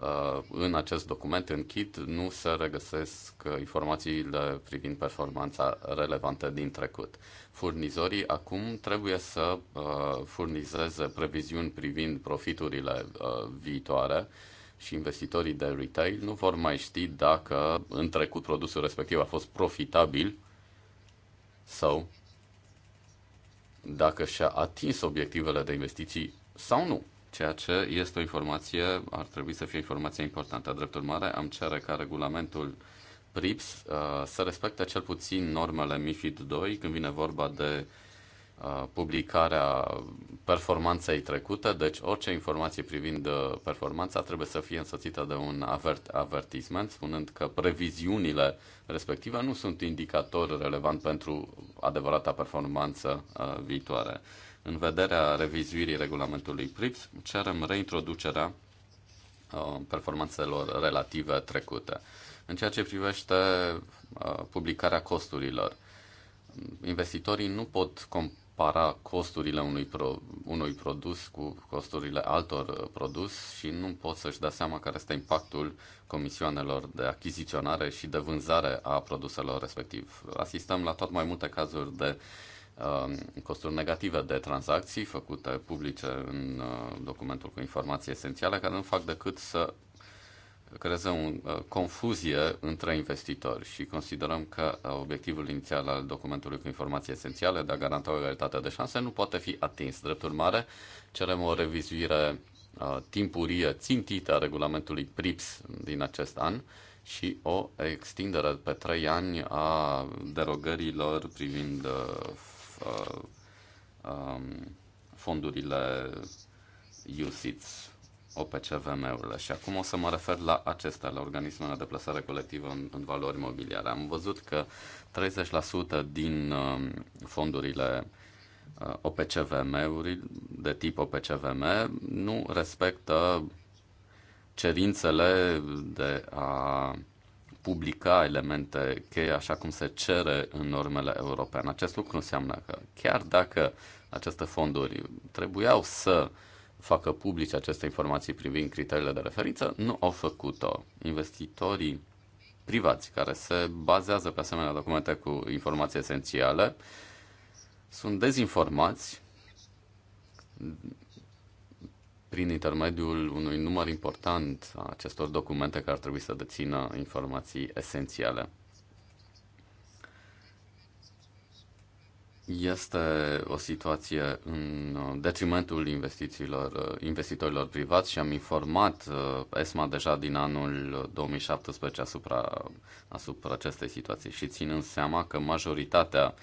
Uh, în acest document, în kit, nu se regăsesc uh, informațiile privind performanța relevantă din trecut. Furnizorii acum trebuie să uh, furnizeze previziuni privind profiturile viitoare și investitorii de retail nu vor mai ști dacă în trecut produsul respectiv a fost profitabil sau dacă și-a atins obiectivele de investiții sau nu ceea ce este o informație, ar trebui să fie o informație importantă. Drept urmare, am cere ca regulamentul PRIPS uh, să respecte cel puțin normele MIFID 2 când vine vorba de uh, publicarea performanței trecute, deci orice informație privind uh, performanța trebuie să fie însoțită de un avert, avertisment, spunând că previziunile respective nu sunt indicator relevant pentru adevărata performanță viitoare. În vederea revizuirii regulamentului PRIPS, cerem reintroducerea uh, performanțelor relative trecute. În ceea ce privește uh, publicarea costurilor, investitorii nu pot compara costurile unui, pro, unui produs cu costurile altor uh, produs și nu pot să-și dea seama care este impactul comisioanelor de achiziționare și de vânzare a produselor respectiv. Asistăm la tot mai multe cazuri de uh, Um, costuri negative de tranzacții făcute publice în uh, documentul cu informații esențiale, care nu fac decât să creeze o uh, confuzie între investitori și considerăm că uh, obiectivul inițial al documentului cu informații esențiale de a garanta o egalitate de șanse nu poate fi atins. Drept urmare, cerem o revizuire timpurie țintită a regulamentului PRIPS din acest an și o extindere pe trei ani a derogărilor privind Uh, um, fondurile USITS, OPCVM-urile. Și acum o să mă refer la acestea, la organismele de plasare colectivă în, în valori imobiliare. Am văzut că 30% din um, fondurile uh, OPCVM-uri de tip OPCVM nu respectă cerințele de a publica elemente cheie așa cum se cere în normele europene. Acest lucru înseamnă că chiar dacă aceste fonduri trebuiau să facă publice aceste informații privind criteriile de referință, nu au făcut-o. Investitorii privați care se bazează pe asemenea documente cu informații esențiale sunt dezinformați prin intermediul unui număr important a acestor documente care ar trebui să dețină informații esențiale. Este o situație în detrimentul investițiilor, investitorilor privați și am informat uh, ESMA deja din anul 2017 asupra, asupra acestei situații și ținând seama că majoritatea uh,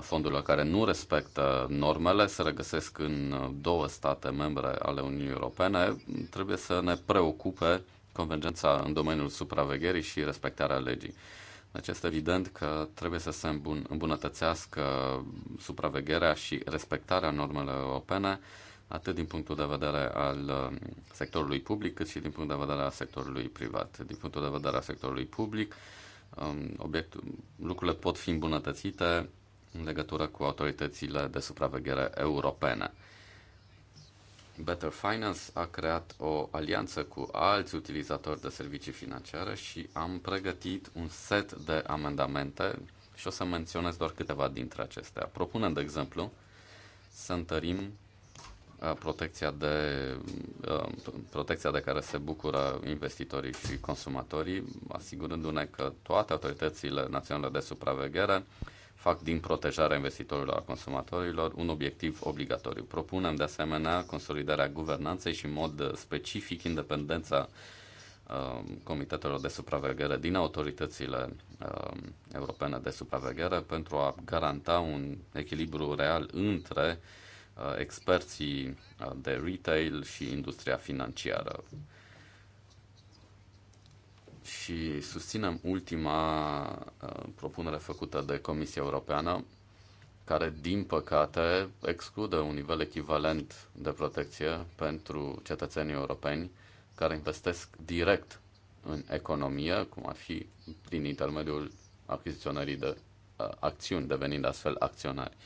fondurilor care nu respectă normele se regăsesc în două state membre ale Uniunii Europene, trebuie să ne preocupe convergența în domeniul supravegherii și respectarea legii. Deci este evident că trebuie să se îmbun- îmbunătățească supravegherea și respectarea normelor europene, atât din punctul de vedere al um, sectorului public, cât și din punct de vedere al sectorului privat. Din punctul de vedere al sectorului public, um, obiectul, lucrurile pot fi îmbunătățite în legătură cu autoritățile de supraveghere europene. Better Finance a creat o alianță cu alți utilizatori de servicii financiare și am pregătit un set de amendamente și o să menționez doar câteva dintre acestea. Propunem, de exemplu, să întărim uh, protecția de, uh, protecția de care se bucură investitorii și consumatorii, asigurându-ne că toate autoritățile naționale de supraveghere fac din protejarea investitorilor, a consumatorilor, un obiectiv obligatoriu. Propunem de asemenea consolidarea guvernanței și în mod specific independența um, comitetelor de supraveghere din autoritățile um, europene de supraveghere pentru a garanta un echilibru real între uh, experții uh, de retail și industria financiară și susținem ultima uh, propunere făcută de Comisia Europeană, care, din păcate, exclude un nivel echivalent de protecție pentru cetățenii europeni care investesc direct în economie, cum ar fi prin intermediul achiziționării de uh, acțiuni, devenind astfel acționari.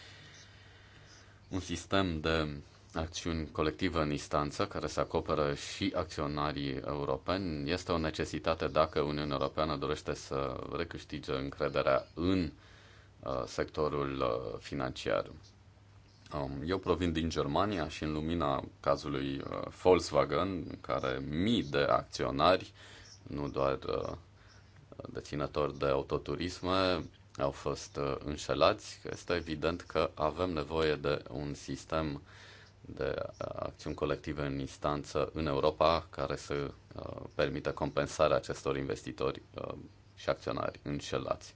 Un sistem de acțiuni colective în instanță care să acoperă și acționarii europeni este o necesitate dacă Uniunea Europeană dorește să recâștige încrederea în uh, sectorul uh, financiar. Um, eu provin din Germania și în lumina cazului uh, Volkswagen, care mii de acționari, nu doar deținători de autoturisme, au fost înșelați, este evident că avem nevoie de un sistem de uh, acțiuni colective în instanță în Europa care să uh, permită compensarea acestor investitori uh, și acționari înșelați.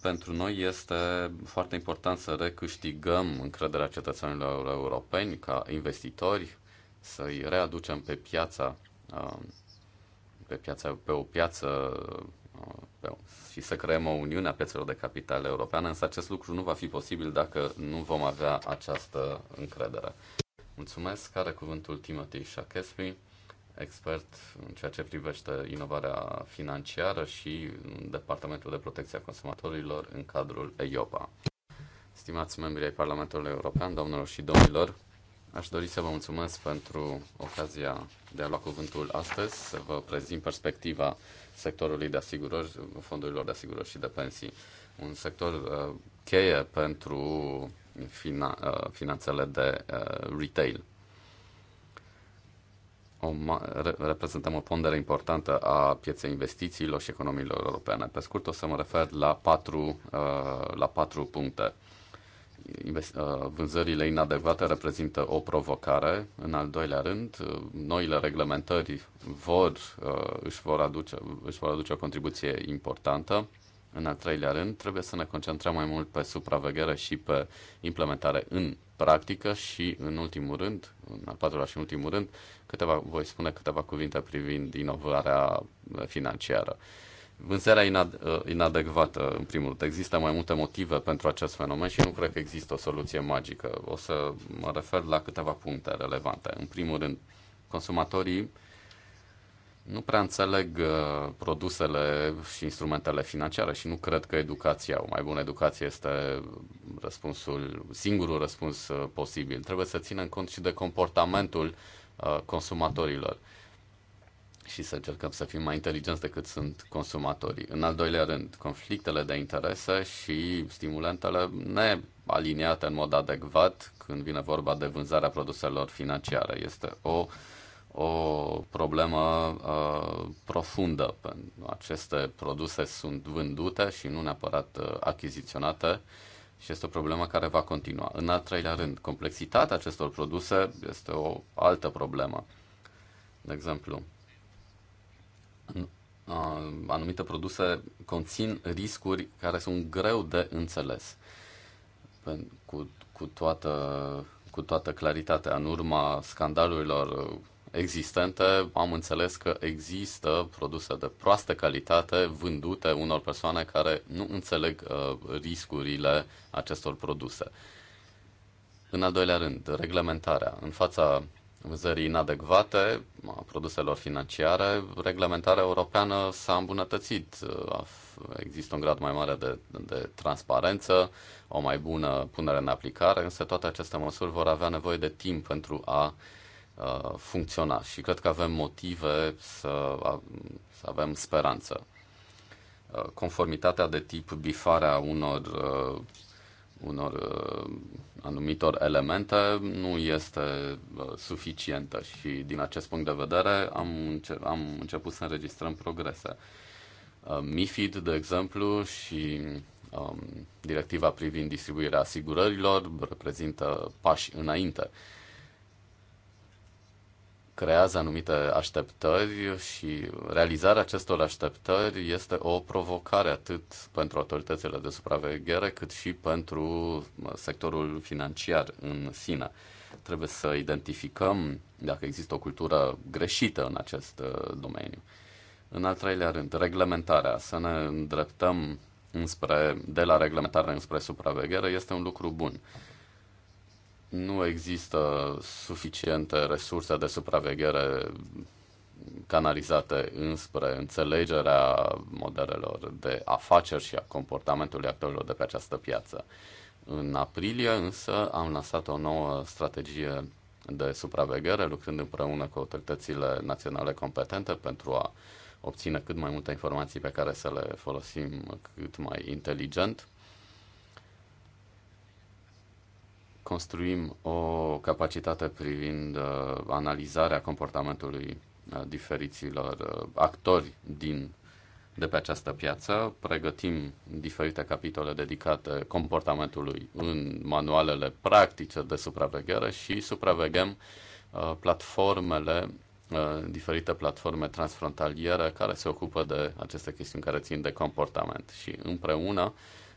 Pentru noi este foarte important să recâștigăm încrederea cetățenilor europeni ca investitori, să-i readucem pe piața pe, piața, pe o piață și să creăm o uniune a piețelor de capital europeană, însă acest lucru nu va fi posibil dacă nu vom avea această încredere. Mulțumesc. Care cuvântul Timothy Shakespeare, expert în ceea ce privește inovarea financiară și Departamentul de Protecție a Consumatorilor în cadrul EIOPA. Stimați membri ai Parlamentului European, domnilor și domnilor, Aș dori să vă mulțumesc pentru ocazia de a lua cuvântul astăzi, să vă prezint perspectiva sectorului de asigurări, fondurilor de asigurări și de pensii. Un sector uh, cheie pentru uh, fina, uh, finanțele de uh, retail. O re- reprezentăm o pondere importantă a pieței investițiilor și economiilor europene. Pe scurt, o să mă refer la patru, uh, la patru puncte. Uh, Uh, vânzările inadecvate reprezintă o provocare. În al doilea rând, uh, noile reglementări vor, uh, își, vor aduce, își vor aduce o contribuție importantă. În al treilea rând, trebuie să ne concentrăm mai mult pe supraveghere și pe implementare în practică și, în ultimul rând, în al patrulea și în ultimul rând, câteva, voi spune câteva cuvinte privind inovarea financiară. Uh, vânzarea inad- uh, inadecvată, în primul rând. Există mai multe motive pentru acest fenomen și nu cred că există o soluție magică. O să mă refer la câteva puncte relevante. În primul rând, consumatorii nu prea înțeleg uh, produsele și instrumentele financiare și nu cred că educația, o mai bună educație este răspunsul, singurul răspuns uh, posibil. Trebuie să ținem cont și de comportamentul consumatorilor. Uh, și să încercăm să fim mai inteligenți decât sunt consumatorii. În al doilea rând, conflictele de interese și stimulentele nealiniate în mod adecvat când vine vorba de vânzarea produselor financiare. Este o, o problemă uh, profundă. Aceste produse sunt vândute și nu neapărat uh, achiziționate și este o problemă care va continua. În al treilea rând, complexitatea acestor produse este o altă problemă. De exemplu, Uh, anumite produse conțin riscuri care sunt greu de înțeles. Cu, cu, toată, cu toată claritatea, în urma scandalurilor existente, am înțeles că există produse de proastă calitate vândute unor persoane care nu înțeleg uh, riscurile acestor produse. În al doilea rând, reglementarea. În fața vânzării inadecvate a produselor financiare, reglementarea europeană s-a îmbunătățit. Există un grad mai mare de, de transparență, o mai bună punere în aplicare, însă toate aceste măsuri vor avea nevoie de timp pentru a uh, funcționa și cred că avem motive să, să avem speranță. Conformitatea de tip bifarea unor uh, unor uh, anumitor elemente nu este uh, suficientă și din acest punct de vedere am, înce- am început să înregistrăm progrese. Uh, MIFID, de exemplu, și um, directiva privind distribuirea asigurărilor reprezintă pași înainte. Uh, creează anumite așteptări și realizarea acestor așteptări este o provocare atât pentru autoritățile de supraveghere cât și pentru sectorul financiar în sine. Trebuie să identificăm dacă există o cultură greșită în acest uh, domeniu. În al treilea rând, reglementarea, să ne îndreptăm înspre, de la reglementare înspre supraveghere este un lucru bun nu există suficiente resurse de supraveghere canalizate înspre înțelegerea modelelor de afaceri și a comportamentului actorilor de pe această piață. În aprilie însă am lansat o nouă strategie de supraveghere, lucrând împreună cu autoritățile naționale competente pentru a obține cât mai multe informații pe care să le folosim cât mai inteligent construim o capacitate privind uh, analizarea comportamentului uh, diferiților uh, actori din, de pe această piață. Pregătim diferite capitole dedicate comportamentului în manualele practice de supraveghere și supraveghem platformele diferite platforme transfrontaliere care se ocupă de aceste chestiuni care țin de comportament și împreună uh,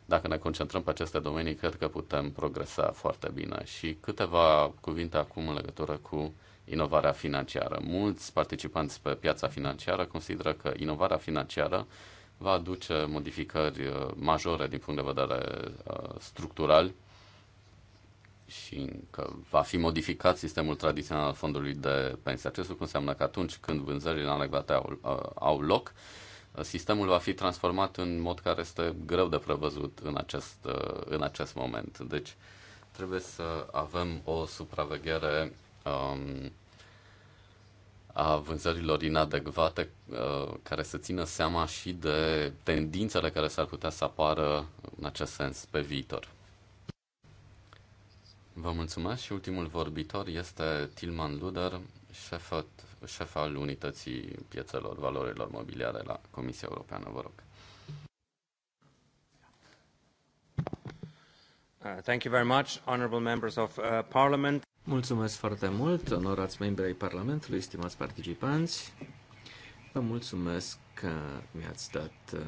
dacă ne concentrăm pe aceste domenii, cred că putem progresa foarte bine. Și câteva cuvinte acum în legătură cu inovarea financiară. Mulți participanți pe piața financiară consideră că inovarea financiară va aduce modificări uh, majore din punct de vedere uh, structural și că va fi modificat sistemul tradițional al fondului de pensie. Acest lucru înseamnă că atunci când vânzările în au, uh, au loc, sistemul va fi transformat în mod care este greu de prevăzut în acest, în acest moment. Deci trebuie să avem o supraveghere um, a vânzărilor inadecvate uh, care să țină seama și de tendințele care s-ar putea să apară în acest sens pe viitor. Vă mulțumesc și ultimul vorbitor este Tilman Luder, Șeful, șef al unității piețelor valorilor mobiliare la Comisia Europeană. Vă rog. Uh, thank you very much, honorable members of uh, Parliament. Mulțumesc foarte mult, onorați membri ai Parlamentului, stimați participanți. Vă mulțumesc că mi-ați dat uh,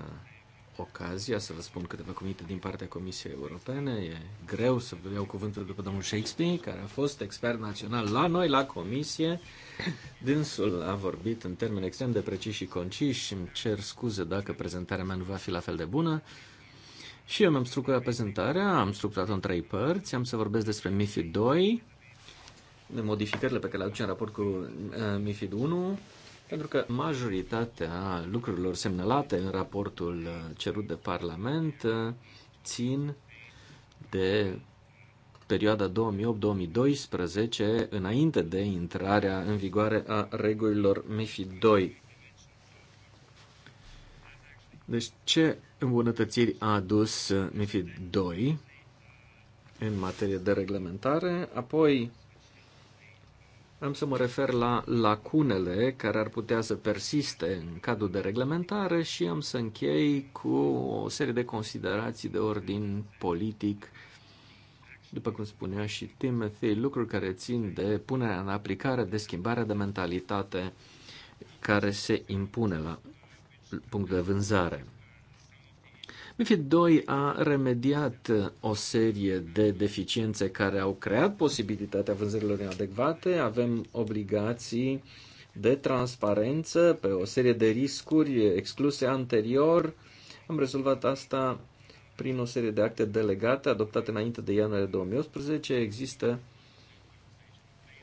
ocazia să vă spun câteva cuvinte din partea Comisiei Europene. E greu să vă iau cuvântul după domnul Shakespeare, care a fost expert național la noi, la Comisie. Dânsul a vorbit în termeni extrem de preciși și conciși. Îmi cer scuze dacă prezentarea mea nu va fi la fel de bună. Și eu mi-am structurat prezentarea, am structurat-o în trei părți. Am să vorbesc despre MIFID 2, modificările pe care le aduce în raport cu uh, MIFID 1, pentru că majoritatea lucrurilor semnalate în raportul cerut de Parlament țin de perioada 2008-2012, înainte de intrarea în vigoare a regulilor MIFID 2. Deci ce îmbunătățiri a adus MIFID 2 în materie de reglementare? Apoi, am să mă refer la lacunele care ar putea să persiste în cadrul de reglementare și am să închei cu o serie de considerații de ordin politic, după cum spunea și Timothy, lucruri care țin de punerea în aplicare, de schimbarea de mentalitate care se impune la punct de vânzare. MIFID 2 a remediat o serie de deficiențe care au creat posibilitatea vânzărilor inadecvate. Avem obligații de transparență pe o serie de riscuri excluse anterior. Am rezolvat asta prin o serie de acte delegate adoptate înainte de ianuarie 2018. Există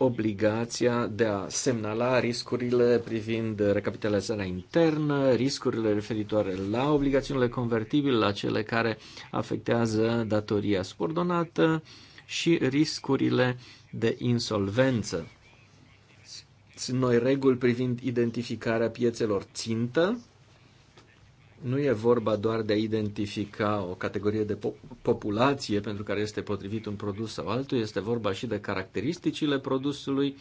obligația de a semnala riscurile privind recapitalizarea internă, riscurile referitoare la obligațiunile convertibile, la cele care afectează datoria subordonată și riscurile de insolvență. Sunt noi reguli privind identificarea piețelor țintă nu e vorba doar de a identifica o categorie de populație pentru care este potrivit un produs sau altul, este vorba și de caracteristicile produsului,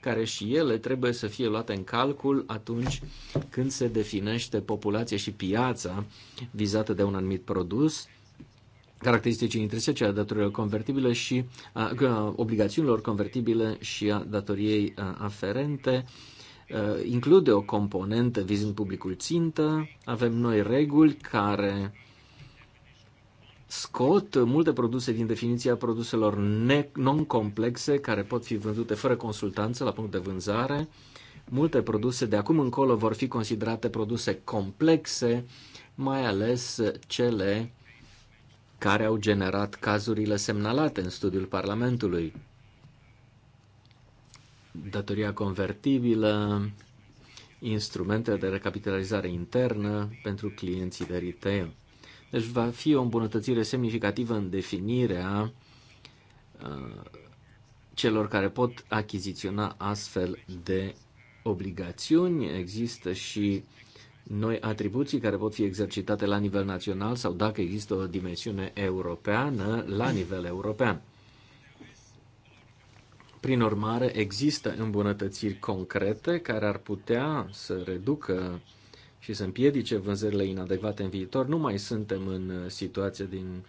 care și ele trebuie să fie luate în calcul atunci când se definește populația și piața vizată de un anumit produs, caracteristicii intrinsece a datoriilor convertibile și a, a obligațiunilor convertibile și a datoriei a, aferente, Eh, include o componentă vizând publicul țintă. Avem noi reguli care scot multe produse din definiția produselor non-complexe care pot fi vândute fără consultanță la punct de vânzare. Multe produse de acum încolo vor fi considerate produse complexe, mai ales cele care au generat cazurile semnalate în studiul Parlamentului datoria convertibilă, instrumentele de recapitalizare internă pentru clienții de retail. Deci va fi o îmbunătățire semnificativă în definirea uh, celor care pot achiziționa astfel de obligațiuni. Există și noi atribuții care pot fi exercitate la nivel național sau dacă există o dimensiune europeană, la nivel european. Prin urmare, există îmbunătățiri concrete care ar putea să reducă și să împiedice vânzările inadecvate în viitor. Nu mai suntem în situația din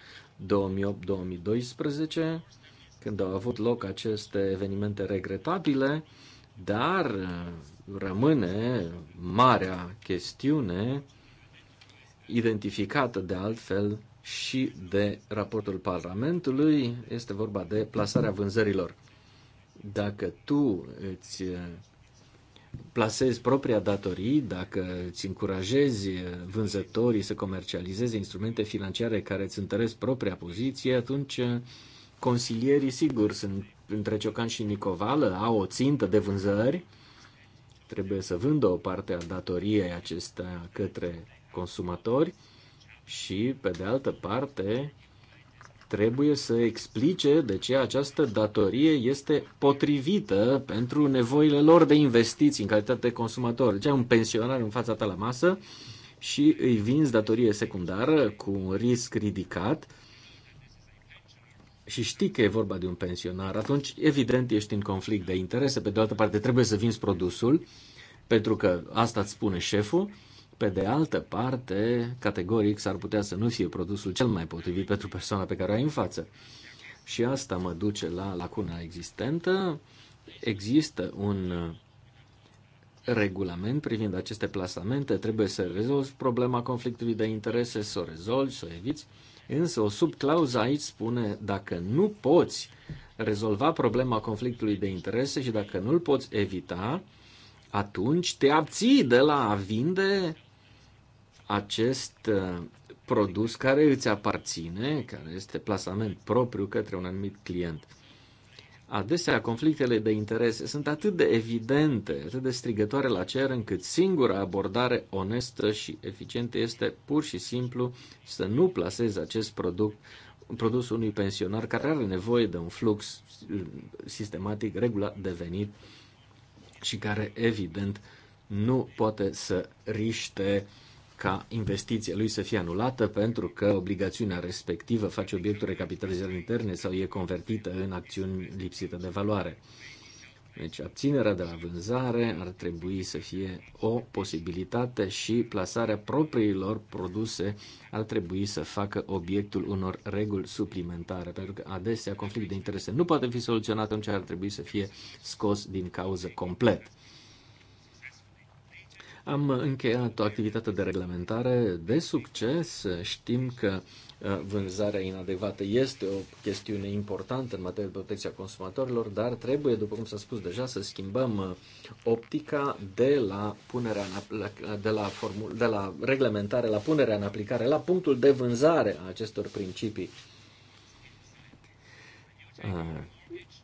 2008-2012, când au avut loc aceste evenimente regretabile, dar rămâne marea chestiune identificată de altfel și de raportul Parlamentului, este vorba de plasarea vânzărilor. Dacă tu îți uh, plasezi propria datorii, dacă îți încurajezi uh, vânzătorii să comercializeze instrumente financiare care îți întăresc propria poziție, atunci uh, consilierii, sigur, sunt între Ciocan și Nicovală, au o țintă de vânzări, trebuie să vândă o parte a datoriei acestea către consumatori și, pe de altă parte, trebuie să explice de ce această datorie este potrivită pentru nevoile lor de investiții în calitate de consumator. Deci ai un pensionar în fața ta la masă și îi vinzi datorie secundară cu un risc ridicat și știi că e vorba de un pensionar, atunci evident ești în conflict de interese. Pe de altă parte trebuie să vinzi produsul pentru că asta îți spune șeful pe de altă parte, categoric s-ar putea să nu fie produsul cel mai potrivit pentru persoana pe care o ai în față. Și asta mă duce la lacuna existentă. Există un regulament privind aceste plasamente, trebuie să rezolvi problema conflictului de interese, să o rezolvi, să o eviți, însă o subclauză aici spune dacă nu poți rezolva problema conflictului de interese și dacă nu-l poți evita, atunci te abții de la a vinde acest uh, produs care îți aparține, care este plasament propriu către un anumit client. Adesea, conflictele de interese sunt atât de evidente, atât de strigătoare la cer, încât singura abordare onestă și eficientă este pur și simplu să nu plasezi acest produs, produs unui pensionar care are nevoie de un flux uh, sistematic, regulat de venit și care, evident, nu poate să riște uh, ca investiția lui să fie anulată pentru că obligațiunea respectivă face obiectul recapitalizării interne sau e convertită în acțiuni lipsite de valoare. Deci abținerea de la vânzare ar trebui să fie o posibilitate și plasarea propriilor produse ar trebui să facă obiectul unor reguli suplimentare, pentru că adesea conflictul de interese nu poate fi soluționat, atunci ar trebui să fie scos din cauză complet. Am încheiat o activitate de reglementare de succes. Știm că uh, vânzarea inadecvată este o chestiune importantă în materie de protecția consumatorilor, dar trebuie, după cum s-a spus deja, să schimbăm uh, optica de la, punerea în, de la, formul, de la reglementare la punerea în aplicare, la punctul de vânzare a acestor principii. Uh,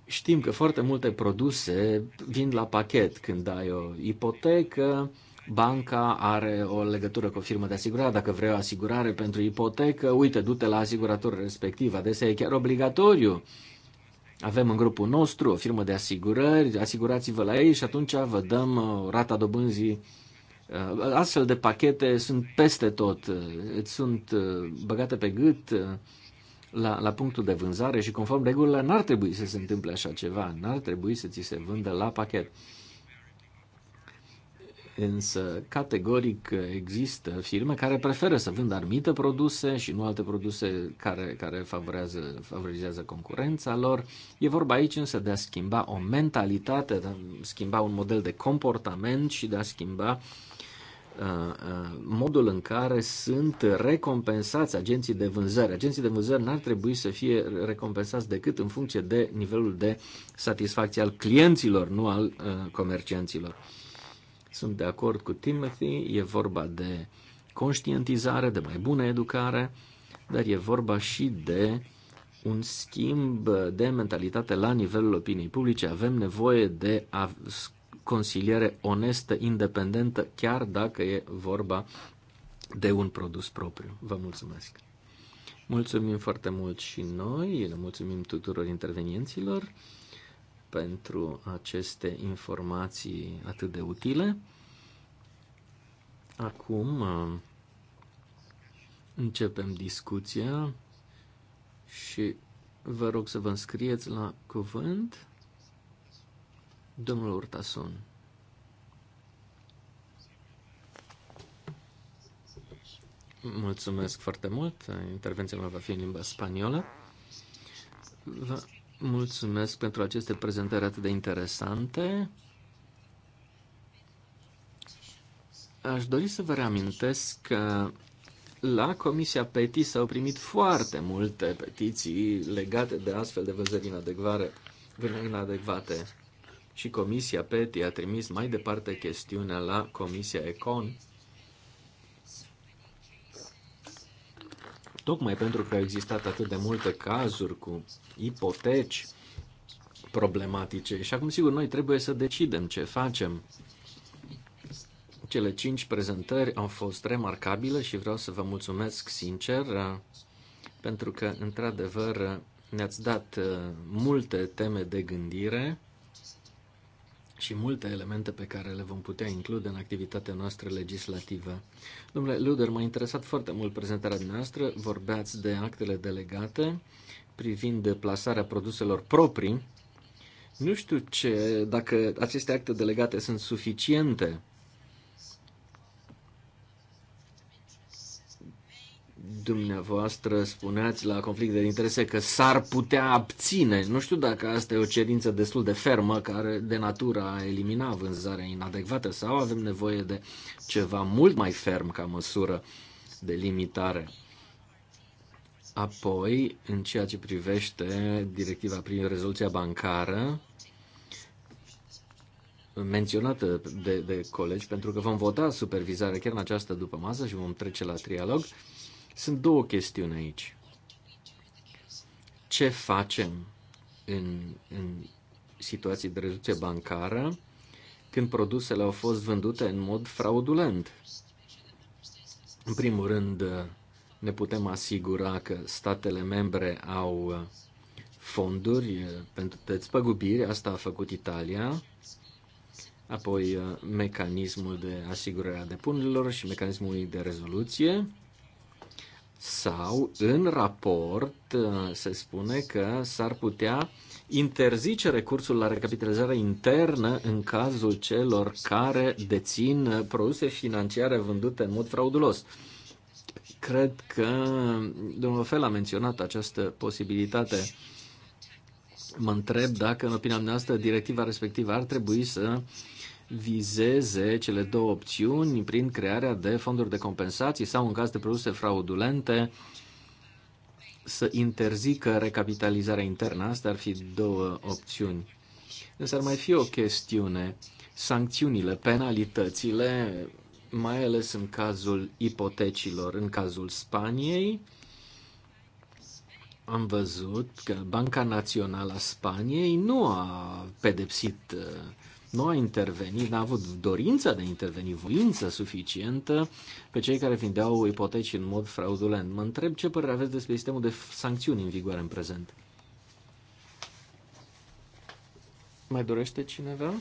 știm că foarte multe produse vin la pachet când ai o ipotecă, banca are o legătură cu o firmă de asigurare, dacă vrei o asigurare pentru ipotecă, uite, du-te la asiguratorul respectiv, adesea e chiar obligatoriu. Avem în grupul nostru o firmă de asigurări, asigurați-vă la ei și atunci vă dăm uh, rata dobânzii. Uh, astfel de pachete sunt peste tot, uh, îți sunt băgate pe gât la, la punctul de vânzare și conform regulilor n-ar trebui să se întâmple așa ceva, n-ar trebui să ți se vândă la pachet. Însă, categoric, există firme care preferă să vândă anumite produse și nu alte produse care, care favorează, favorizează concurența lor. E vorba aici însă de a schimba o mentalitate, de a schimba un model de comportament și de a schimba uh, uh, modul în care sunt recompensați agenții de vânzări. Agenții de vânzări n-ar trebui să fie recompensați decât în funcție de nivelul de satisfacție al clienților, nu al uh, comercianților. Sunt de acord cu Timothy, e vorba de conștientizare, de mai bună educare, dar e vorba și de un schimb de mentalitate la nivelul opiniei publice. Avem nevoie de consiliere onestă, independentă, chiar dacă e vorba de un produs propriu. Vă mulțumesc! Mulțumim foarte mult și noi, ne mulțumim tuturor intervenienților pentru aceste informații atât de utile. Acum uh, începem discuția și vă rog să vă înscrieți la cuvânt. Domnul Urtasun. Mulțumesc foarte mult. Intervenția mea va fi în limba spaniolă. Mulțumesc pentru aceste prezentări atât de interesante. Aș dori să vă reamintesc că la Comisia PETI s-au primit foarte multe petiții legate de astfel de văzări inadecvare, inadecvate și Comisia PETI a trimis mai departe chestiunea la Comisia ECON Tocmai pentru că au existat atât de multe cazuri cu ipoteci problematice. Și acum, sigur, noi trebuie să decidem ce facem. Cele cinci prezentări au fost remarcabile și vreau să vă mulțumesc sincer uh, pentru că, într-adevăr, uh, ne-ați dat uh, multe teme de gândire și multe elemente pe care le vom putea include în activitatea noastră legislativă. Domnule Luder, m-a interesat foarte mult prezentarea noastră. Vorbeați de actele delegate privind deplasarea produselor proprii. Nu știu ce, dacă aceste acte delegate sunt suficiente Dumneavoastră spuneați la conflict de interese că s-ar putea abține. Nu știu dacă asta e o cerință destul de fermă care de natura a elimina vânzarea inadecvată sau avem nevoie de ceva mult mai ferm ca măsură de limitare. Apoi, în ceea ce privește directiva prin rezoluția bancară, menționată de, de colegi, pentru că vom vota supervizare chiar în această după masă și vom trece la trialog. Uh, sunt două chestiuni aici. Ce facem în, în situații de reducție bancară când produsele au fost vândute în mod fraudulent? În primul rând, ne putem asigura că statele membre au fonduri pentru despăgubiri, asta a făcut Italia, apoi mecanismul de asigurare a depunerilor și mecanismul de rezoluție sau în raport uh, se spune că s-ar putea interzice recursul la recapitalizare internă în cazul celor care dețin produse financiare vândute în mod fraudulos. Cred că domnul Fel a menționat această posibilitate. Mă întreb dacă, în opinia noastră, directiva respectivă ar trebui să uh, vizeze cele două opțiuni prin crearea de fonduri de compensații sau, în caz de produse fraudulente, să interzică recapitalizarea internă. Asta ar fi două opțiuni. Însă ar mai fi o chestiune. Sancțiunile, penalitățile, mai ales în cazul ipotecilor, în cazul Spaniei, am văzut că Banca Națională a Spaniei nu a pedepsit uh, nu a intervenit, n-a avut dorința de a interveni, voință suficientă pe cei care vindeau ipoteci în mod fraudulent. Mă întreb ce părere aveți despre sistemul de sancțiuni în vigoare în prezent. Mai dorește cineva?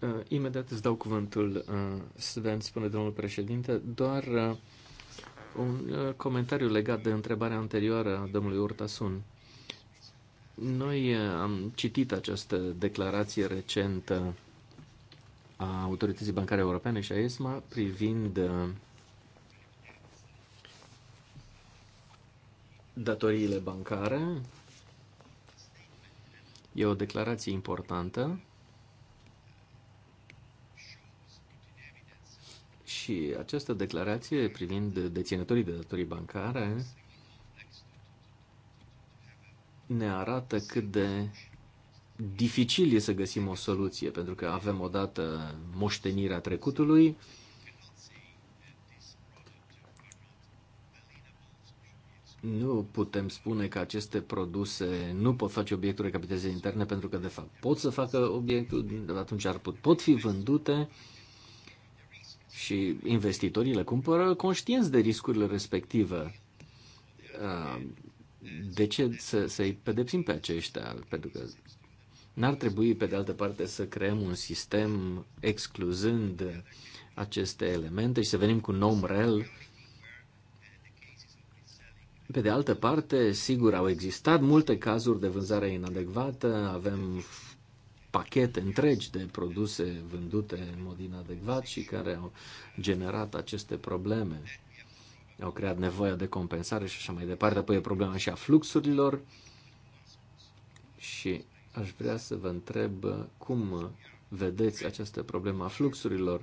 Uh, imediat îți dau cuvântul, uh, Sven, spune domnul președinte, doar uh, un comentariu legat de întrebarea anterioară a domnului Urtasun. Noi eh, am citit această declarație recentă a Autorității Bancare Europene și a ESMA privind eh, datoriile bancare. E o declarație importantă și această declarație privind deținătorii de datorii bancare ne arată cât de dificil e să găsim o soluție, pentru că avem odată moștenirea trecutului, Nu putem spune că aceste produse nu pot face obiectul recapitezei interne pentru că, de fapt, pot să facă obiectul, atunci ar put, pot fi vândute și investitorii le cumpără conștienți de riscurile respective. Ah, de ce să, să-i pedepsim pe aceștia? Pentru că n-ar trebui, pe de altă parte, să creăm un sistem excluzând aceste elemente și să venim cu rel. Pe de altă parte, sigur, au existat multe cazuri de vânzare inadecvată, avem pachete întregi de produse vândute în mod inadecvat și care au generat aceste probleme au creat nevoia de compensare și așa mai departe. Apoi e problema și a fluxurilor și aș vrea să vă întreb uh, cum uh, vedeți această problemă a fluxurilor.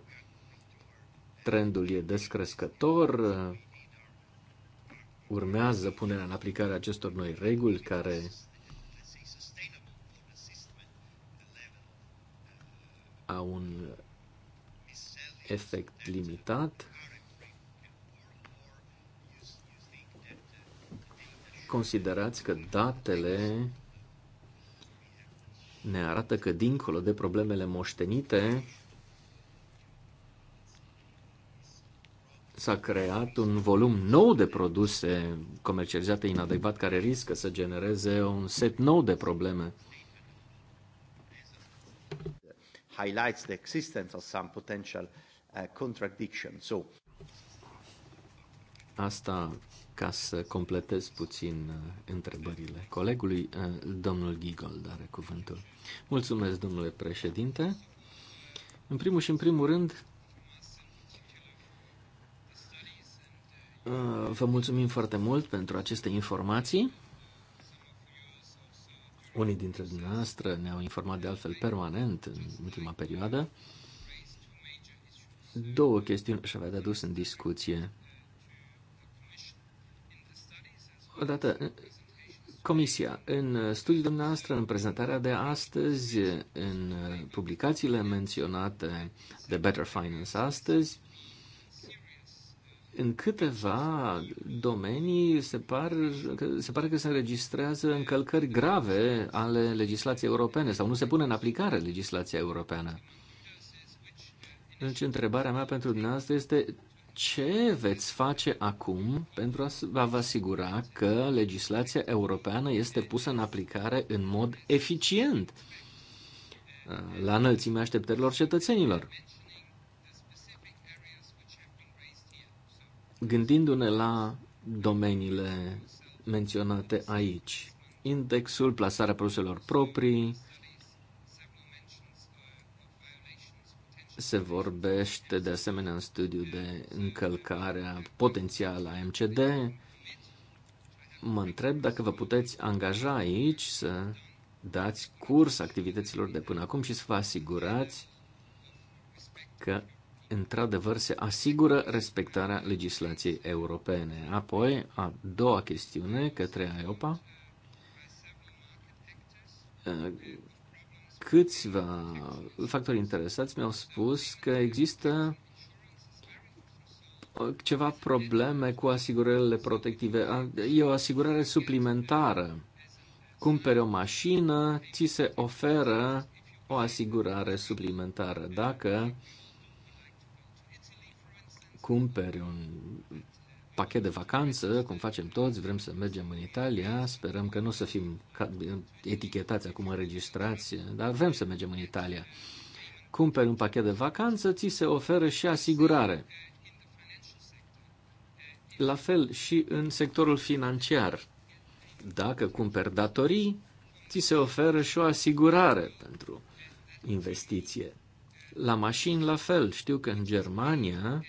Trendul e descrescător, uh, urmează punerea în aplicare acestor noi reguli care au un efect limitat considerați că datele ne arată că dincolo de problemele moștenite s-a creat un volum nou de produse comercializate inadecvat care riscă să genereze un set nou de probleme. Highlights the existence of some potential uh, contradiction. So Asta ca să completez puțin uh, întrebările colegului, uh, domnul Gigold are cuvântul. Mulțumesc, domnule președinte. În primul și în primul rând, uh, vă mulțumim foarte mult pentru aceste informații. Unii dintre dumneavoastră ne-au informat de altfel permanent în ultima perioadă. Două chestiuni aș avea de adus în discuție. Odată, Comisia, în studiul dumneavoastră, în prezentarea de astăzi, în publicațiile menționate de Better Finance astăzi, în câteva domenii se, par, se pare că se înregistrează încălcări grave ale legislației europene sau nu se pune în aplicare legislația europeană. Deci, întrebarea mea pentru dumneavoastră este ce veți face acum pentru a vă asigura că legislația europeană este pusă în aplicare în mod eficient uh, la înălțimea așteptărilor cetățenilor? Gândindu-ne la domeniile menționate aici, indexul, plasarea produselor proprii, Se vorbește de asemenea în studiu de încălcarea potențială a MCD. Mă întreb dacă vă puteți angaja aici să dați curs activităților de până acum și să vă asigurați că într-adevăr se asigură respectarea legislației europene. Apoi, a doua chestiune către AIOPA câțiva factori interesați mi-au spus că există uh, ceva probleme cu asigurările protective. E o asigurare suplimentară. Cumperi o mașină, ți se oferă o asigurare suplimentară. Dacă cumperi un pachet de vacanță, cum facem toți, vrem să mergem în Italia, sperăm că nu să fim etichetați acum înregistrați, dar vrem să mergem în Italia. Cumperi un pachet de vacanță, ți se oferă și asigurare. La fel și în sectorul financiar. Dacă cumperi datorii, ți se oferă și o asigurare pentru investiție. La mașini, la fel. Știu că în Germania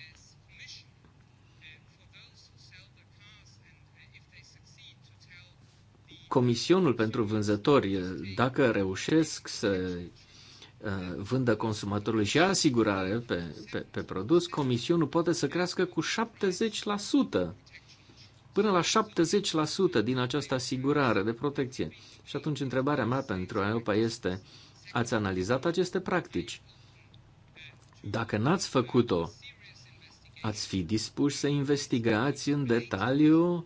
comisionul pentru vânzători, dacă reușesc să uh, vândă consumatorului și asigurare pe, pe, pe produs, comisionul poate să crească cu 70%, până la 70% din această asigurare de protecție. Și atunci întrebarea mea pentru Europa este, ați analizat aceste practici? Dacă n-ați făcut-o, ați fi dispuși să investigați în detaliu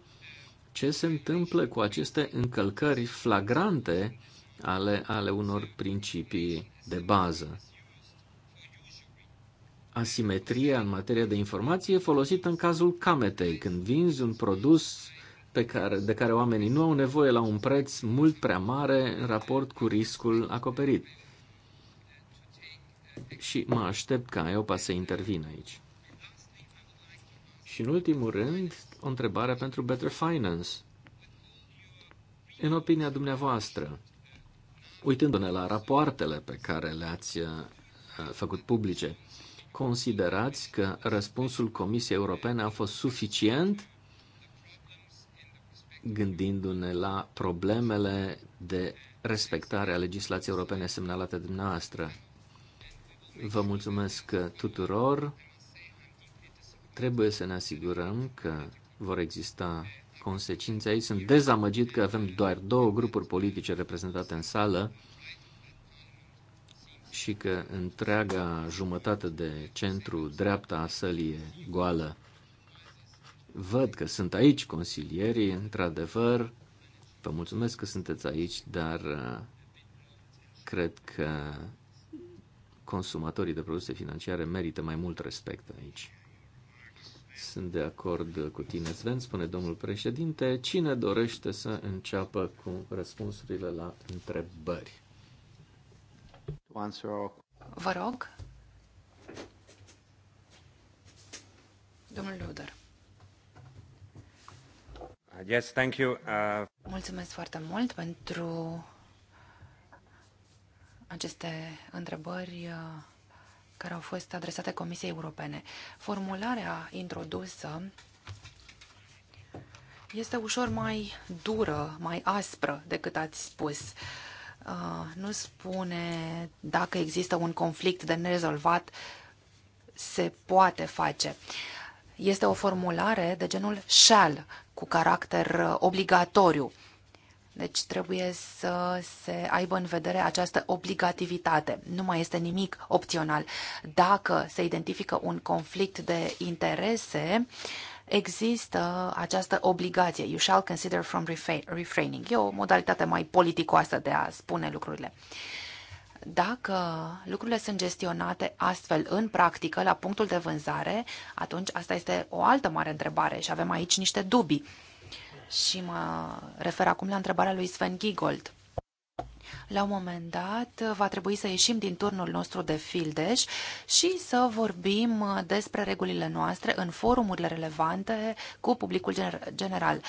ce se întâmplă cu aceste încălcări flagrante ale, ale unor principii de bază. Asimetria în materie de informație e folosită în cazul cametei, când vinzi un produs pe care, de care oamenii nu au nevoie la un preț mult prea mare în raport cu riscul acoperit. Și mă aștept ca EOPA să intervină aici. Și în ultimul rând, o întrebare pentru Better Finance. În opinia dumneavoastră, uitându-ne la rapoartele pe care le-ați uh, făcut publice, considerați că răspunsul Comisiei Europene a fost suficient gândindu-ne la problemele de respectare a legislației europene semnalate dumneavoastră. Vă mulțumesc uh, tuturor Trebuie să ne asigurăm că vor exista consecințe aici. Sunt dezamăgit că avem doar două grupuri politice reprezentate în sală și că întreaga jumătate de centru dreapta a sălii e goală. Văd că sunt aici consilierii, într-adevăr, vă mulțumesc că sunteți aici, dar uh, cred că consumatorii de produse financiare merită mai mult respect aici. Sunt de acord cu tine, Sven, spune domnul președinte. Cine dorește să înceapă cu răspunsurile la întrebări? Vă rog. Domnul Luder. Yes, thank you. Uh... Mulțumesc foarte mult pentru aceste întrebări uh, care au fost adresate Comisiei Europene. Formularea introdusă este ușor mai dură, mai aspră decât ați spus. Uh, nu spune dacă există un conflict de nerezolvat, se poate face. Este o formulare de genul shall, cu caracter uh, obligatoriu deci trebuie să se aibă în vedere această obligativitate. Nu mai este nimic opțional. Dacă se identifică un conflict de interese, există această obligație. You shall consider from refraining. E o modalitate mai politicoasă de a spune lucrurile. Dacă lucrurile sunt gestionate astfel în practică, la punctul de vânzare, atunci asta este o altă mare întrebare și avem aici niște dubii și mă refer acum la întrebarea lui Sven Giegold. La un moment dat va trebui să ieșim din turnul nostru de fildeș și să vorbim despre regulile noastre în forumurile relevante cu publicul general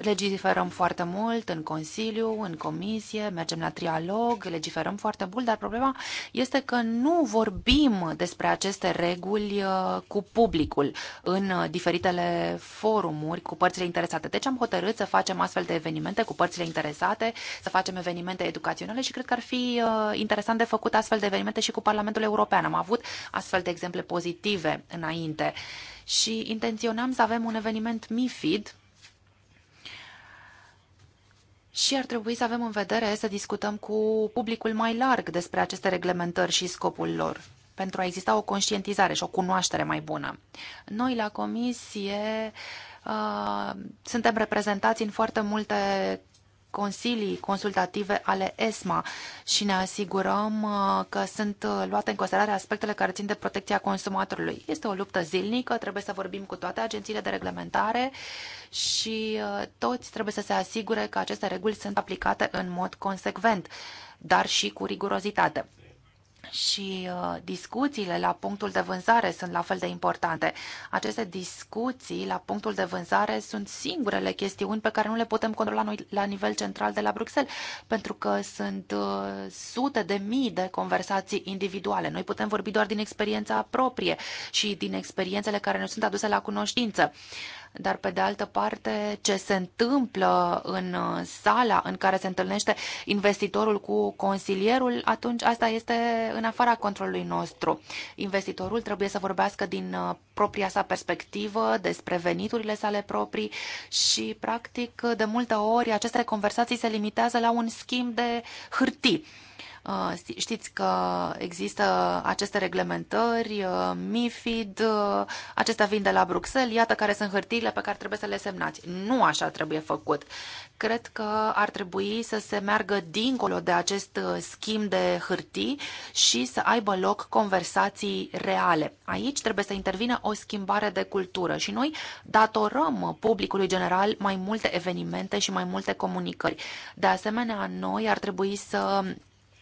legiferăm foarte mult în Consiliu, în Comisie, mergem la trialog, legiferăm foarte mult, dar problema este că nu vorbim despre aceste reguli uh, cu publicul în uh, diferitele forumuri cu părțile interesate. Deci am hotărât să facem astfel de evenimente cu părțile interesate, să facem evenimente educaționale și cred că ar fi uh, interesant de făcut astfel de evenimente și cu Parlamentul European. Am avut astfel de exemple pozitive înainte și intenționam să avem un eveniment MIFID și ar trebui să avem în vedere să discutăm cu publicul mai larg despre aceste reglementări și scopul lor pentru a exista o conștientizare și o cunoaștere mai bună. Noi la comisie uh, suntem reprezentați în foarte multe consilii consultative ale ESMA și ne asigurăm uh, că sunt uh, luate în considerare aspectele care țin de protecția consumatorului. Este o luptă zilnică, trebuie să vorbim cu toate agențiile de reglementare și uh, toți trebuie să se asigure că aceste reguli sunt aplicate în mod consecvent, dar și cu rigurozitate și uh, discuțiile la punctul de vânzare sunt la fel de importante. Aceste discuții la punctul de vânzare sunt singurele chestiuni pe care nu le putem controla noi la nivel central de la Bruxelles, pentru că sunt uh, sute de mii de conversații individuale. Noi putem vorbi doar din experiența proprie și din experiențele care ne sunt aduse la cunoștință dar pe de altă parte ce se întâmplă în uh, sala în care se întâlnește investitorul cu consilierul, atunci asta este în afara controlului nostru. Investitorul trebuie să vorbească din uh, propria sa perspectivă despre veniturile sale proprii și, practic, de multe ori aceste conversații se limitează la un schimb de hârtii Uh, știți că există aceste reglementări, uh, MIFID, uh, acestea vin de la Bruxelles, iată care sunt hârtiile pe care trebuie să le semnați. Nu așa trebuie făcut. Cred că ar trebui să se meargă dincolo de acest schimb de hârtii și să aibă loc conversații reale. Aici trebuie să intervină o schimbare de cultură și noi datorăm publicului general mai multe evenimente și mai multe comunicări. De asemenea, noi ar trebui să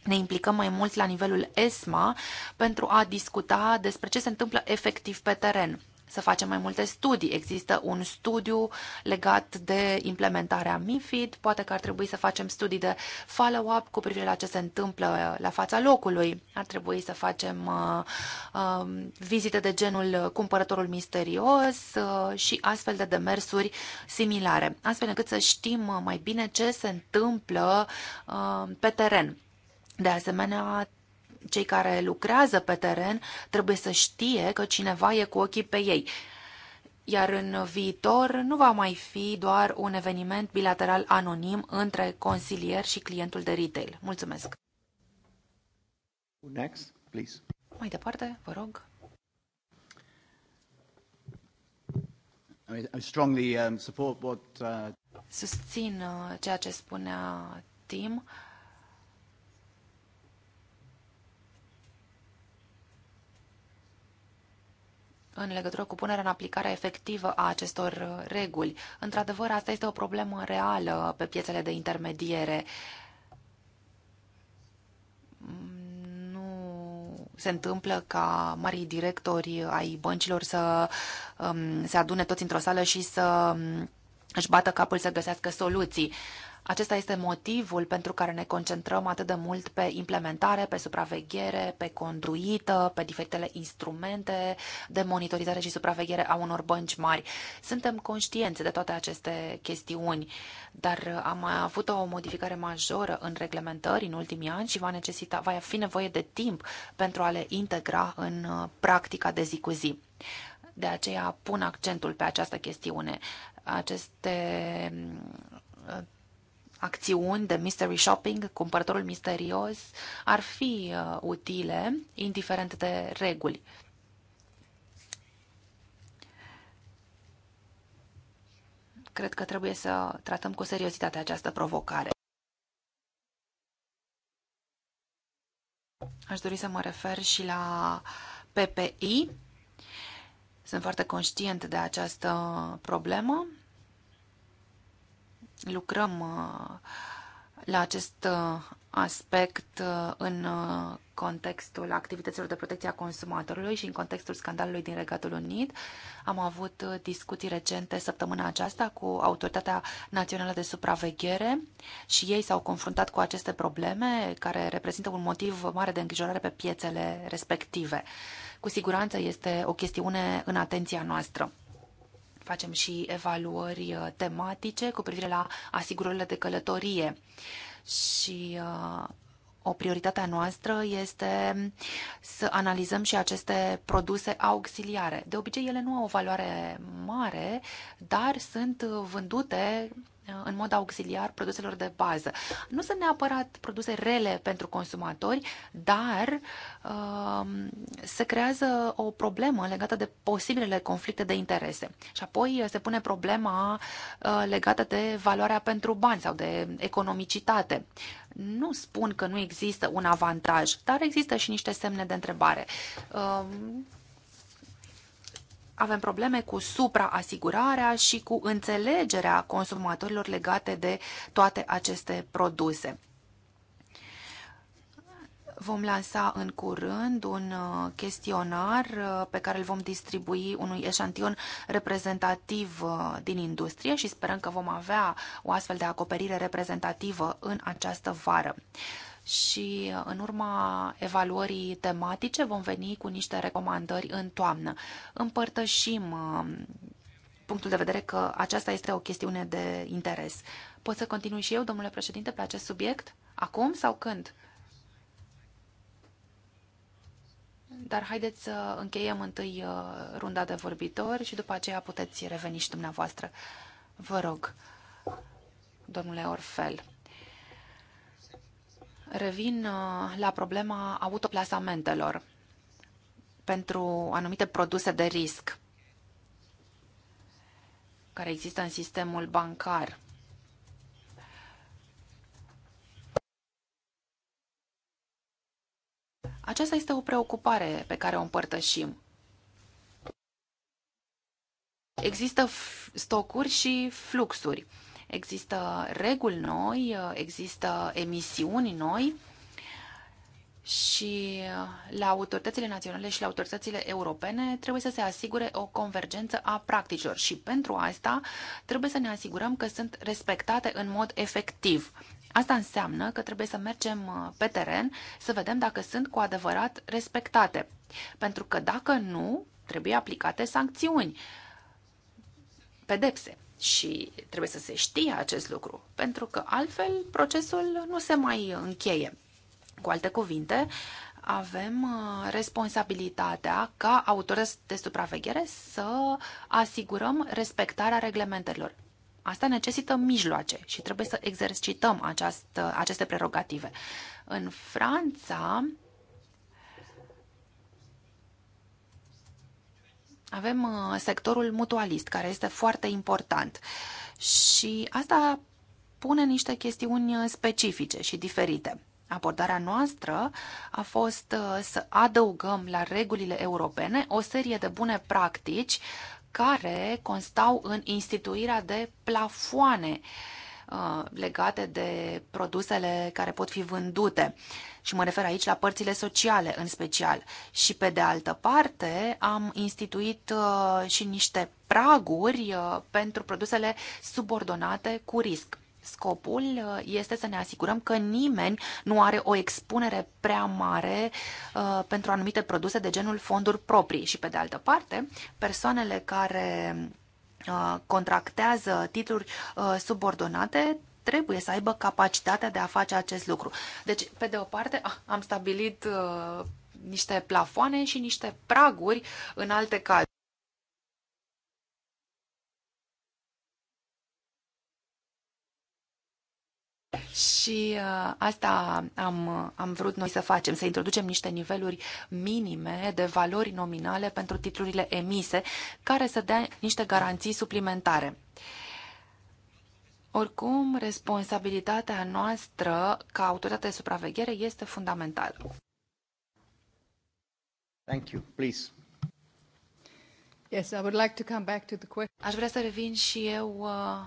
ne implicăm mai mult la nivelul ESMA pentru a discuta despre ce se întâmplă efectiv pe teren să facem mai multe studii. Există un studiu legat de implementarea MIFID, poate că ar trebui să facem studii de follow-up cu privire la ce se întâmplă la fața locului. Ar trebui să facem uh, uh, vizite de genul cumpărătorul misterios uh, și astfel de demersuri similare, astfel încât să știm mai bine ce se întâmplă uh, pe teren de asemenea, cei care lucrează pe teren trebuie să știe că cineva e cu ochii pe ei. Iar în viitor nu va mai fi doar un eveniment bilateral anonim între consilier și clientul de retail. Mulțumesc! Next, please. Mai departe, vă rog. I strongly um, support what, uh, Susțin uh, ceea ce spunea Tim. Uh, în legătură cu punerea în aplicare efectivă a acestor uh, reguli. Într-adevăr, asta este o problemă reală pe piețele de intermediere. Mm, nu se întâmplă ca marii directori ai băncilor să um, se adune toți într-o sală și să mm, își bată capul să găsească soluții. Acesta este motivul pentru care ne concentrăm atât de mult pe implementare, pe supraveghere, pe conduită, pe diferitele instrumente de monitorizare și supraveghere a unor bănci mari. Suntem conștienți de toate aceste chestiuni, dar am avut o modificare majoră în reglementări în ultimii ani și va, necesita, va fi nevoie de timp pentru a le integra în uh, practica de zi cu zi. De aceea pun accentul pe această chestiune. Aceste uh, acțiuni de mystery shopping, cumpărătorul misterios, ar fi uh, utile, indiferent de reguli. Cred că trebuie să tratăm cu seriozitate această provocare. Aș dori să mă refer și la PPI. Sunt foarte conștient de această problemă lucrăm uh, la acest uh, aspect uh, în contextul activităților de protecție a consumatorului și în contextul scandalului din Regatul Unit. Am avut discuții recente săptămâna aceasta cu Autoritatea Națională de Supraveghere și ei s-au confruntat cu aceste probleme care reprezintă un motiv mare de îngrijorare pe piețele respective. Cu siguranță este o chestiune în atenția noastră facem și evaluări uh, tematice cu privire la asigurările de călătorie. Și uh, o prioritate a noastră este să analizăm și aceste produse auxiliare. De obicei, ele nu au o valoare mare, dar sunt vândute Uh, în mod auxiliar produselor de bază. Nu sunt neapărat produse rele pentru consumatori, dar uh, se creează o problemă legată de posibilele conflicte de interese. Și apoi uh, se pune problema legată de valoarea pentru bani sau de economicitate. Nu spun că nu există un avantaj, dar există și niște semne de întrebare avem probleme cu supraasigurarea și cu înțelegerea consumatorilor legate de toate aceste produse. Vom lansa în curând un uh, chestionar uh, pe care îl vom distribui unui eșantion reprezentativ uh, din industrie și sperăm că vom avea o astfel de acoperire reprezentativă în această vară și uh, în urma evaluării tematice vom veni cu niște recomandări în toamnă. Împărtășim um, punctul de vedere că aceasta este o chestiune de interes. Pot să continui și eu, domnule președinte, pe acest subiect? Acum sau când? Dar haideți să încheiem întâi uh, runda de vorbitori și după aceea puteți reveni și dumneavoastră. Vă rog, domnule Orfel. Revin uh, la problema autoplasamentelor pentru anumite produse de risc care există în sistemul bancar. Aceasta este o preocupare pe care o împărtășim. Există stocuri și fluxuri. Există reguli noi, există emisiuni noi și la autoritățile naționale și la autoritățile europene trebuie să se asigure o convergență a practicilor și pentru asta trebuie să ne asigurăm că sunt respectate în mod efectiv. Asta înseamnă că trebuie să mergem uh, pe teren să vedem dacă sunt cu adevărat respectate. Pentru că dacă nu, trebuie aplicate sancțiuni, pedepse. Și trebuie să se știe acest lucru, pentru că altfel procesul nu se mai încheie. Cu alte cuvinte, avem uh, responsabilitatea ca autorități de supraveghere să asigurăm respectarea reglementărilor. Asta necesită mijloace și trebuie să exercităm această, uh, aceste prerogative. În Franța, Avem uh, sectorul mutualist, care este foarte important și asta pune niște chestiuni uh, specifice și diferite. Abordarea noastră a fost uh, să adăugăm la regulile europene o serie de bune practici care constau în instituirea de plafoane legate de produsele care pot fi vândute și mă refer aici la părțile sociale în special. Și pe de altă parte am instituit uh, și niște praguri uh, pentru produsele subordonate cu risc. Scopul uh, este să ne asigurăm că nimeni nu are o expunere prea mare uh, pentru anumite produse de genul fonduri proprii și, pe de altă parte, persoanele care contractează titluri subordonate trebuie să aibă capacitatea de a face acest lucru. Deci, pe de o parte, am stabilit uh, niște plafoane și niște praguri în alte cazuri. Și uh, asta am, am vrut noi să facem, să introducem niște niveluri minime de valori nominale pentru titlurile emise, care să dea niște garanții suplimentare. Uh, oricum, responsabilitatea noastră ca autoritate de supraveghere este fundamentală. Thank you. Please. Yes, I would like to come back to the question. Aș vrea să revin și eu uh,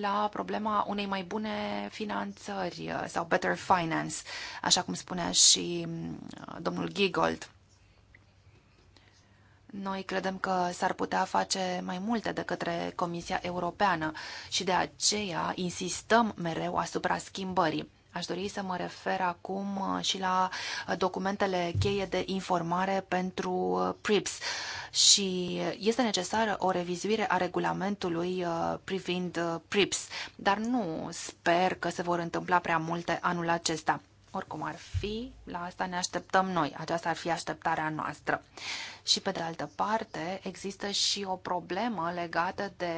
la problema unei mai bune finanțări uh, sau better finance, așa cum spunea și mm, domnul Giggold. Noi credem că s-ar putea face mai multe de către Comisia Europeană și de aceea insistăm mereu asupra schimbării. Aș dori să mă refer acum uh, și la uh, documentele cheie de informare pentru uh, PRIPS și este necesară o revizuire a regulamentului privind PRIPS, dar nu sper că se vor întâmpla prea multe anul acesta. Oricum ar fi, la asta ne așteptăm noi, aceasta ar fi așteptarea noastră. Și pe de altă parte, există și o problemă legată de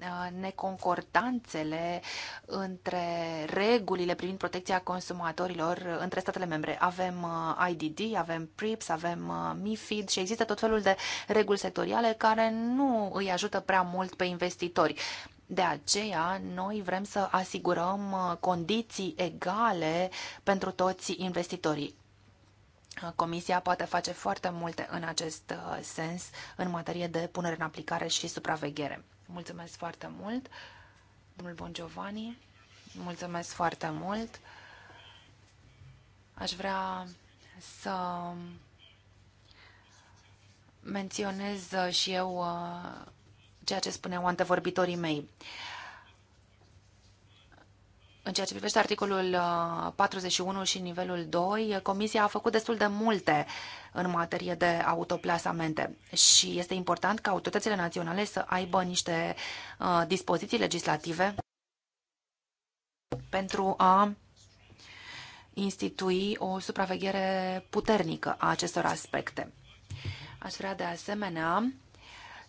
uh, neconcordanțele între regulile privind protecția consumatorilor între statele membre. Avem uh, IDD, avem PRIPS, avem uh, MIFID și există tot felul de reguli sectoriale care nu îi ajută prea mult pe investitori. De aceea, noi vrem să asigurăm uh, condiții egale pentru toți investitorii. Uh, Comisia poate face foarte multe în acest uh, sens în materie de punere în aplicare și supraveghere. Mulțumesc foarte mult, domnul Bon Giovanni. Mulțumesc foarte mult. Aș vrea să menționez și eu ceea ce spuneau antevorbitorii mei. În ceea ce privește articolul 41 uh, și nivelul 2, Comisia a făcut destul de multe în materie de autoplasamente și este important ca autoritățile naționale să aibă niște uh, dispoziții legislative pentru a institui o supraveghere puternică a acestor aspecte. Aș vrea de asemenea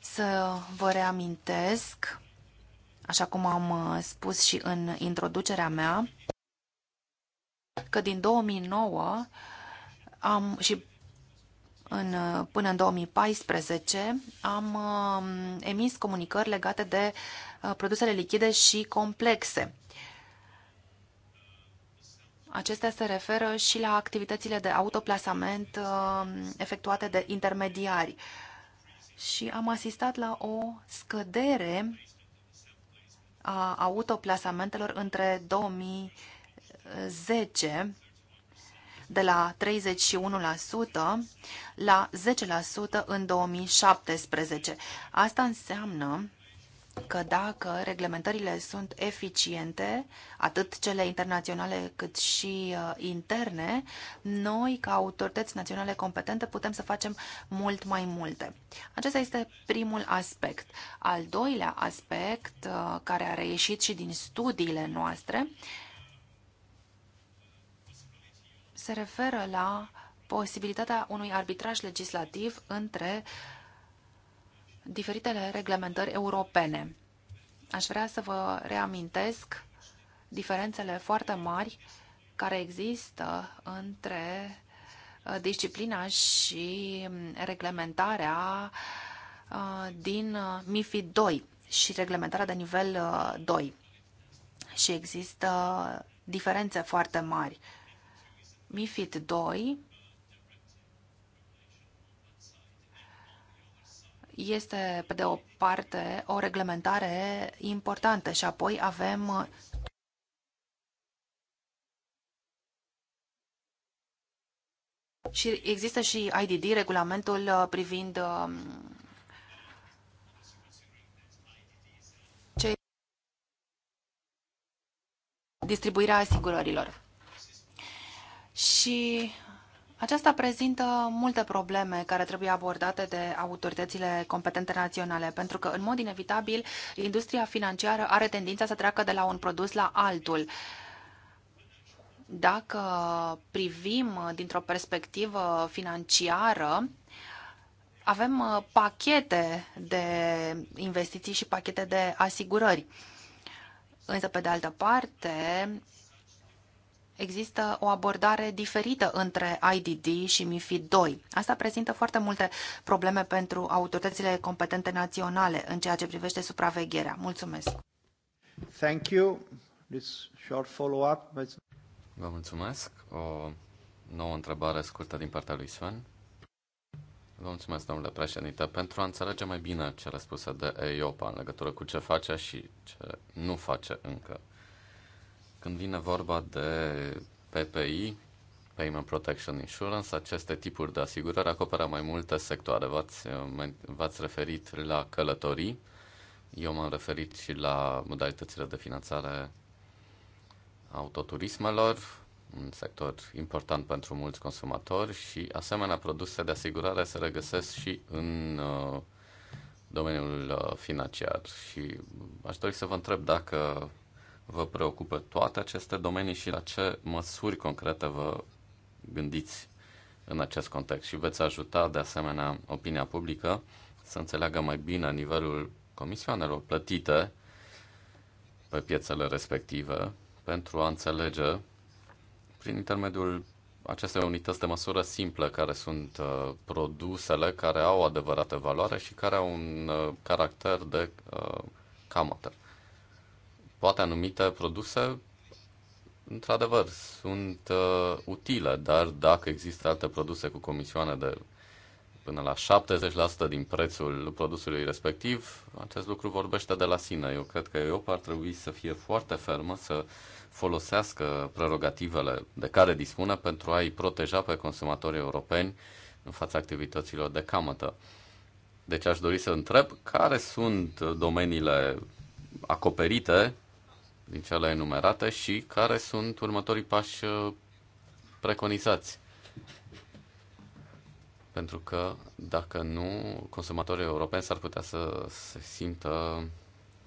să vă reamintesc, așa cum am uh, spus și în introducerea mea, că din 2009 am, și în, uh, până în 2014 am um, emis comunicări legate de uh, produsele lichide și complexe. Acestea se referă și la activitățile de autoplasament um, efectuate de intermediari și am asistat la o scădere a autoplasamentelor între 2010 de la 31% la 10% în 2017. Asta înseamnă că dacă reglementările sunt eficiente, atât cele internaționale cât și uh, interne, noi, ca autorități naționale competente, putem să facem mult mai multe. Acesta este primul aspect. Al doilea aspect, uh, care a reieșit și din studiile noastre, se referă la posibilitatea unui arbitraj legislativ între uh, diferitele reglementări europene. Aș vrea să vă reamintesc diferențele foarte mari care există între uh, disciplina și um, reglementarea uh, din uh, MIFID 2 și reglementarea de nivel 2. Și există diferențe foarte mari. MIFID 2 este, pe de o parte, o reglementare importantă și apoi avem și există și IDD, regulamentul privind um, ce distribuirea asigurărilor. Și aceasta prezintă multe probleme care trebuie abordate de autoritățile competente naționale, pentru că, în mod inevitabil, industria financiară are tendința să treacă de la un produs la altul dacă privim dintr-o perspectivă financiară, avem uh, pachete de investiții și pachete de asigurări. Însă, pe de altă parte, există o abordare diferită între IDD și MIFID 2. Asta prezintă foarte multe probleme pentru autoritățile competente naționale în ceea ce privește supravegherea. Mulțumesc! Thank you. This short follow-up. Vă mulțumesc. O nouă întrebare scurtă din partea lui Sven. Vă mulțumesc, domnule președinte, pentru a înțelege mai bine cele spuse de EIOPA în legătură cu ce face și ce nu face încă când vine vorba de PPI, Payment Protection Insurance, aceste tipuri de asigurări acoperă mai multe sectoare. V-ați, uh, v-ați referit la călătorii, eu m-am referit și la modalitățile de finanțare autoturismelor, un sector important pentru mulți consumatori și asemenea produse de asigurare se regăsesc și în uh, domeniul uh, financiar. Și aș dori să vă întreb dacă Vă preocupă toate aceste domenii și la ce măsuri concrete vă gândiți în acest context și veți ajuta de asemenea opinia publică să înțeleagă mai bine nivelul comisioanelor plătite pe piețele respective pentru a înțelege prin intermediul aceste unități de măsură simple care sunt uh, produsele care au adevărată valoare și care au un uh, caracter de uh, camătă. Poate anumite produse, într-adevăr, sunt uh, utile, dar dacă există alte produse cu comisioane de până la 70% din prețul produsului respectiv, acest lucru vorbește de la sine. Eu cred că Europa ar trebui să fie foarte fermă, să folosească prerogativele de care dispune pentru a-i proteja pe consumatorii europeni în fața activităților de camătă. Deci aș dori să întreb care sunt domeniile acoperite din cele enumerate și care sunt următorii pași uh, preconizați. Pentru că, dacă nu, consumatorii europeni s-ar putea să se simtă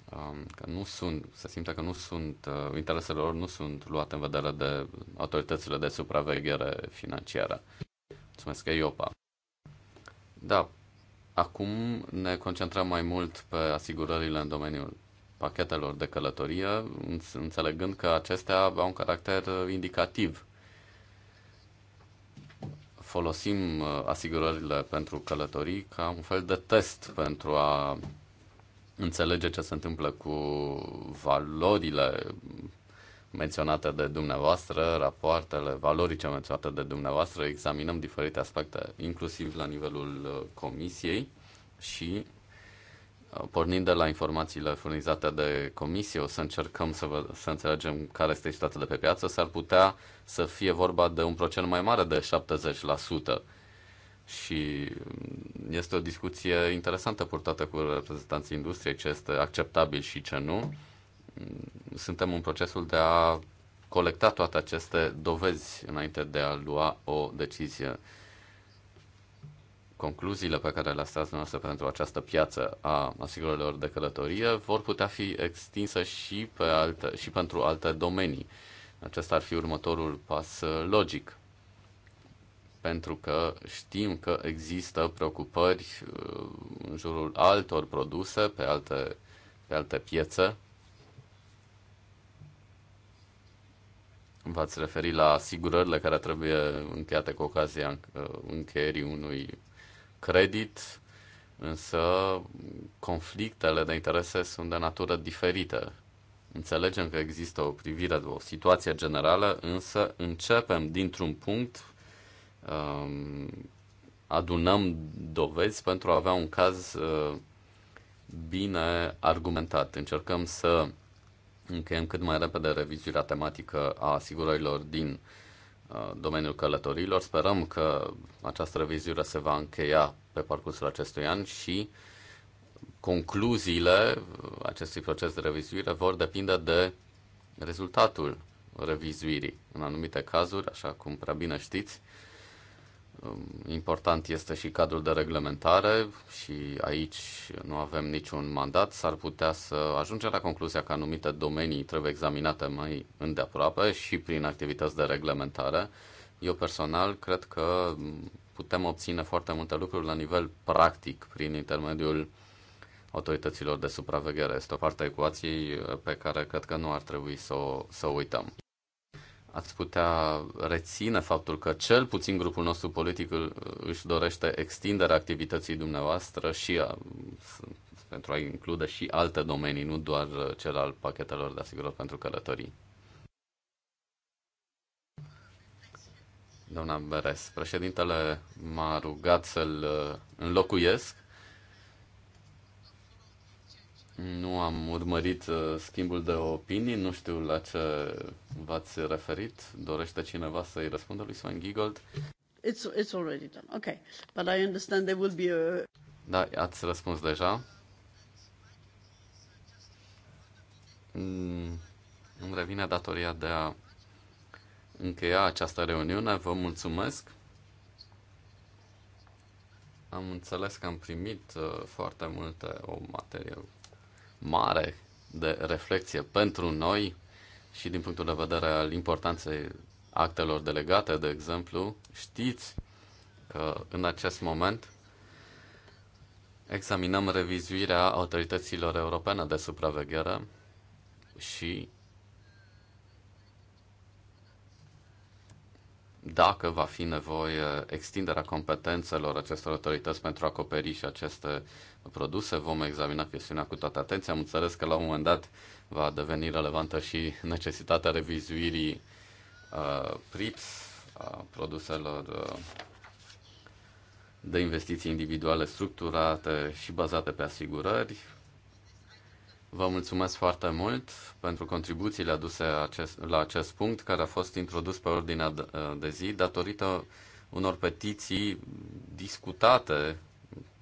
um, că nu sunt, să simtă că nu sunt, uh, interesele lor nu sunt luate în vedere de autoritățile de supraveghere financiară. Mulțumesc, Iopa. Da, acum ne concentrăm mai mult pe asigurările în domeniul pachetelor de călătorie, înțelegând că acestea au un caracter indicativ. Folosim uh, asigurările pentru călătorii ca un fel de test pentru a înțelege ce se întâmplă cu valorile menționate de dumneavoastră, rapoartele valorice menționate de dumneavoastră, examinăm diferite aspecte, inclusiv la nivelul uh, comisiei și pornind de la informațiile furnizate de comisie, o să încercăm să, vă, să înțelegem care este situația de pe piață, s-ar putea să fie vorba de un procent mai mare de 70%. Și mm, este o discuție interesantă purtată cu reprezentanții industriei, ce este acceptabil și ce nu. Mm, suntem în procesul de a colecta toate aceste dovezi înainte de a lua o decizie concluziile pe care le stați noastră pentru această piață a asigurărilor de călătorie vor putea fi extinsă și, pe alte, și pentru alte domenii. Acesta ar fi următorul pas uh, logic, pentru că știm că există preocupări uh, în jurul altor produse pe alte, pe alte piețe. V-ați referit la asigurările care trebuie încheiate cu ocazia uh, încheierii unui credit, însă conflictele de interese sunt de natură diferită. Înțelegem că există o privire, o situație generală, însă începem dintr-un punct, um, adunăm dovezi pentru a avea un caz uh, bine argumentat. Încercăm să încheiem cât mai repede revizuirea tematică a asigurărilor din uh, Uh, domeniul călătorilor. Sperăm că această revizuire se va încheia pe parcursul acestui an și concluziile acestui proces de revizuire vor depinde de rezultatul revizuirii. În anumite cazuri, așa cum prea bine știți, Um, important este și cadrul de reglementare și aici nu avem niciun mandat. S-ar putea să ajungem la concluzia că anumite domenii trebuie examinate mai îndeaproape și prin activități de reglementare. Eu personal cred că putem obține foarte multe lucruri la nivel practic prin intermediul autorităților de supraveghere. Este o parte a ecuației pe care cred că nu ar trebui să o, să o uităm ați putea reține faptul că cel puțin grupul nostru politic își dorește extinderea activității dumneavoastră și a, pentru a include și alte domenii, nu doar cel al pachetelor de asigurări pentru călătorii. Doamna Beres, președintele m-a rugat să-l înlocuiesc nu am urmărit uh, schimbul de opinii, nu știu la ce v-ați referit. Dorește cineva să-i răspundă lui Sven Giegold? It's, it's already done. Ok. But I understand there will be a... Da, ați răspuns deja. Mm, Îmi revine datoria de a încheia această reuniune. Vă mulțumesc. Am înțeles că am primit uh, foarte multe o materie mare de reflexie pentru noi și din punctul de vedere al importanței actelor delegate, de exemplu, știți că în acest moment examinăm revizuirea autorităților europene de supraveghere și dacă va fi nevoie extinderea competențelor acestor autorități pentru a acoperi și aceste produse. Vom examina chestiunea cu toată atenția. Am înțeles că la un moment dat va deveni relevantă și necesitatea revizuirii uh, PRIPS, a produselor uh, de investiții individuale structurate și bazate pe asigurări. Vă mulțumesc foarte mult pentru contribuțiile aduse acest, la acest punct, care a fost introdus pe ordinea de zi datorită unor petiții discutate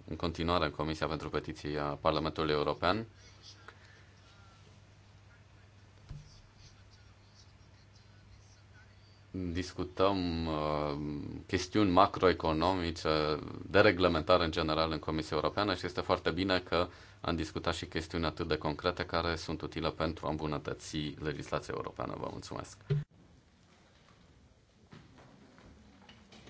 în continuare în Comisia pentru Petiții a Parlamentului European. discutăm uh, chestiuni macroeconomice, de reglementare în general în Comisia Europeană și este foarte bine că am discutat și chestiuni atât de concrete care sunt utile pentru a îmbunătăți legislația europeană. Vă mulțumesc!